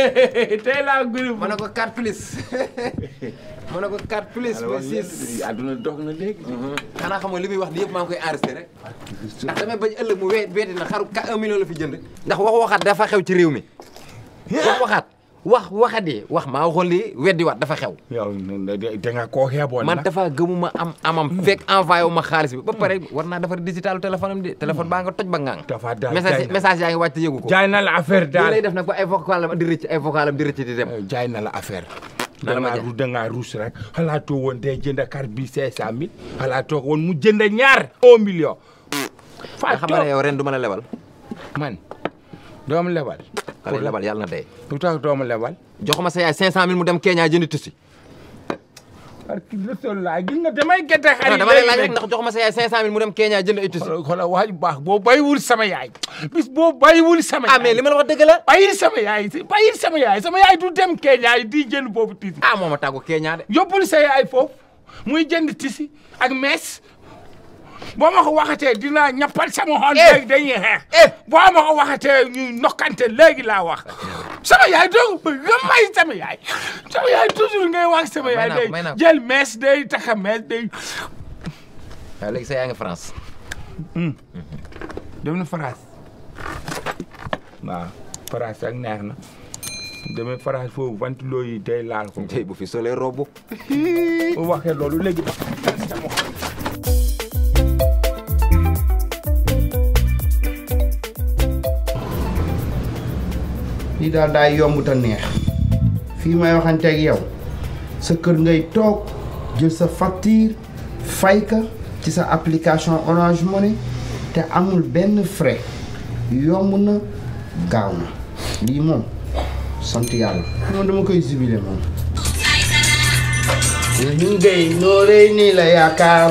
tey laa ko gën a bugg ma ne ko quatre plus ma ne ko 4 plus. na léegi. Uh-huh. xanaa xam nga li muy wax maa koy enregistré rek. ndax damay bañ ëllëg mu weet na xaru 1 la fi jënd. ndax wax waxaat dafa xew ci réew mi. wax waxaat wax wax maa waxoon da nga koo xeeboon man dafa gëmuma am amam. Hmm. fekk envoyé xaalis bi ba pare war naa defar digital di téléphone hmm. baa nga toj ba ngang. message yaa ngi wàcc yëgu ko. jaay na la affaire daal lii lay def nag ba ay vocal am di rëcc di dem. na la affaire. dangaa ruus dangaa ruus rek xalaatoo woon day jënd carte bi cinq cent mille xalaatoo woon mu jënd ñaar un million faa xam ne yow ren du ma la lebal man doomu lebal xale lebal yàlla na day lu tax doomu lebal jox ma sa yaay cinq cent mille mu dem Kenya jëndi tusi parce que rasulullah gis nga damay gerte xarit. dama lay laaj rek ndax jox ma sa yaay 500000 mu dem Kenya jënd étude. xoolal waaj bu baax boo bàyyiwul sama yaay bis boo bàyyiwul sama yaay. ah mais li ma la wax dëgg la. bàyyil sama yaay bàyyil sama yaay sama yaay du dem Kenya yi di jënd boobu tisi. ah moom a tàggu Kenya de. yóbbul sa yaay foofu muy jënd tisi ak mees. boo ma ko waxatee dinaa ñappal sama xol eh. léegi dañuy xeex eh. boo ma ko waxatee ñuy nokkante léegi laa wax sama yaay doogu bëgg nga may sama yaay sama yaay toujours ngay wax sama yaay day jël mees day taka mees day waaw ah, léegi sa yaa ngi France hmm. mhm. dem na France waaw France ak neex na deme France yi day laal ko tey bu fi solee robu waxee loolu léegi ba sama xol lii daal daay yomb te neex fii may waxanteeg yow sa kër ngay toog jël sa facture fay ci sa application Orange Money te amul benn frais yomb na gaaw na lii moom sant yàlla moom dama koy jubilé moom ñu ngay nooree nii la yaakaar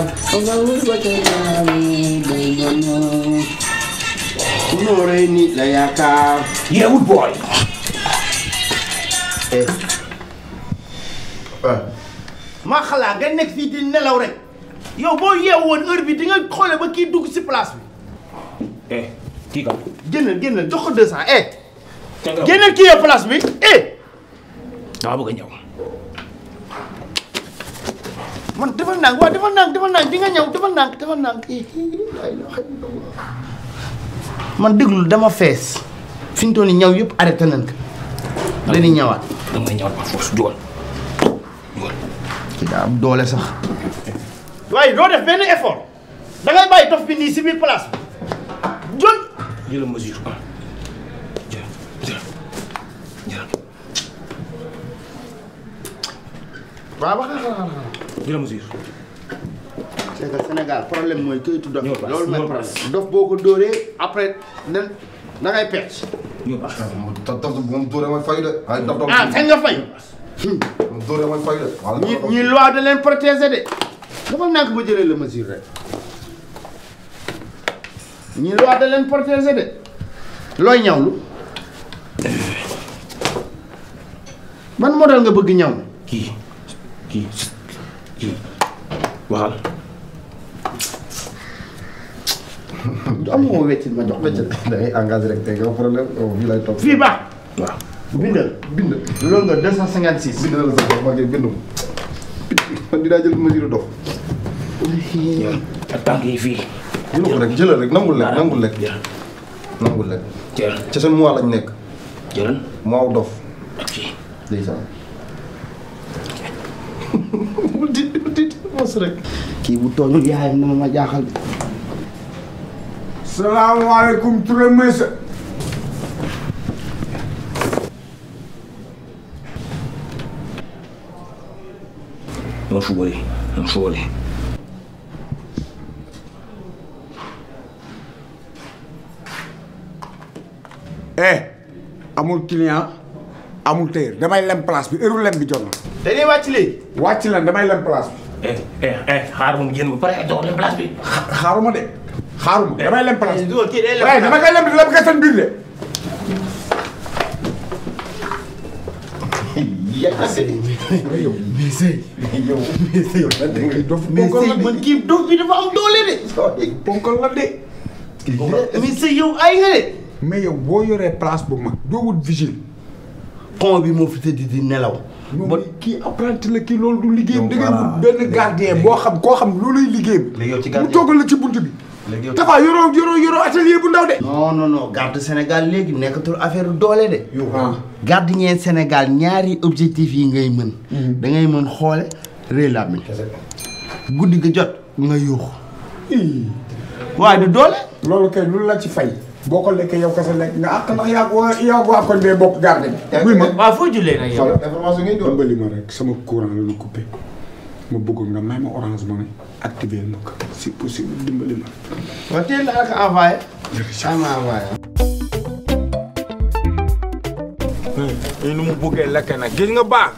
Nooréy nit la yaakaar. yeewul booy. Eh. Eh. maa xalaa nga nekk fii di nelaw rek yow bool yeewoon heure bi di nga xoolee ba kii dugg si place bi. eh kii kan. génnal génnal jox ko 200 eh. génnal kii yow place bi eh. dama bëgg a ñëw. man defal naa waaw defal naa defal naa di nga ñëw defal naa defal naa. man déglu dama fees fi ñu toll nii ñaw yëpp arrêté nañ ko. dañuy ñawaat. da ngay ñawaat par force jugal jugal. daa doole sax. waaye doo def benn effort da ngay bàyyi dof bi nii si bi jël. jël mesure ah jël jël wax nga c'est que problème mooy kayitu dof loolu mooy problème dof boo ko dóoree après nen da ngay perte. ñëw mooy fay de. ay dof dof ah kañ hmm. de. ñi ñi loi da jëlee la mesure rek. ñi loi da leen protéger de. looy ñawlu. man modèle nga bëgg ñaw. kii kii waxal. am nga ma weccit ma jox weccit. da e ngay rek tey nga problème fii lay toog. fii baax waaw. bindal bindal. loolu nga 256. bindal la sa bopp maa ngi bind ko. man dinaa jël mesure dox. tànk yi fii. jël ko rek jëlal rek nangul lekk nangul lekk. nekk. jël kii bu tooñul yaayam na ma ma jaaxal. salaamaaleykum Touré Meysa. non suubali non suubali. eh amul client amul téer damay lem place bi heure lem bi jot na. dañuy wàcc léegi. wàcc leen damay lem place bi. eh eh eh xaar moom génn ba pare doo lem place bi. xaaruma de. xaaruma damay lem place bi waaye dama koy lem dama koy seen biir de. yàlla sëñ bi yow. mais yow mais yow lan kii dof bi dafa am doole de. yow ay nga de. mais yow boo yoree place bu mag doo wut vigile. pont bi moo fi tëdd di nelaw. ba kii apprenti la kii loolu du liggéey da ngay wut benn gardien boo xam koo xam loolu looluy liggéeyam. mu toggal la ci bunt bi. léegi yow Tafa yoroo yoroo yoroo bu ndaw de. non non non garde Sénégal léegi nekkatul affaire doole de. waaw ah. garde ngeen Sénégal ñaari objectif yi ngay mën. Mm-hmm. da ngay mën xoole réy làmmiñ guddi gi jot nga yuuxu. waaye du doole. loolu kay lu la ci fay. boo ko lekkee yow kese lekk nga àq ah, ndax yaa ko yaa ko àqoon bee bokk garde bi. buy eh, ma eh, foo jullee nag yow. information ngay doon ma rek sama courant la ñu coupé ma bëggoon nga may ma orange ma ne activé ma ko. si possible dimbali ma. waaw teel naa ko envoyé. jërëjëf ah ma nu mu buggee lekk nag gis nga baax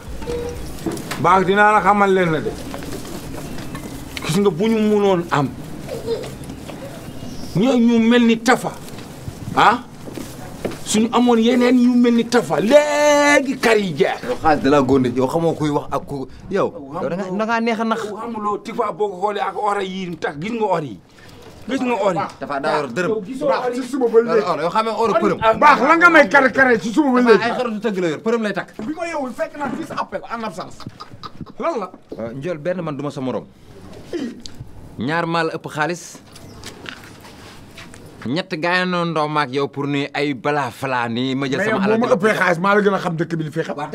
baax dinaa la xamal leen na de gis nga bu ñu mënoon am ñoo mel ni tafa ah suñu amoon yeneen yu mel ni tafa léegi kar yi jeex. yow xaalis de la kuy wax ak ko yow. da ngaa neex a nax. amuloo tifa boo ko xoolee ak or yi tax gis nga or yi. gis nga or yi dafa daa yor dërëm baax ci suba ba léegi yoo xam ne or përëm baax la nga may kare kare ci suba ba léegi ay xaratu tëgg la la euh, njool benn man duma ma sa morom ñaar maa la ëpp xaalis ñett gaañandoo ndox ma ak yow pour ni ay balaa falaa nii ma jël sama alal mais yow ëppee xaalis maa la gën a xam dëkk bi li fi xam. waaw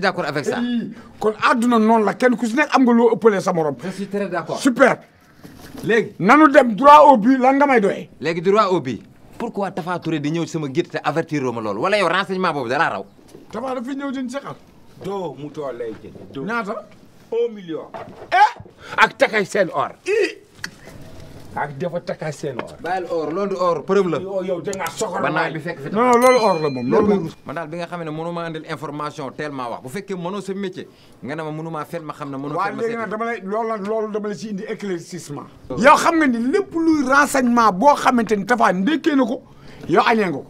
d'accord eh, la kenn ku si nekk am nga loo ëppalee sa morom. je suis très super. léegi nanu dem droit au but lan nga may doyee. léegi droit au but pourquoi Tafa Touré di ñëw sama gétt te avertir ma loolu wala yow renseignement boobu dalaa raw. Tafa dafa ñëw di seqal. doo mu tool lay jënd. ñaata. un million. eh. ak takay seen or. Eh, ak dafa takkaas seen or. bàyyil or loolu du or preuve la. yow dangaa soxor ba naaj bi fekk fi. la moom loolu moom. man daal bi nga xam ne mënu maa andil information tellement wax bu fekkee mënoo sa métier nga ne ma mënu maa fen ma xam ne mënoo. waaw léegi nag dama lay loolu nag loolu dama la ci indi éclaircissement. Oh. yow xam nga ni lépp luy renseignement boo xamante ni Tapha ndekkee na ko yow añee nga ko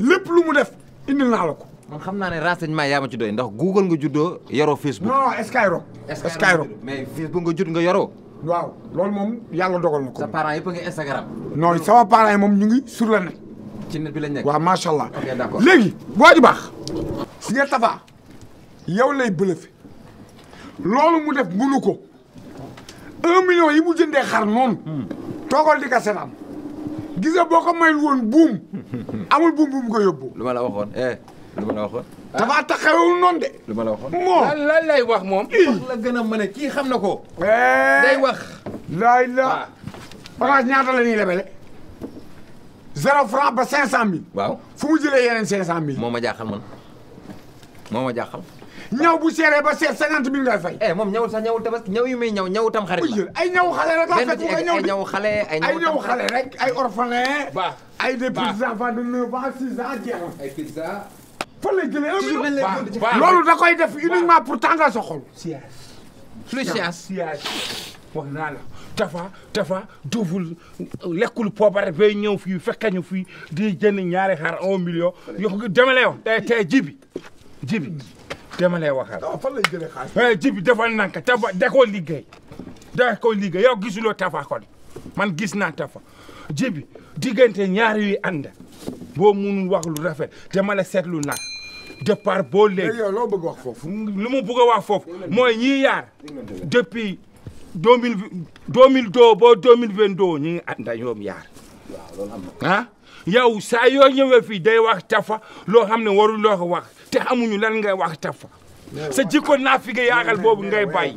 lépp lu mu def indil naa la ko. man xam naa ne renseignement yaa ma ci doy ndax Google nga juddoo yoroo Facebook. non Skyrock. Skyrock mais Facebook nga judd nga yoroo waaw loolu moom yàlla dogal na ko. sa parents yëpp a ngi Instagram. non sama moom ñu ngi sur la bi lañ nekk waaw macha allah. ok d'accord léegi waaju baax. si nga Tafa yow lay bëlëfe mu def mënu ko un million yi mu jëndee xar noonu. Hmm. toogal di ko seetaan gis nga boo ko mayul woon buum amul buum bu mu lu ma la eh. lu ma la waxoon. Ah. dafa taxawul noonu de. lu ma la lay wax moom. wax la gën a mën a kii xam na ko. Eh. day wax. laay la orange ah. ñaata la ñuy lebele. zéro franc ba cinq cent mille. waaw fu mu jëlee yeneen cinq cent mille. moo ma jaaxal man moo ma jaaxal. ñaw bu seeree ba seet cinquante mille ngay fay. eh moom ñawul sax ñawul ñaw yu muy ñaw ñaw tam xarit la. ay ñaw xale rek la fekk ay ñaw xale ay ñaw xale rek ay orphelin. ay des petits enfants de neuf ans six ans jeexoon. ay fan loolu da koy def uniquement pour tàngal sa xol. lu siyaas wax naa tafa tafa duuful lekkul poobare bay ñëw fii fekk ñu fii di jënd ñaari xar un million yoo xam ne demelee wax tey jibi jibi demelee waxal fan eh, jibi defal nanka tafa da liggéey da koo liggéey yow gisuloo tafa kon man gis naa tafa jibi diggante ñaari yuy ànd boo munul wax lu rafet dama la seetlu nag départ boo léegi. loo bëgg wax lu mu bëgg a wax foofu mooy ñii yaar depuis deux mille deux mille deux ba deux mille vingt deux ñu ngi ànd ak yaar. waaw loolu ah? yow saa yoo ñëwee fii day wax tafa loo xam ne warul loo ko wax te amuñu lan ngay wax tafa. sa jikko naa fi nga yaagal boobu ngay bàyyi.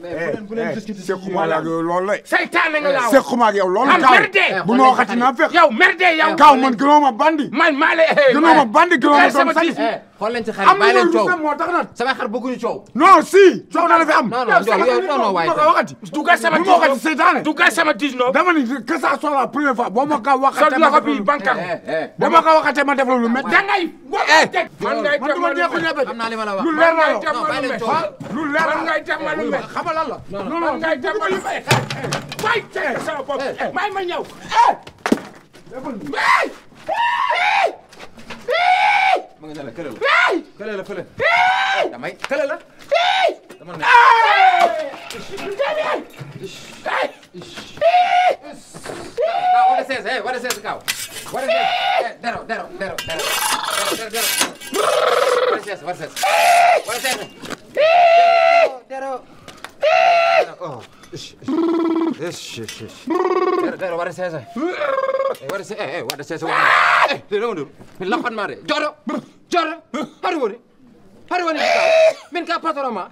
sekkuma ak yow loolu ah, eh, lay. seytaane nga laaw sekkuma ak yow loolu. kaaw bu ma waxati naa fekk. yow merde yow. kaaw man gënoo ma bandi. man maa lay. Eh, gënoo ma bandi gënoo ma doon xool leen ci xar yi bàyyi leen coow am moo tax nag sama xar bëgguñu coow non si coow na la fi am non non waaye waxati du kay sama dix waxati seytaane du kay sama dix no dama ni que ça soit la première ma ko lu eh, eh, eh. met dangay man ngay man duma neexu am naa li ma la wax lu leer na lu leer man ngay tax ma lu met xamal la non non ngay tax ma lu met bay sama bopp may ma ñëw eh ma nga ne la kële la. kële la fële. damay kële la. dama ne. kaw wala sees eh wala sees kaw. wala sees dero dero dero dero dero. wala sees wala sees. wala sees. dero. dero. dero wala sees. waɗa se e waɗa sese waɗa rewdoru mi lappanma de jooɗo jooɗo hade woni hade woni min ka patron ma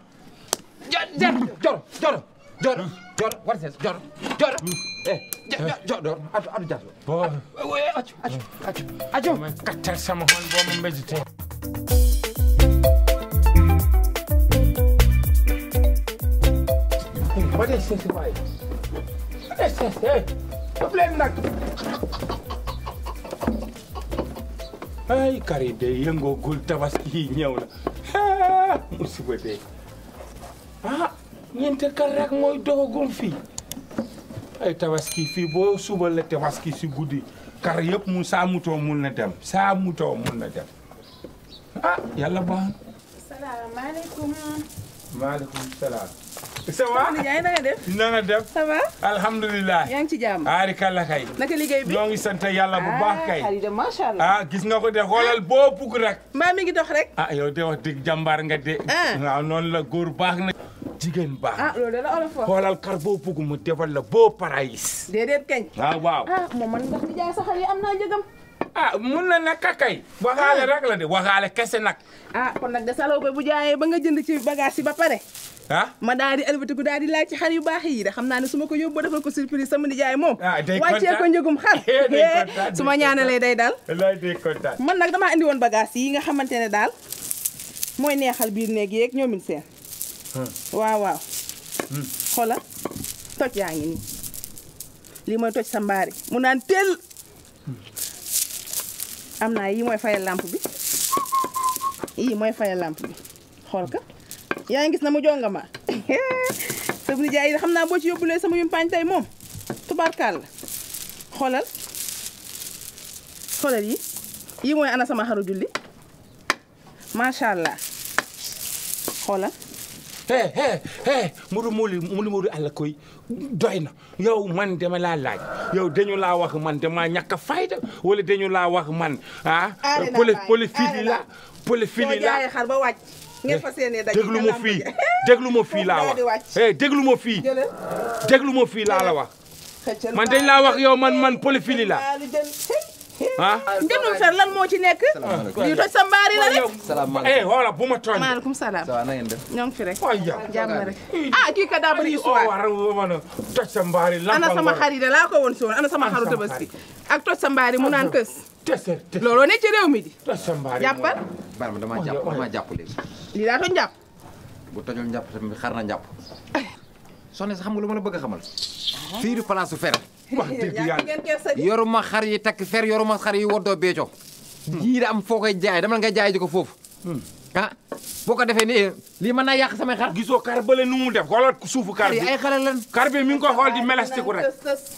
jooɗo jooɗo jooɗo jooɗo waɗa sese jooɗo jooɗo e jooɗo addu addu jaso accu accu accu accu gattan sama hon bomo médité waɗe sese wawi waɗe sese daf leen nag ay kari de yëngoogul tabaski yi ñëw na ah musiba de ah ñeente kar rek mooy dogagum fii ay tabaski fii boo suba la tabaski si guddi kar yëpp mu saa mutoo mun na dem saa mutoo mun na dem ah yàlla baax na. salaamaaleykum. maaleykum salaam. ça va Ndiaye na def. na nga def. alhamdulilah. yaa ngi ci jàmm. aarikalla kay. naka liggéey bi ñoo ngi sant yàlla bu baax kay. ah allah. Ah, gis nga ko de xoolal boo bugg rek. mbaa mi ngi dox rek. ah yow de wax dëgg jàmbaar nga de. Ah. waaw noonu la góor baax na. jigéen baax. ah loolu de kar boo bugg mu defal la beau paradis. déedéet kañ. Ah, waaw. mun na nag kakay. waxaale rek la de waxaale kese nag. ah kon nag de saloo ba bu jaayee ba nga jënd ci bagage yi ba pare ah ma daal di ëlbatiku daal di laaj ci xar yu baax yi de xam naa ne su ma ko yóbbu defal ko surprise sama nijaay moom ah, wàccee ko njëgum xar su ma ñaanalee day dal man nag dama indi woon bagage yi nga xamante ne daal mooy neexal biir néeg yeeg ñoomin seen hmm. waaw waaw hmm. xoola toj yaa ngi nii lii mooy toj sa mbaari mu naan teel am naa yii mooy fayal làmp bi yii mooy fayal làmp bi xool ka yaa ngi gis na mu jonga ma sëb ni jaay xam naa boo ci yóbbulee sama yumpaañ tey moom tubaarkaal la xoolal xoolal yi yi mooy ana sama xaru julli macha xoolal hee hee hee Modou Modou Modou Modou àll koy doy na yow man dama laa laaj yow dañu laa wax man dama ñàkk a fayda wala dañu laa wax man ah. aare naa la aare naa la polyphilie la xar ba wàcc. ngeen fas yéenee daj déglu ma fii déglu ma fii laa wax eh déglu ma fii déglu ma fii laa la wax man dañ laa wax yow man man polyphilie la ah njëndul fer lan moo ci nekk. salaamaaleykum toj sa mbaari la rek. salaamaaleykum eh voilà bu ma tooñ. maaleykum salaam. ça va a ngeen def. ñoo fi rek. waay yow rek. ah kii kat daa bëri histoire. Oh, toj sa mbaari lan ana sa mbaari mu naan kës. tës looloo ne ci réew mi di. toj sa mbaari jàppal. baal ma damaa jàpp damaa jàpp léegi. lii daa toj njàpp. bu tojul njàpp tamit xar na njàpp. Eh. soxna si xam nga lu ma bëgg a xamal. fii du place fer wax dëgg yàlla yoruma xar yi takk fer yoruma xar yi woddoo beeco hmm. yii da am foo koy jaay dama nga jaay ji ko foofu hmm. ah boo ko defee nii lii man naa yàq samay xar gisoo kar bële nu mu def xoolal suufu kar bi ay xale lan kar bi mi ko xool di melestiku rek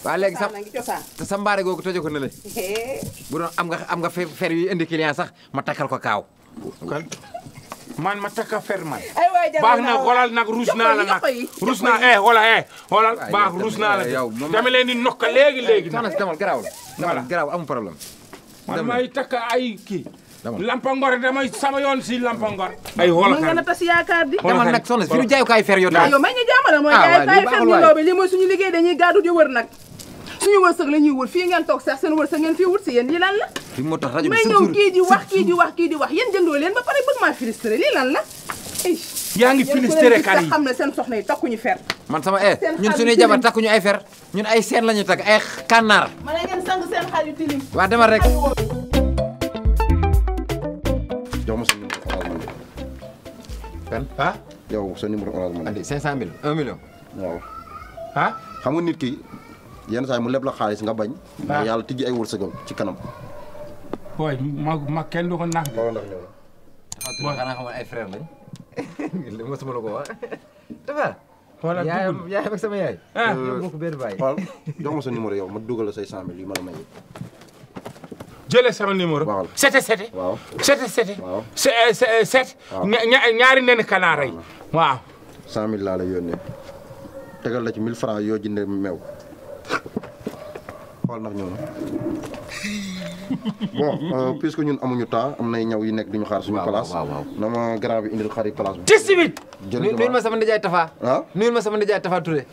waaw léegi sax te sa mbaare googu toje ko ne le am ga am nga fer yi indi client sax ma takkal ko kaaw man ma takka fer man. baax na xoolal nag ruus naa la nag ruus naa eh xoolal eh xoolal baax naa la dama leen di nokka léegi léegi. Eh, soxna si demal la. demal garaaw amul problème. man may takka ay kii. lampa ngor damay sama yoon si lampa ngor. ay xoolal mën nga na tas yaakaar bi. demal nag soxna si fi ñu jaayukaay fer yow. yow may ñu jaamala mooy ah, jaayukaay fer ñu loo bi li suñu wërsëg la ñuy wër fii ngeen toog sax seen wërsëg ngeen fii wut si yéen lii lan la li moo tax rajo bi kii di wax kii di wax kii di wax leen ba pare bëgg maa filistré lii lan la yaa ngi filistré kan xam ne seen soxna yi takkuñu fer man sama e ñun suñuy jabar takkuñu ay fer ñun ay seen la tag ay kànnaar ma waa demal rek jox ma sa numéro orange man kan ah? mille un million waaw ah xam yenn saa yi mu leb xaalis nga bañ. waaw ah. yàlla tijji ay wërsëgam ci kanam. booy ma ma kenn du ko naax. looloo ndax na. ay frère lañ. li ma suma la ko wax. dafa. Ah. yow bokk benn ma sa numéro yu ma la mayee. jëlee sama numéro. waaw sete sete. sete sete. ñaari nen kanaara yi. waaw. 100000 laa la yónnee tegal la ci mil francs yoo jëndee meew. xool ndax ñëw na bon euh, puisque ñun amuñu temps am nay ñaw yi nekk duñu xaar suñu place na ma grand bi indil xarit place bi tis timit nuyul ma sama nijaay Tafa ah ma sama nijaay Tafa Touré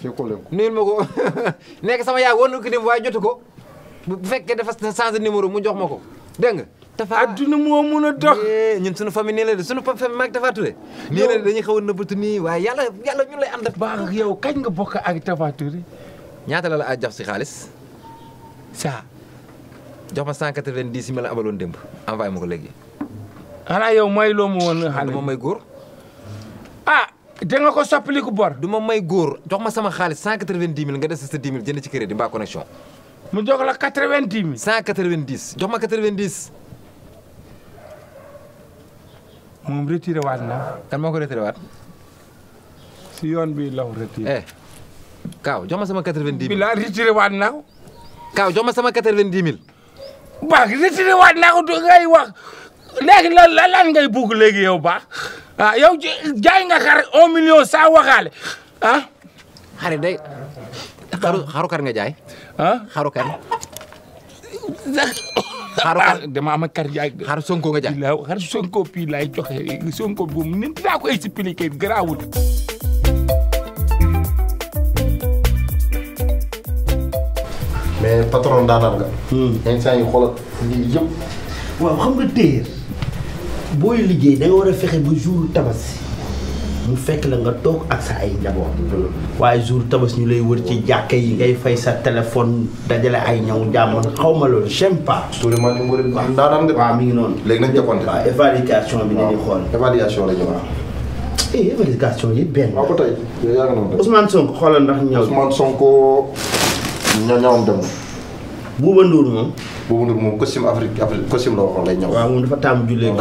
nuyul ma ko nekk sama yaay woon na ko dem waaye ko bu fekkee dafa changé numéro mu jox ma ko dégg nga Tafa adduna moo mun a dox eh, ñun suñu famille nii la de suñu famille maag Tafa Touré nii la de dañuy xaw a nëbbatu nii waaye yàlla yàlla ñu lay ànd baax yow kañ nga bokk ak Tafa Touré ñaata la la a jox si xaalis saa jox ma cent quatre-vingt-dix yi ma la abaloon démb envoyé ma ko léegi. xanaa yow may loo ma woon xaalis du ma may góor. a ah, da nga ko soppaliku bor. du ma may góor jox ma sama xaalis cent quatre vingt nga des sa dix mille jënd ci crédit mbaa connexion. mu jox la quatre-vingt-dix mille. cent quatre-vingt-dix jox ma quatre-vingt-dix. moom retiré waat na. kan moo ko retiré waat. si yoon bi law retiré. Eh. Kaaw jox ma sama 90 000. bilaa retiré waat naa ko. Kaaw jox ma sama 90 000. baax retiré waat naa ko ngay wax léegi lan lan ngay bugg léegi yow baax ah yow jaay nga xar 1 million saa waxaale ah. xare day xaru ah? ah, xaru jaay. kar. sonko nga jaay. xaru sonko bii laay sonko bu mu ni daa ko expliqué mais patron daanaan nga. instant hmm. yi xoolal lii yëpp. waaw xam nga téye booy liggéey da nga war a fexe bu jour tabaski mu fekk la nga toog ak sa ay njaboot. waaye jour tabaski ñu lay wër ci jàkka yi ngay fay sa téléphone dajale ay ñëw jàmm xaw ma loolu j'aime pas. vraiment ni a daanaan nga. waaw mi ngi noonu. léegi nañ jàppante. waaw évaluation bi nañu xool. évaluation la ñu eh évaluation yi benn. waaw ba xoolal ndax ñëw. Ousmane Sonko. ñoo ñawam dem na. Bouba Ndour moom. Bouba Ndour moom costume Afrique Afrique costume la waxoon lay moom dafa taamu jullee.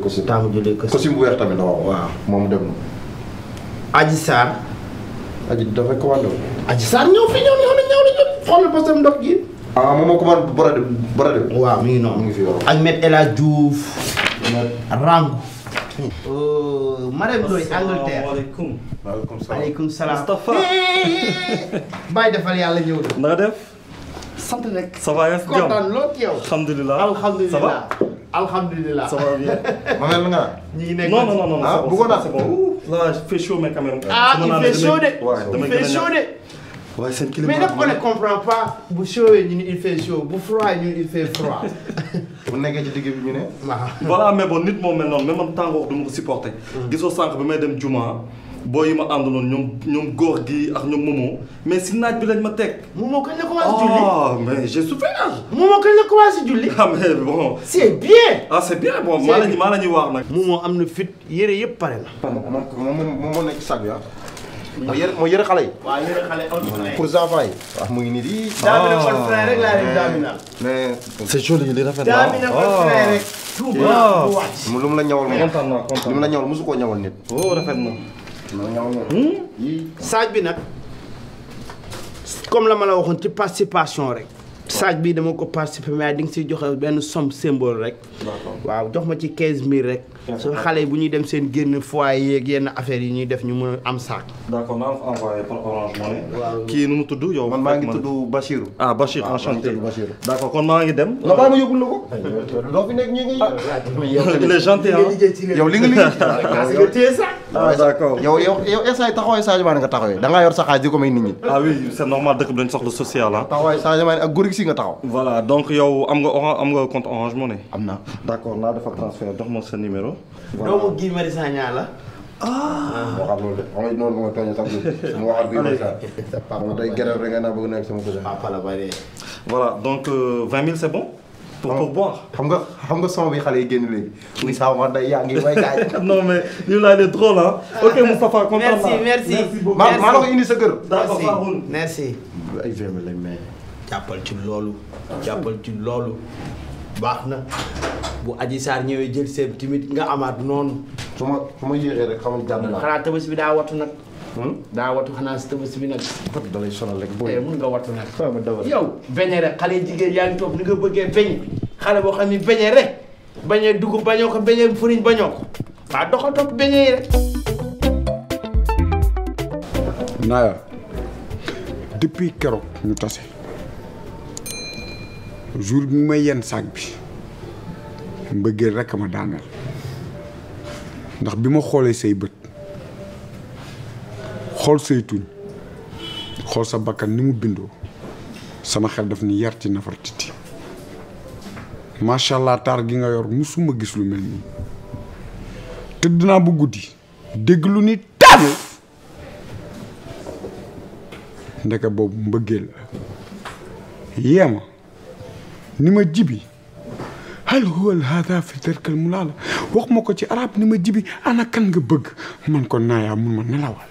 costume taamu jullee costume. bu weex tamit la waxoon. waaw moom dem na. Adji Sarr. Adji dafay commandé wu. Adji ñëw fi ñëw ñëw na ñëw na ñëw xoolal postam ndox gi. ah moom moo commandé Borodé Borodé. waaw mi ngi noonu mi ngi fi yor. ak Me El Hadj Diouf. Marème Ndoye Angleterre asalaamaaleykum. maaleykum salaam maaleykum salaam. Moustapha. bàyyi defal yàlla ñëw na. na nga def. sant rek. ça va yas jàmm kontaan lool ci yow. alhamdulilah nga. ñu ngi nekk non non non. ah bu ko naan c'est bon. là il fait chaud mais quand même. ah il fait chaud de. il fait chaud de. waaye ne comprend pas bu bu froid ñu il fait bu nekkee ci digg bi ñu ne. voilà mais bon nit moom mel noonu même man tàngoor du ma ko supporté. gisoo sànq bi may dem juma boo yi ma àndaloon ñoom ñoom góor gi ak ñoom moomoo mais si naaj bi lañ ma teg. moomoo kañ la commencé julli ah mais j'ai souffert. moomoo kañ la commencé julli. ah mais bon. c'est bien. ah c'est bien bon maa la ñuy maa la ñuy wax nag. moomoo am na fit yëre yëpp pare na. moom moom moo nekk moo yër moo yër xale yi. waaw yër xale pour enfants yi. Ah, mu ngi nii di. daamina ah. rek laa leen daamina. mais c'est joli li rafet ah. rek. la ñawal moom kontaan naa kontaan lu mu la ñawal mosu koo ñawal nit. oh rafet na. saa ñawal moom. Hmm? saaj bi nag comme la ma la waxoon ci participation rek. saaj bi dama ko participer mais di nga si joxe benn somme symbole rek. waaw jox ma ci 15000 rek. soo xale yi bu ñuy dem seen génn foyer yeeg yenn affaire yi ñuy def ñu mën a am saak. d'accord naa kii nu mu tudd yow. man maa ngi tudd Bachir. ah Bachir enchanté d'accord kon maa ngi dem. la bàyyi ma yóbbul la ko. doo fi ah, yow li nga yow téye saak. ah d'accord yow yow taxawee da ngaa yor sa xaalis di ko may nit ñi. Ah dëkk bi dañ soxla social ah. taxawaayu Sadio Mané ak góor si nga taxaw. voilà donc yow am nga orange am nga compte orange money. am na d' accord naa dafa transfert jox ma sa numéro. voilà doomu Guy Marius Sagna la. ah. ah. waxaat loolu de xam nga noonu mooy tooñ sax de mu waxaat Guy Marius Sagna. papa day gërëm rek nga naa bëgg nekk sama cousin. papa la bari. voilà donc euh, vingt mille c' est bon. pour pour oh. boire. xam nga xam nga son bi xale yi génn léegi. oui ça va day yaa ngi may gars non mais ñu laa de trop là. ok ah. Moustapha kontaan naa merci merci. merci beaucoup maa maa la ko indi sa kër. merci merci. ay vingt mille lañ may. jàppal ci loolu jàppal ci loolu baax na bu Adji Sarr ñëwee jël seen timit nga amaat noonu su ma su ma yéexee rek xamal jàmm naa xanaa tëbës bi daa wattu nag hmm? daa wattu xanaa si tëbës bi nag wat dalay sonal rek booy eh, mun nga wattu nag yow beñe rek xale jigéen yaa ngi toog ni nga bëggee beñ xale boo xam ni beñe rek bañee dugub bañoo ko beñee furiñ bañoo ko waa doxal topp beñee rek jour bi may yenn saag bi mbëggeel rekk ma daaneel ndax bi ma xoolee say bët xool say tuñ xool sa bakkan ni mu bindoo sama xel daf ni yar ci Nefertiti macha allah taar gi nga yor musuma gis lu mel nii tëdd naa bu guddi dégg lu ni taal ndeke boobu mbëggeel la yéema ni ma jibi hal huwal hada fi tarkal mu laa la wax ma ko ci arab ni ma jibi ana nga bëgg man ko naayaa mun ma nelawal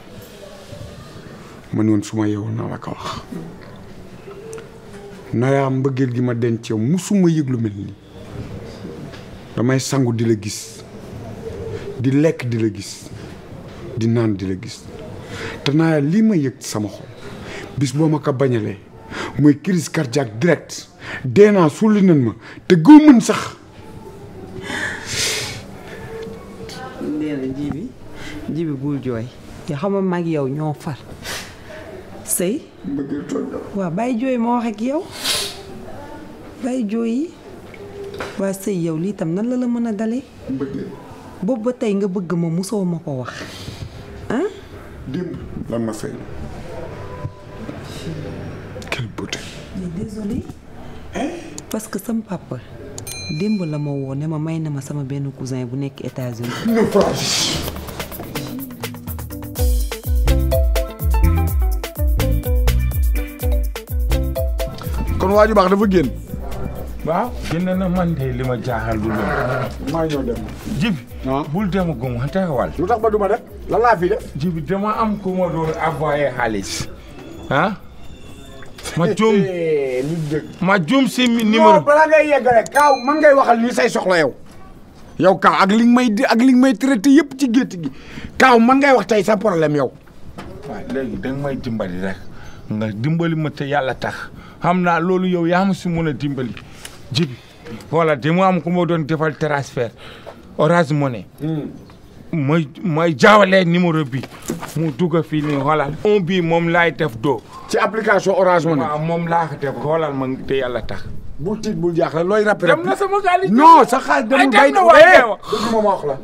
man woon su ma yeewu naa la ko wax naayaa mbëggeel gi ma denc musuma yëg lu mel nii damay sangu di la gis di lekk di la gis di naan di la gis te naayaa lii ma yëg sama xol bis boo ma ko bañalee mooy crise cardiaque direct dee naa suuli nan ma te gëw mën sax. nee na ji bi ji bi bul jooy. yoo xam nga mag yow ñoo far. sëy waaw bàyyi jooy ma wax ak yow bàyyi jooy yi waa sëy yow lii tam nan la la mën a dalee. boobu ba tey nga bëgg ma musoo ma ko wax ah. démb lan ma sëy parce que sama papa démb la ma woo ne ma may na ma sama benn cousin bu nekk États-Unis kon waa ju baax dafa génn waaw génn na man de li ma jaaxal du loolu maa ñëw dem jibi ah. bul dem gum taxawal lu tax ba duma def lan laa fi dama am ku ma doon xaalis ah ma juum ma juum si numéro. non balaa ngay yeggale Kaaw man ngay waxal ni say soxla yow. yow Kaaw ak li may di ak li may traité yëpp ci gétt gi Kaaw man ngay wax tey sa problème yow. waaw léegi da nga may dimbali rek nga dimbali ma te yàlla tax xam naa loolu yow yaa ma si mën a dimbali jibi voilà di mu am ku moo doon defal transfert Orange Money. Hmm. mooy mooy jaawalee numéro bi mu dugg fii nii xoolal. un bi moom laay def doo. ci application orange money. moom laa ko def xoolal man te yàlla tax. bul tiit bul jaaxle looy rap rap. dem na sama gaal non sa xaalis demul bay. dem na waaye eh! ma wax la.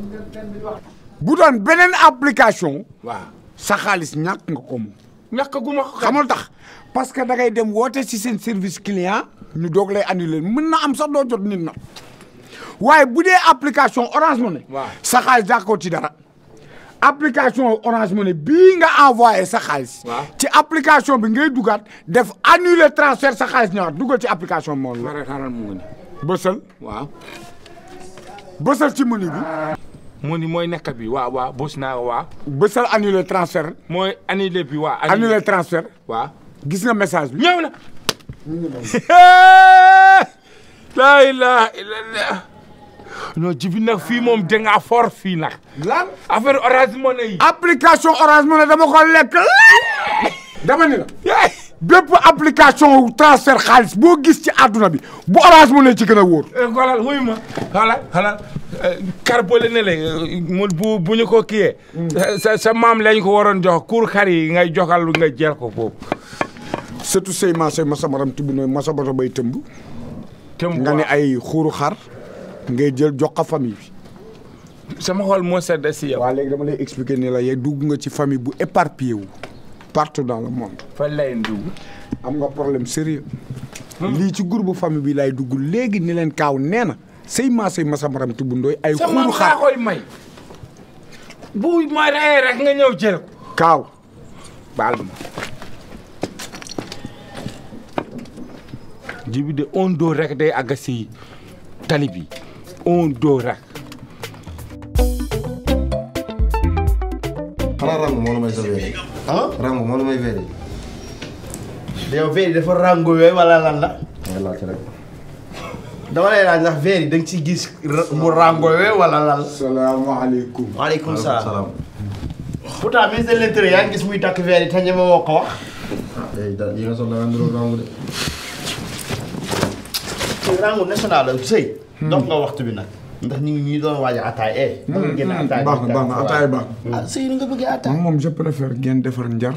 bu doon beneen application. waaw sa xaalis ñàkk nga ko moom. ñàkk gu ma ko tax. parce que dangay dem woote si seen service client. ñu doog lay leen mën na am sax doo jot nit na. waaye bu dee application Orange Money. waaw sa ci dara. application Orange Money bii nga envoyé sa xaalis. ci application bi ngay dugaat def annuler transfert sa xaalis ñëwaat dugal ci application bi moom la. bësal. waaw. bi. menu mooy nekk bi waaw waaw bës naa waaw. bësal annuler mooy annuler bi waaw. annuler transfert. gis na message bi. ñëw non jibi nag fii moom dangaa for fii nag. lan affaire orange money yi. application orange money dama ko lekk lan. dama ni la. bépp application transfert xaalis boo gis ci àdduna bi bu orange money ci gën a wóor. Eh, xoolal wuyu eh, ne la bu ñu ko kiiyee. Hmm. sa sa maam lañ ko waroon jox kuur xar yi ngay joxal nga jël ko boobu. surtout masa maasay masamaram tubbi nooy masabata bay tëmb. tëmb nga ne ay xuuru xar. ngay jël jox ko famille bi. sama xol moo sedd si yow. waaw léegi dama lay expliquer ni la yeeg dugg nga ci famille bu éparpillé wu partout dans le monde. fan lay dugg. am nga problème sérieux hmm. lii ci groupe famille bi lay dugg léegi ni leen kaaw nee na sëy maa sëy masa maram ay xuuru xaar koy may bu ma ree rek nga ñëw jël kaaw baal ma jibi de on doo rek day agasi tali bi Ondorak. xanaa rango moo la may sa verre ah yow verre dafa rango yooyu wala lan la. wala laajte rek. dama lay laaj ndax verre yi da nga ciy gis mu rango yooyu wala lan la. salaamaaleykum. waaleykum salaam. pourtant ministre de l'intérieur yaa ngi gis muy takk verre yi te ñeme woo ko wax. ah eh, yi nga soxla rango de. rango national la sëy. Hmm. dox nga waxtu bi nag. ndax ñu ngi ñuy doon waaj a ataay eh, hmm. ngeen ataay hmm. baax na baax na ataay baax na. ah sëñ nga bëgg ataay. moom je préfère ngeen defar njar.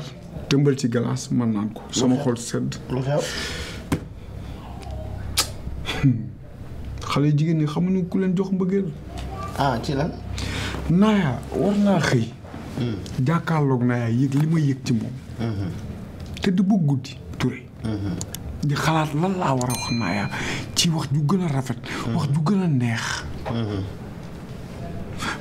tëmbal ci glace mën naan ko. sama xol sedd. xale jigéen ñi xamuñu ku leen jox mbëggeel. ah ci lan. Naaya war naa xëy. jàkkaarloog Naaya yëg li ma yëg ci moom. te du bu guddi Touré. di xalaat lan laa war a wax Naaya ci wax ju gën a rafet. wax ju gën a neex.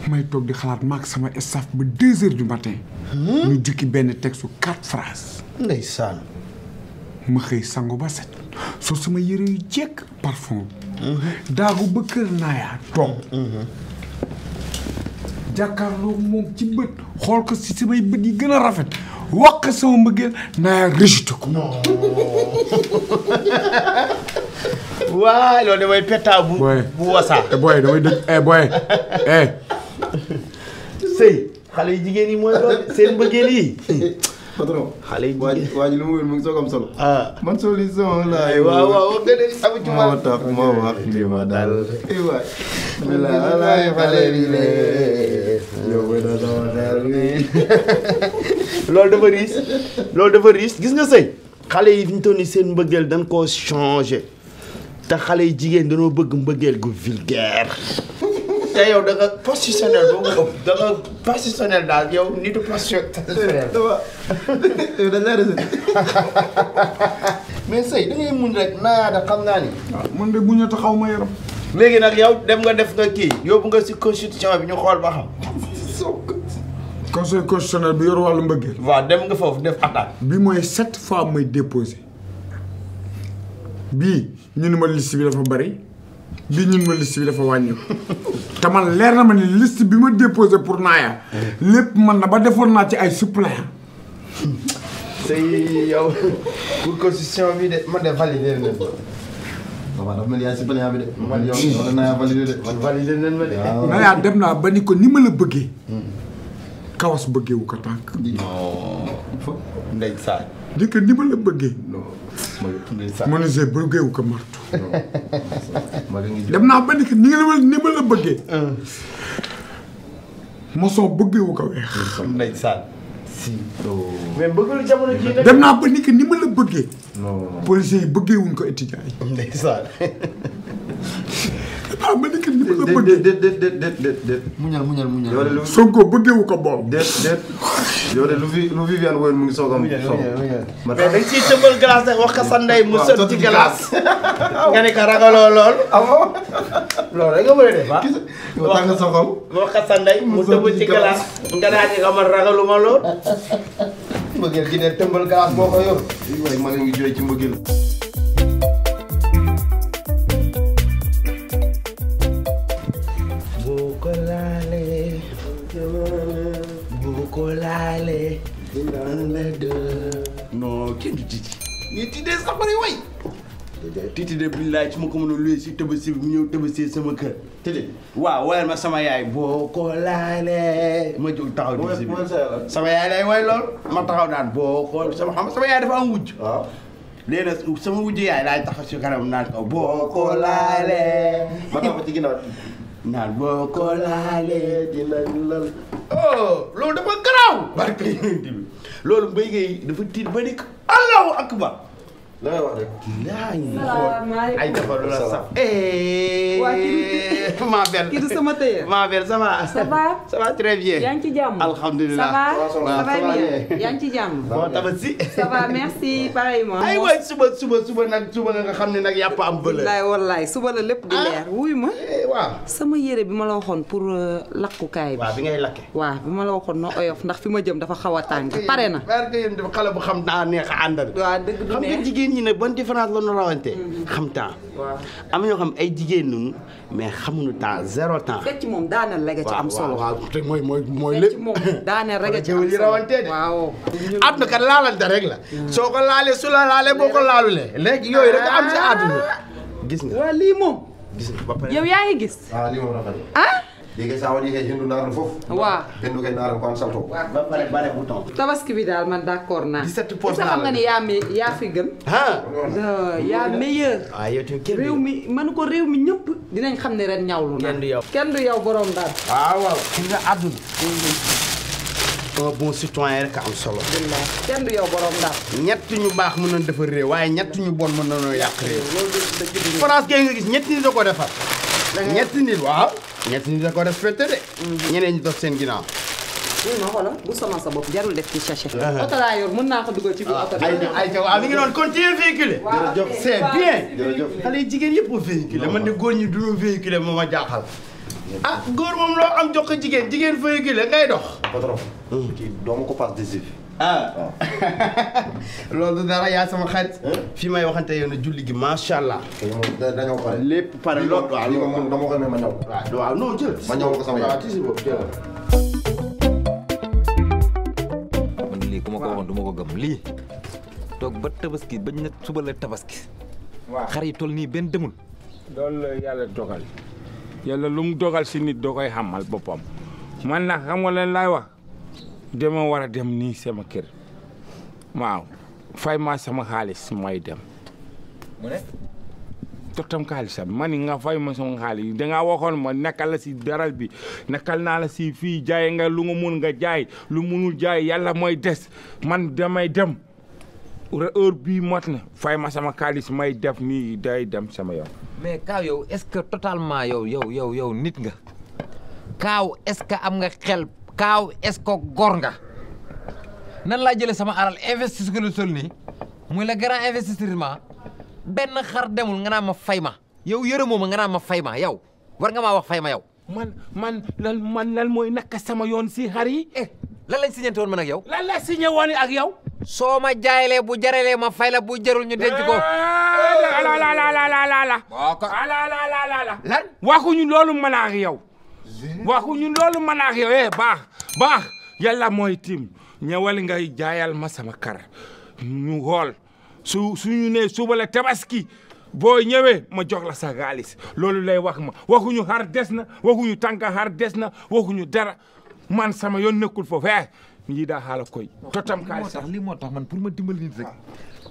may toog di xalaat maak sama staff ba deux heures du matin. ñu jukki benn texte quatre phrases. ndeysaan. ma xëy sangu ba set soo sama yëre yu jekk parfum. daagu ba kër Naaya toog. jàkkaarloo moom ci bët xool ko si samay bët yi gën a rafet wax ko sama mbëggeel naa rejeté ko. non waaw loolu damay pétaw bu. wasaa eh, booy damay dëgg eh, booy. Eh. sëy xale yi jigéen yi mooy loolu seen mbëggeel yi. patron xale yi jigéen waa ji ah. eh, ma wax loolu dafa riis gis nga sëy xale yi fi ñu toll seen mbëggeel dañ koo xale yi jigéen dañoo bëgg mbëggeel gu vulgaire. te yow da nga positionnel boo ko da nga positionnel daal yow nitu positionnel. dañ laa rejeté. mais sëy da ngay rek naa da xam naa ni. man de muñ a taxaw ma yaram. léegi nag yow dem nga def nga kii yóbbu nga si constitution bi ñu xool ba xam. conseil constitutionnel bi yor wàllu mbëggeel. waaw dem nga foofu def attaque. bi mooy sept fois may déposé bii ñu ni ma liste bi dafa bari bi ñun ma liste bi dafa wàññi te man leer na ma ni list bi ma déposé pour naaya lépp man na ba defoon naa ci ay suppléant sëy yow pour constitution bi de man de validé nañ ma waaw dafa mel ni yaa si plan bi de naa yaa dem naa ba ni ko ni ma la bëggee kawas bëggeewu ko tànk ndeysaan njëkk ni ma la bëggee. menuisier bëggee wu ko martu. dem naa ba ni ni nga ni ma la bëggee. Euh. maçon bëggee wu ko weex. dem naa ba ni ni ma la bëggee. policiers yi bëggee ko étudiants ah ma nekk nii ma la bëgg. déet déet déet déet déet. muñal muñal muñal. yow de lu Sonko bëggewu ko bool. déet déet yow de lu fi lu Viviane woyoon mu ngi soog a am. soog mais da nga ciy tëmbal glace nag wax ko sa ndey mu sot lool. amoo ah loolu rek nga mën a lool. mbëggeel gi de tëmbal glace moo ko yor. waaye maa ngi jooy ci mbëggeel. parler de. non kenn du Titi. mais Titi sax bari way. déedéet Titi de billaay ci ma ko mën a luy si tabaski bi ñëw tabaski sama kër. Titi waaw wayal ma sama yaay boo ko laalee. ma jóg taxaw di si biir sama yaay lay way lool ma taxaw naan boo ko sama xam sama yaay dafa am wujj. waaw. léegi nag sama wujj yaay laay taxaw si kanam naan ko boo ko laalee. ma taxaw ci ginnaaw naan boo ko laalee dinañ lal. oh loolu dafa garaaw. barke yi loolu Mbaye Guèye dafa tiit ba nekk allahu akbar la ngay wax waa kii maa bel kii du sama tëye. maa bel ci jàmm alhamdulilah. ça va ça va bien xam ne nag yàpp am bële. wallaay la lépp ah. ma eh, waaw. yére bi ma la waxoon pour euh, lakkukaay bi. waaw bi ngay ma la waxoon na oyof ndax fi ma jëm dafa xaw a tàng. pare na. xale bu xam daa neex a àndal. waaw dëgg du neex ñi ne ban différence la ñu rawante. Mm-hmm. xam temps. am yo xam ay jigéen ñun mais xamuñu temps zéro temps. fekk moom daaneel rek ci am solo. waaw te mooy mooy mooy lépp. daaneel rek ci am solo rawante de. waaw. àdduna kat laalante rek la. Mm. soo ko laalee su la boo ko laalulee. léegi yooyu rek am ci àdduna. gis nga waaw lii moom. yaa ngi gis. waaw léegi saa wàññi kay hindu naar la foofu. waaw hindu naar la ko an salto. waaw ba pare bare bu tabaski bi daal man d' accord naa. 17 poches naa la xam nga ni yaa mi fi gën. ah yaa meilleur. ah yow tamit kenn man ko réew mi ñëpp. dinañ xam ne ren ñawlu na. kenn du yow kenn du yow borom daal. Ah, waaw waaw ki nga àdduna. un bon kenn yow borom daal. ñett ñu baax mën nañ defar réew waaye ñett ñu bon na nañoo yàq réew. France kay nga gis ñetti nit ko defar. ñetti nit waaw. ñett ñi da ko respecté de. ñeneen mhm. ñi dox seen ginnaaw. oui ma xoolal bu sonal sa bopp jarul def ci sachet. oto laa yor mën naa ko dugal ci biir oto bi. ayca ah, ayca waaw mi ngi doon continuer véhiculer. bien. jërëjëf xale jigéen yëpp a véhiculer man de góor ñi du ñu véhiculer moo ma jaaxal. ah góor moom loo am jox ko jigéen jigéen véhiculer ngay dox. patron. Hmm. kii doo ma ah loolu dara yaa sama xarit. fi may waxante yow ne julli gi macha allah. dañoo lépp pare lool waaw li ma mën dama ko ne ma ñaw. jël. ma ñaw ko sama yaay waaw boobu jël. man lii ku ma ko du ma ko gëm lii. toog ba tabaski bañ na suba la tabaski. waaw nii benn demul. loolu la yàlla dogal. yàlla lu mu dogal si nit doo koy xamal boppam. man nag xam nga leen laay dama war a dem nii sama kër waaw fay ma sama xaalis may dem. mu ne. tottam xaalisam ma ni nga fay ma sama xaalis dangaa waxoon ma nakal la si daral bi nakal naa la si fii jaay nga lu nga mun nga jaay lu munul jaay yàlla mooy des man damay dem heure bi mat na fay ma sama xaalis may def nii day dem sama yoon. mais Kaaw yow est-ce que totalement yow yow yow yow nit nga. Kaaw est am nga xel. kaaw est-ce góor nga nan laa jëlee sama alal investis ko lu sol muy la grand investissement benn xar demul nga naa ma fay ma yow yërëmoo ma nga naa ma fayma ma yow war nga ma wax fay ma yow. man man lan man lan mooy naka sama yoon si xar yi. eh lan lañ signé woon man ak yow. lan la signé woon ak yow. soo ma jaayalee bu jaralee ma fay la bu jarul ñu denc ko. ala eh, ala ala ala ala ala ala ala ah, loolu mën a ak yow. waxuñu loolu man ak yow eh, baax baax yàlla mooy tim ñëwal nga jaayal ma sama kar ñu xool su suñu ne suba la tabaski boo ñëwee ma jox la sa xaalis loolu lay wax ma waxuñu xar des na waxuñu tànka xar des na waxuñu dara man sama yoon nekkul foofu eh. ñii daa xaala koy. totam xaalis li moo tax man pour ma dimbali nit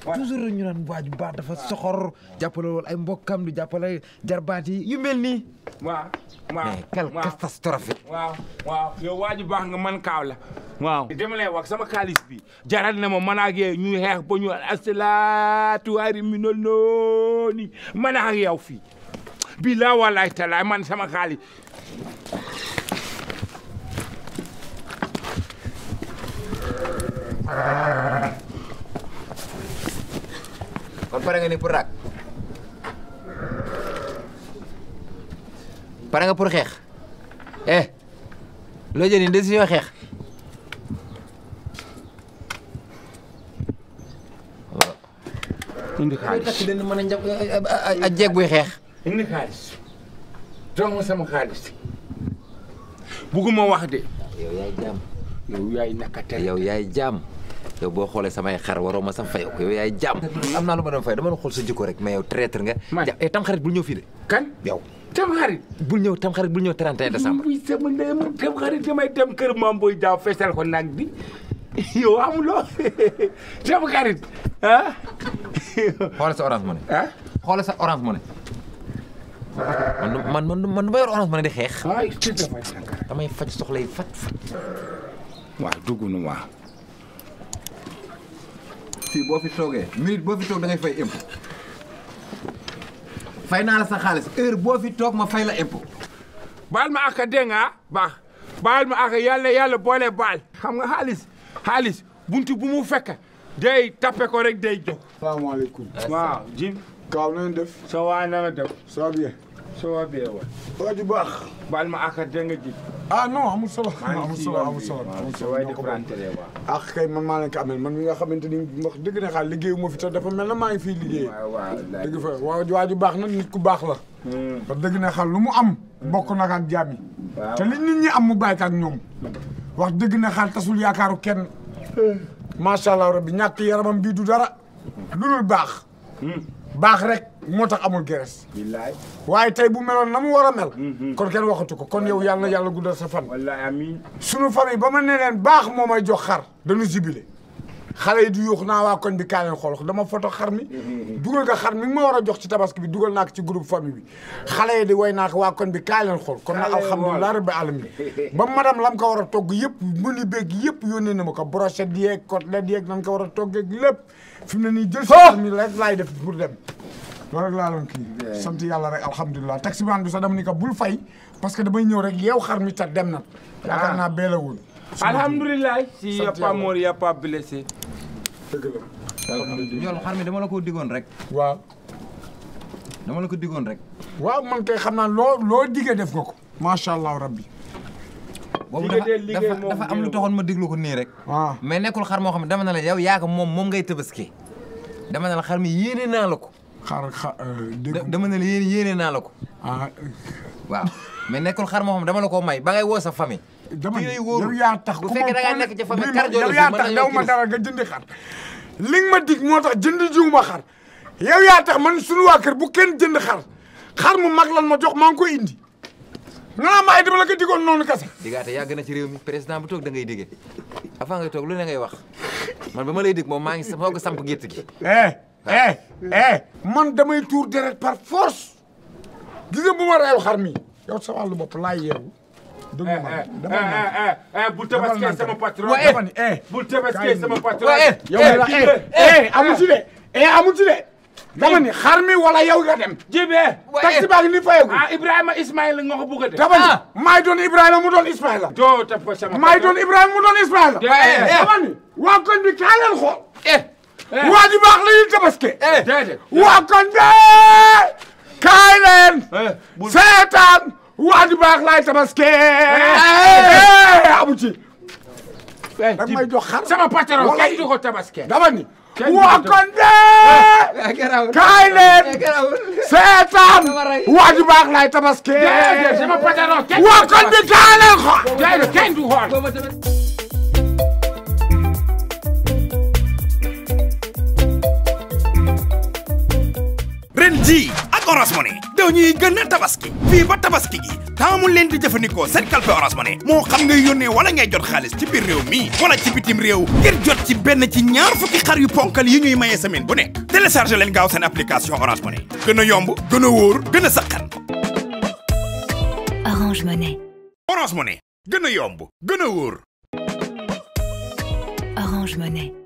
toujours ñu naan waaju baax dafa soxor. jàppale wala ay mbokkam du jàppale jarbaat yi yu mel nii. waaw waaw mais quelle catastrophe. waaw waaw yow waaju baax nga man kaaw la. sama xaalis bi na ma man ak yow ñu xeex man ak yow fii. bilaa walaay sama xaalis. kon pare nga ni pour raak pare nga pour xeex eh loo jël nii décision xeex indi xaalis dina mën a njab a jeeg xaalis jox sama xaalis bugguma wax de yow yaay jaam yow yaay nakate yow jaam yow boo xoolee samay xar waroo ma sax fay ko yow yaay jàmm. am naa lu ma doon fay dama doon xool sa jikko rek mais yow traître nga. man ja tam xarit bul ñëw fii de. kan yow. tam xarit ñëw tam xarit bul ñëw 31 damay dem kër maam booy jaaw fesal ko nag bi yow amuloo tam xarit ah. sa orange money. ah xoolal sa orange money. man man man du ma yor orange money di xeex. damay faj soxla yi fat fat. waaw dugg na waaw. fii boo fi toogee minute boo fi toog fay impôt naa la sa xaalis heure boo fi toog ma fay la impôt. baal ma ak a nga baax baal ma ak yàlla yàlla boole baal. xam nga xaalis xaalis buntu bu mu fekk day tappe ko rek day jóg. salaamaaleykum. waaw Jim. Kaaw na def. ça va na nga def. ça bien. soo waa bee wa. waa baax. baal ma ak danga ji. ah no amul solo. a solo amul solo amul solo waaye ak ah, kay man maa leen ko amee man mi nga xamante ni wax dëgg na xaal liggéey ma fi te dafa mel na maa ngi fii liggéey. dëgg fa waa ju baax nag nit ku baax la. Hmm. wax dëgg na xaal lu mu am. bokk na ak jaam yi. te li nit ñi am mu bàyyi ak ñoom. wax dëgg na xaal tasul yaakaaru kenn. Hmm. macha allah rabbi ñàkk yaramam bii du dara. Hmm. lu lu baax. baax rek moo tax amul geres waaye tey bu meloon na mu war a mel mm-hmm. kon kenn waxatu ko kon yow yàlla na yàlla guddal sa fan wallaahi amiin sunu famille ba ma ne baax moo may jox xar dañu jibile xale yi di yuux naa waa koñ bi kaa leen xool dama foto xar mi mm-hmm. dugal nga xar mi ngi ma war a jox ci tabaski bi dugal naa ko ci groupe famille bi xale yi di way naa ko waa koñ bi kaa leen xool kon nag alhamdulilah rabbi alamin ba madame lam ko war a togg yëpp mëni beeg yëpp yónnee na ma ko brochette yeeg côtelette yeeg nan ko war a toggeeg lépp fi mu ne nii jël si mi rek laay def pour dem loolu rek laa doon kii sant yàlla rek alhamdulilah taximaan bi sax dama ni ko bul fay parce que damay ñëw rek yeew xar mi ta dem na ah. yaakaar naa bee la woon alhamdulilah si y xar mi dama la ko diggoon rek waaw dama ko diggoon rek waaw man kay xam naa loo loo def nga ko macha allah rabbi boobu dafa dafa am lu taxoon ma déglu ko nii rek. waaw ah. mais nekkul xar moo xam ne dama ne la yow yaa ko moom moom ngay tëbaski. dama ne la xar mi yéene naa la ko. xar xa euh, dama ne la yéene naa la ko. ah. waaw mais nekkul xar moo xam dama la koo may ba ngay woo sa famille. dama ne yaa tax ku ma bu fekkee da ngaa nekk ma dara nga jëndi xar. li nga ma dig moo tax jënd jiwuma xar yow yaa tax man sunu waa kër bu kenn jënd xar xar mu mag lan ma jox maa ngi koy indi nga naa maay dama la ko digoon noonu kese. digaate yàgg na a réew mi président bu toog da ngay dige avant ngay toog lu ne ngay wax man ba ma lay dig moom maa ngi soog a samp gétt gi. eh eh eh. man damay tuur deret par force. bu ma reew mi yow sa wàllu bopp laay yeewu. dëgg ma eh, eh, dama bul tabaskee sama patron. dama ni eh bul tabaskee sama patron. Eh, yow la eh eh amu ci de eh amu ci de. dama ni xar mi wala yow nga dem. jibee taxi baa ngi ni fayagu. ah Ibrahima Ismaïla nga ko bëgg a def. dama ni ah. maay doon Ibrahima mu doon Ismaïla. doo taf ko sama mu doon Ismaïla. Eh, eh. Eh, dama ni waa koñ bi kaa leen xool. waa ji baax tabaske. waa koñ bee kaay seetaan waa ji baax laay tabaske. amu ci. dama may jox xar sama patron kay dama ni. Wakonde eh, eh, kaay leen eh, seetaan wax baax laay tabaske Wakonde kaay leen xool ak Orange Money dañuy gën a tabaski fii ba tabaski gi taamu leen di jëfandikoo seen kalpe Orange Money moo xam nga yónnee wala ngay jot xaalis ci biir réew mi wala ci bitim réew ngir jot ci benn ci ñaar fukki xar yu ponkal yi ñuy mayee semaine bu nekk téléchargé leen gaaw seen application Orange Money gën a yomb gën a wóor gën a sakkan Orange Money Orange Money gën a yomb gën a wóor Orange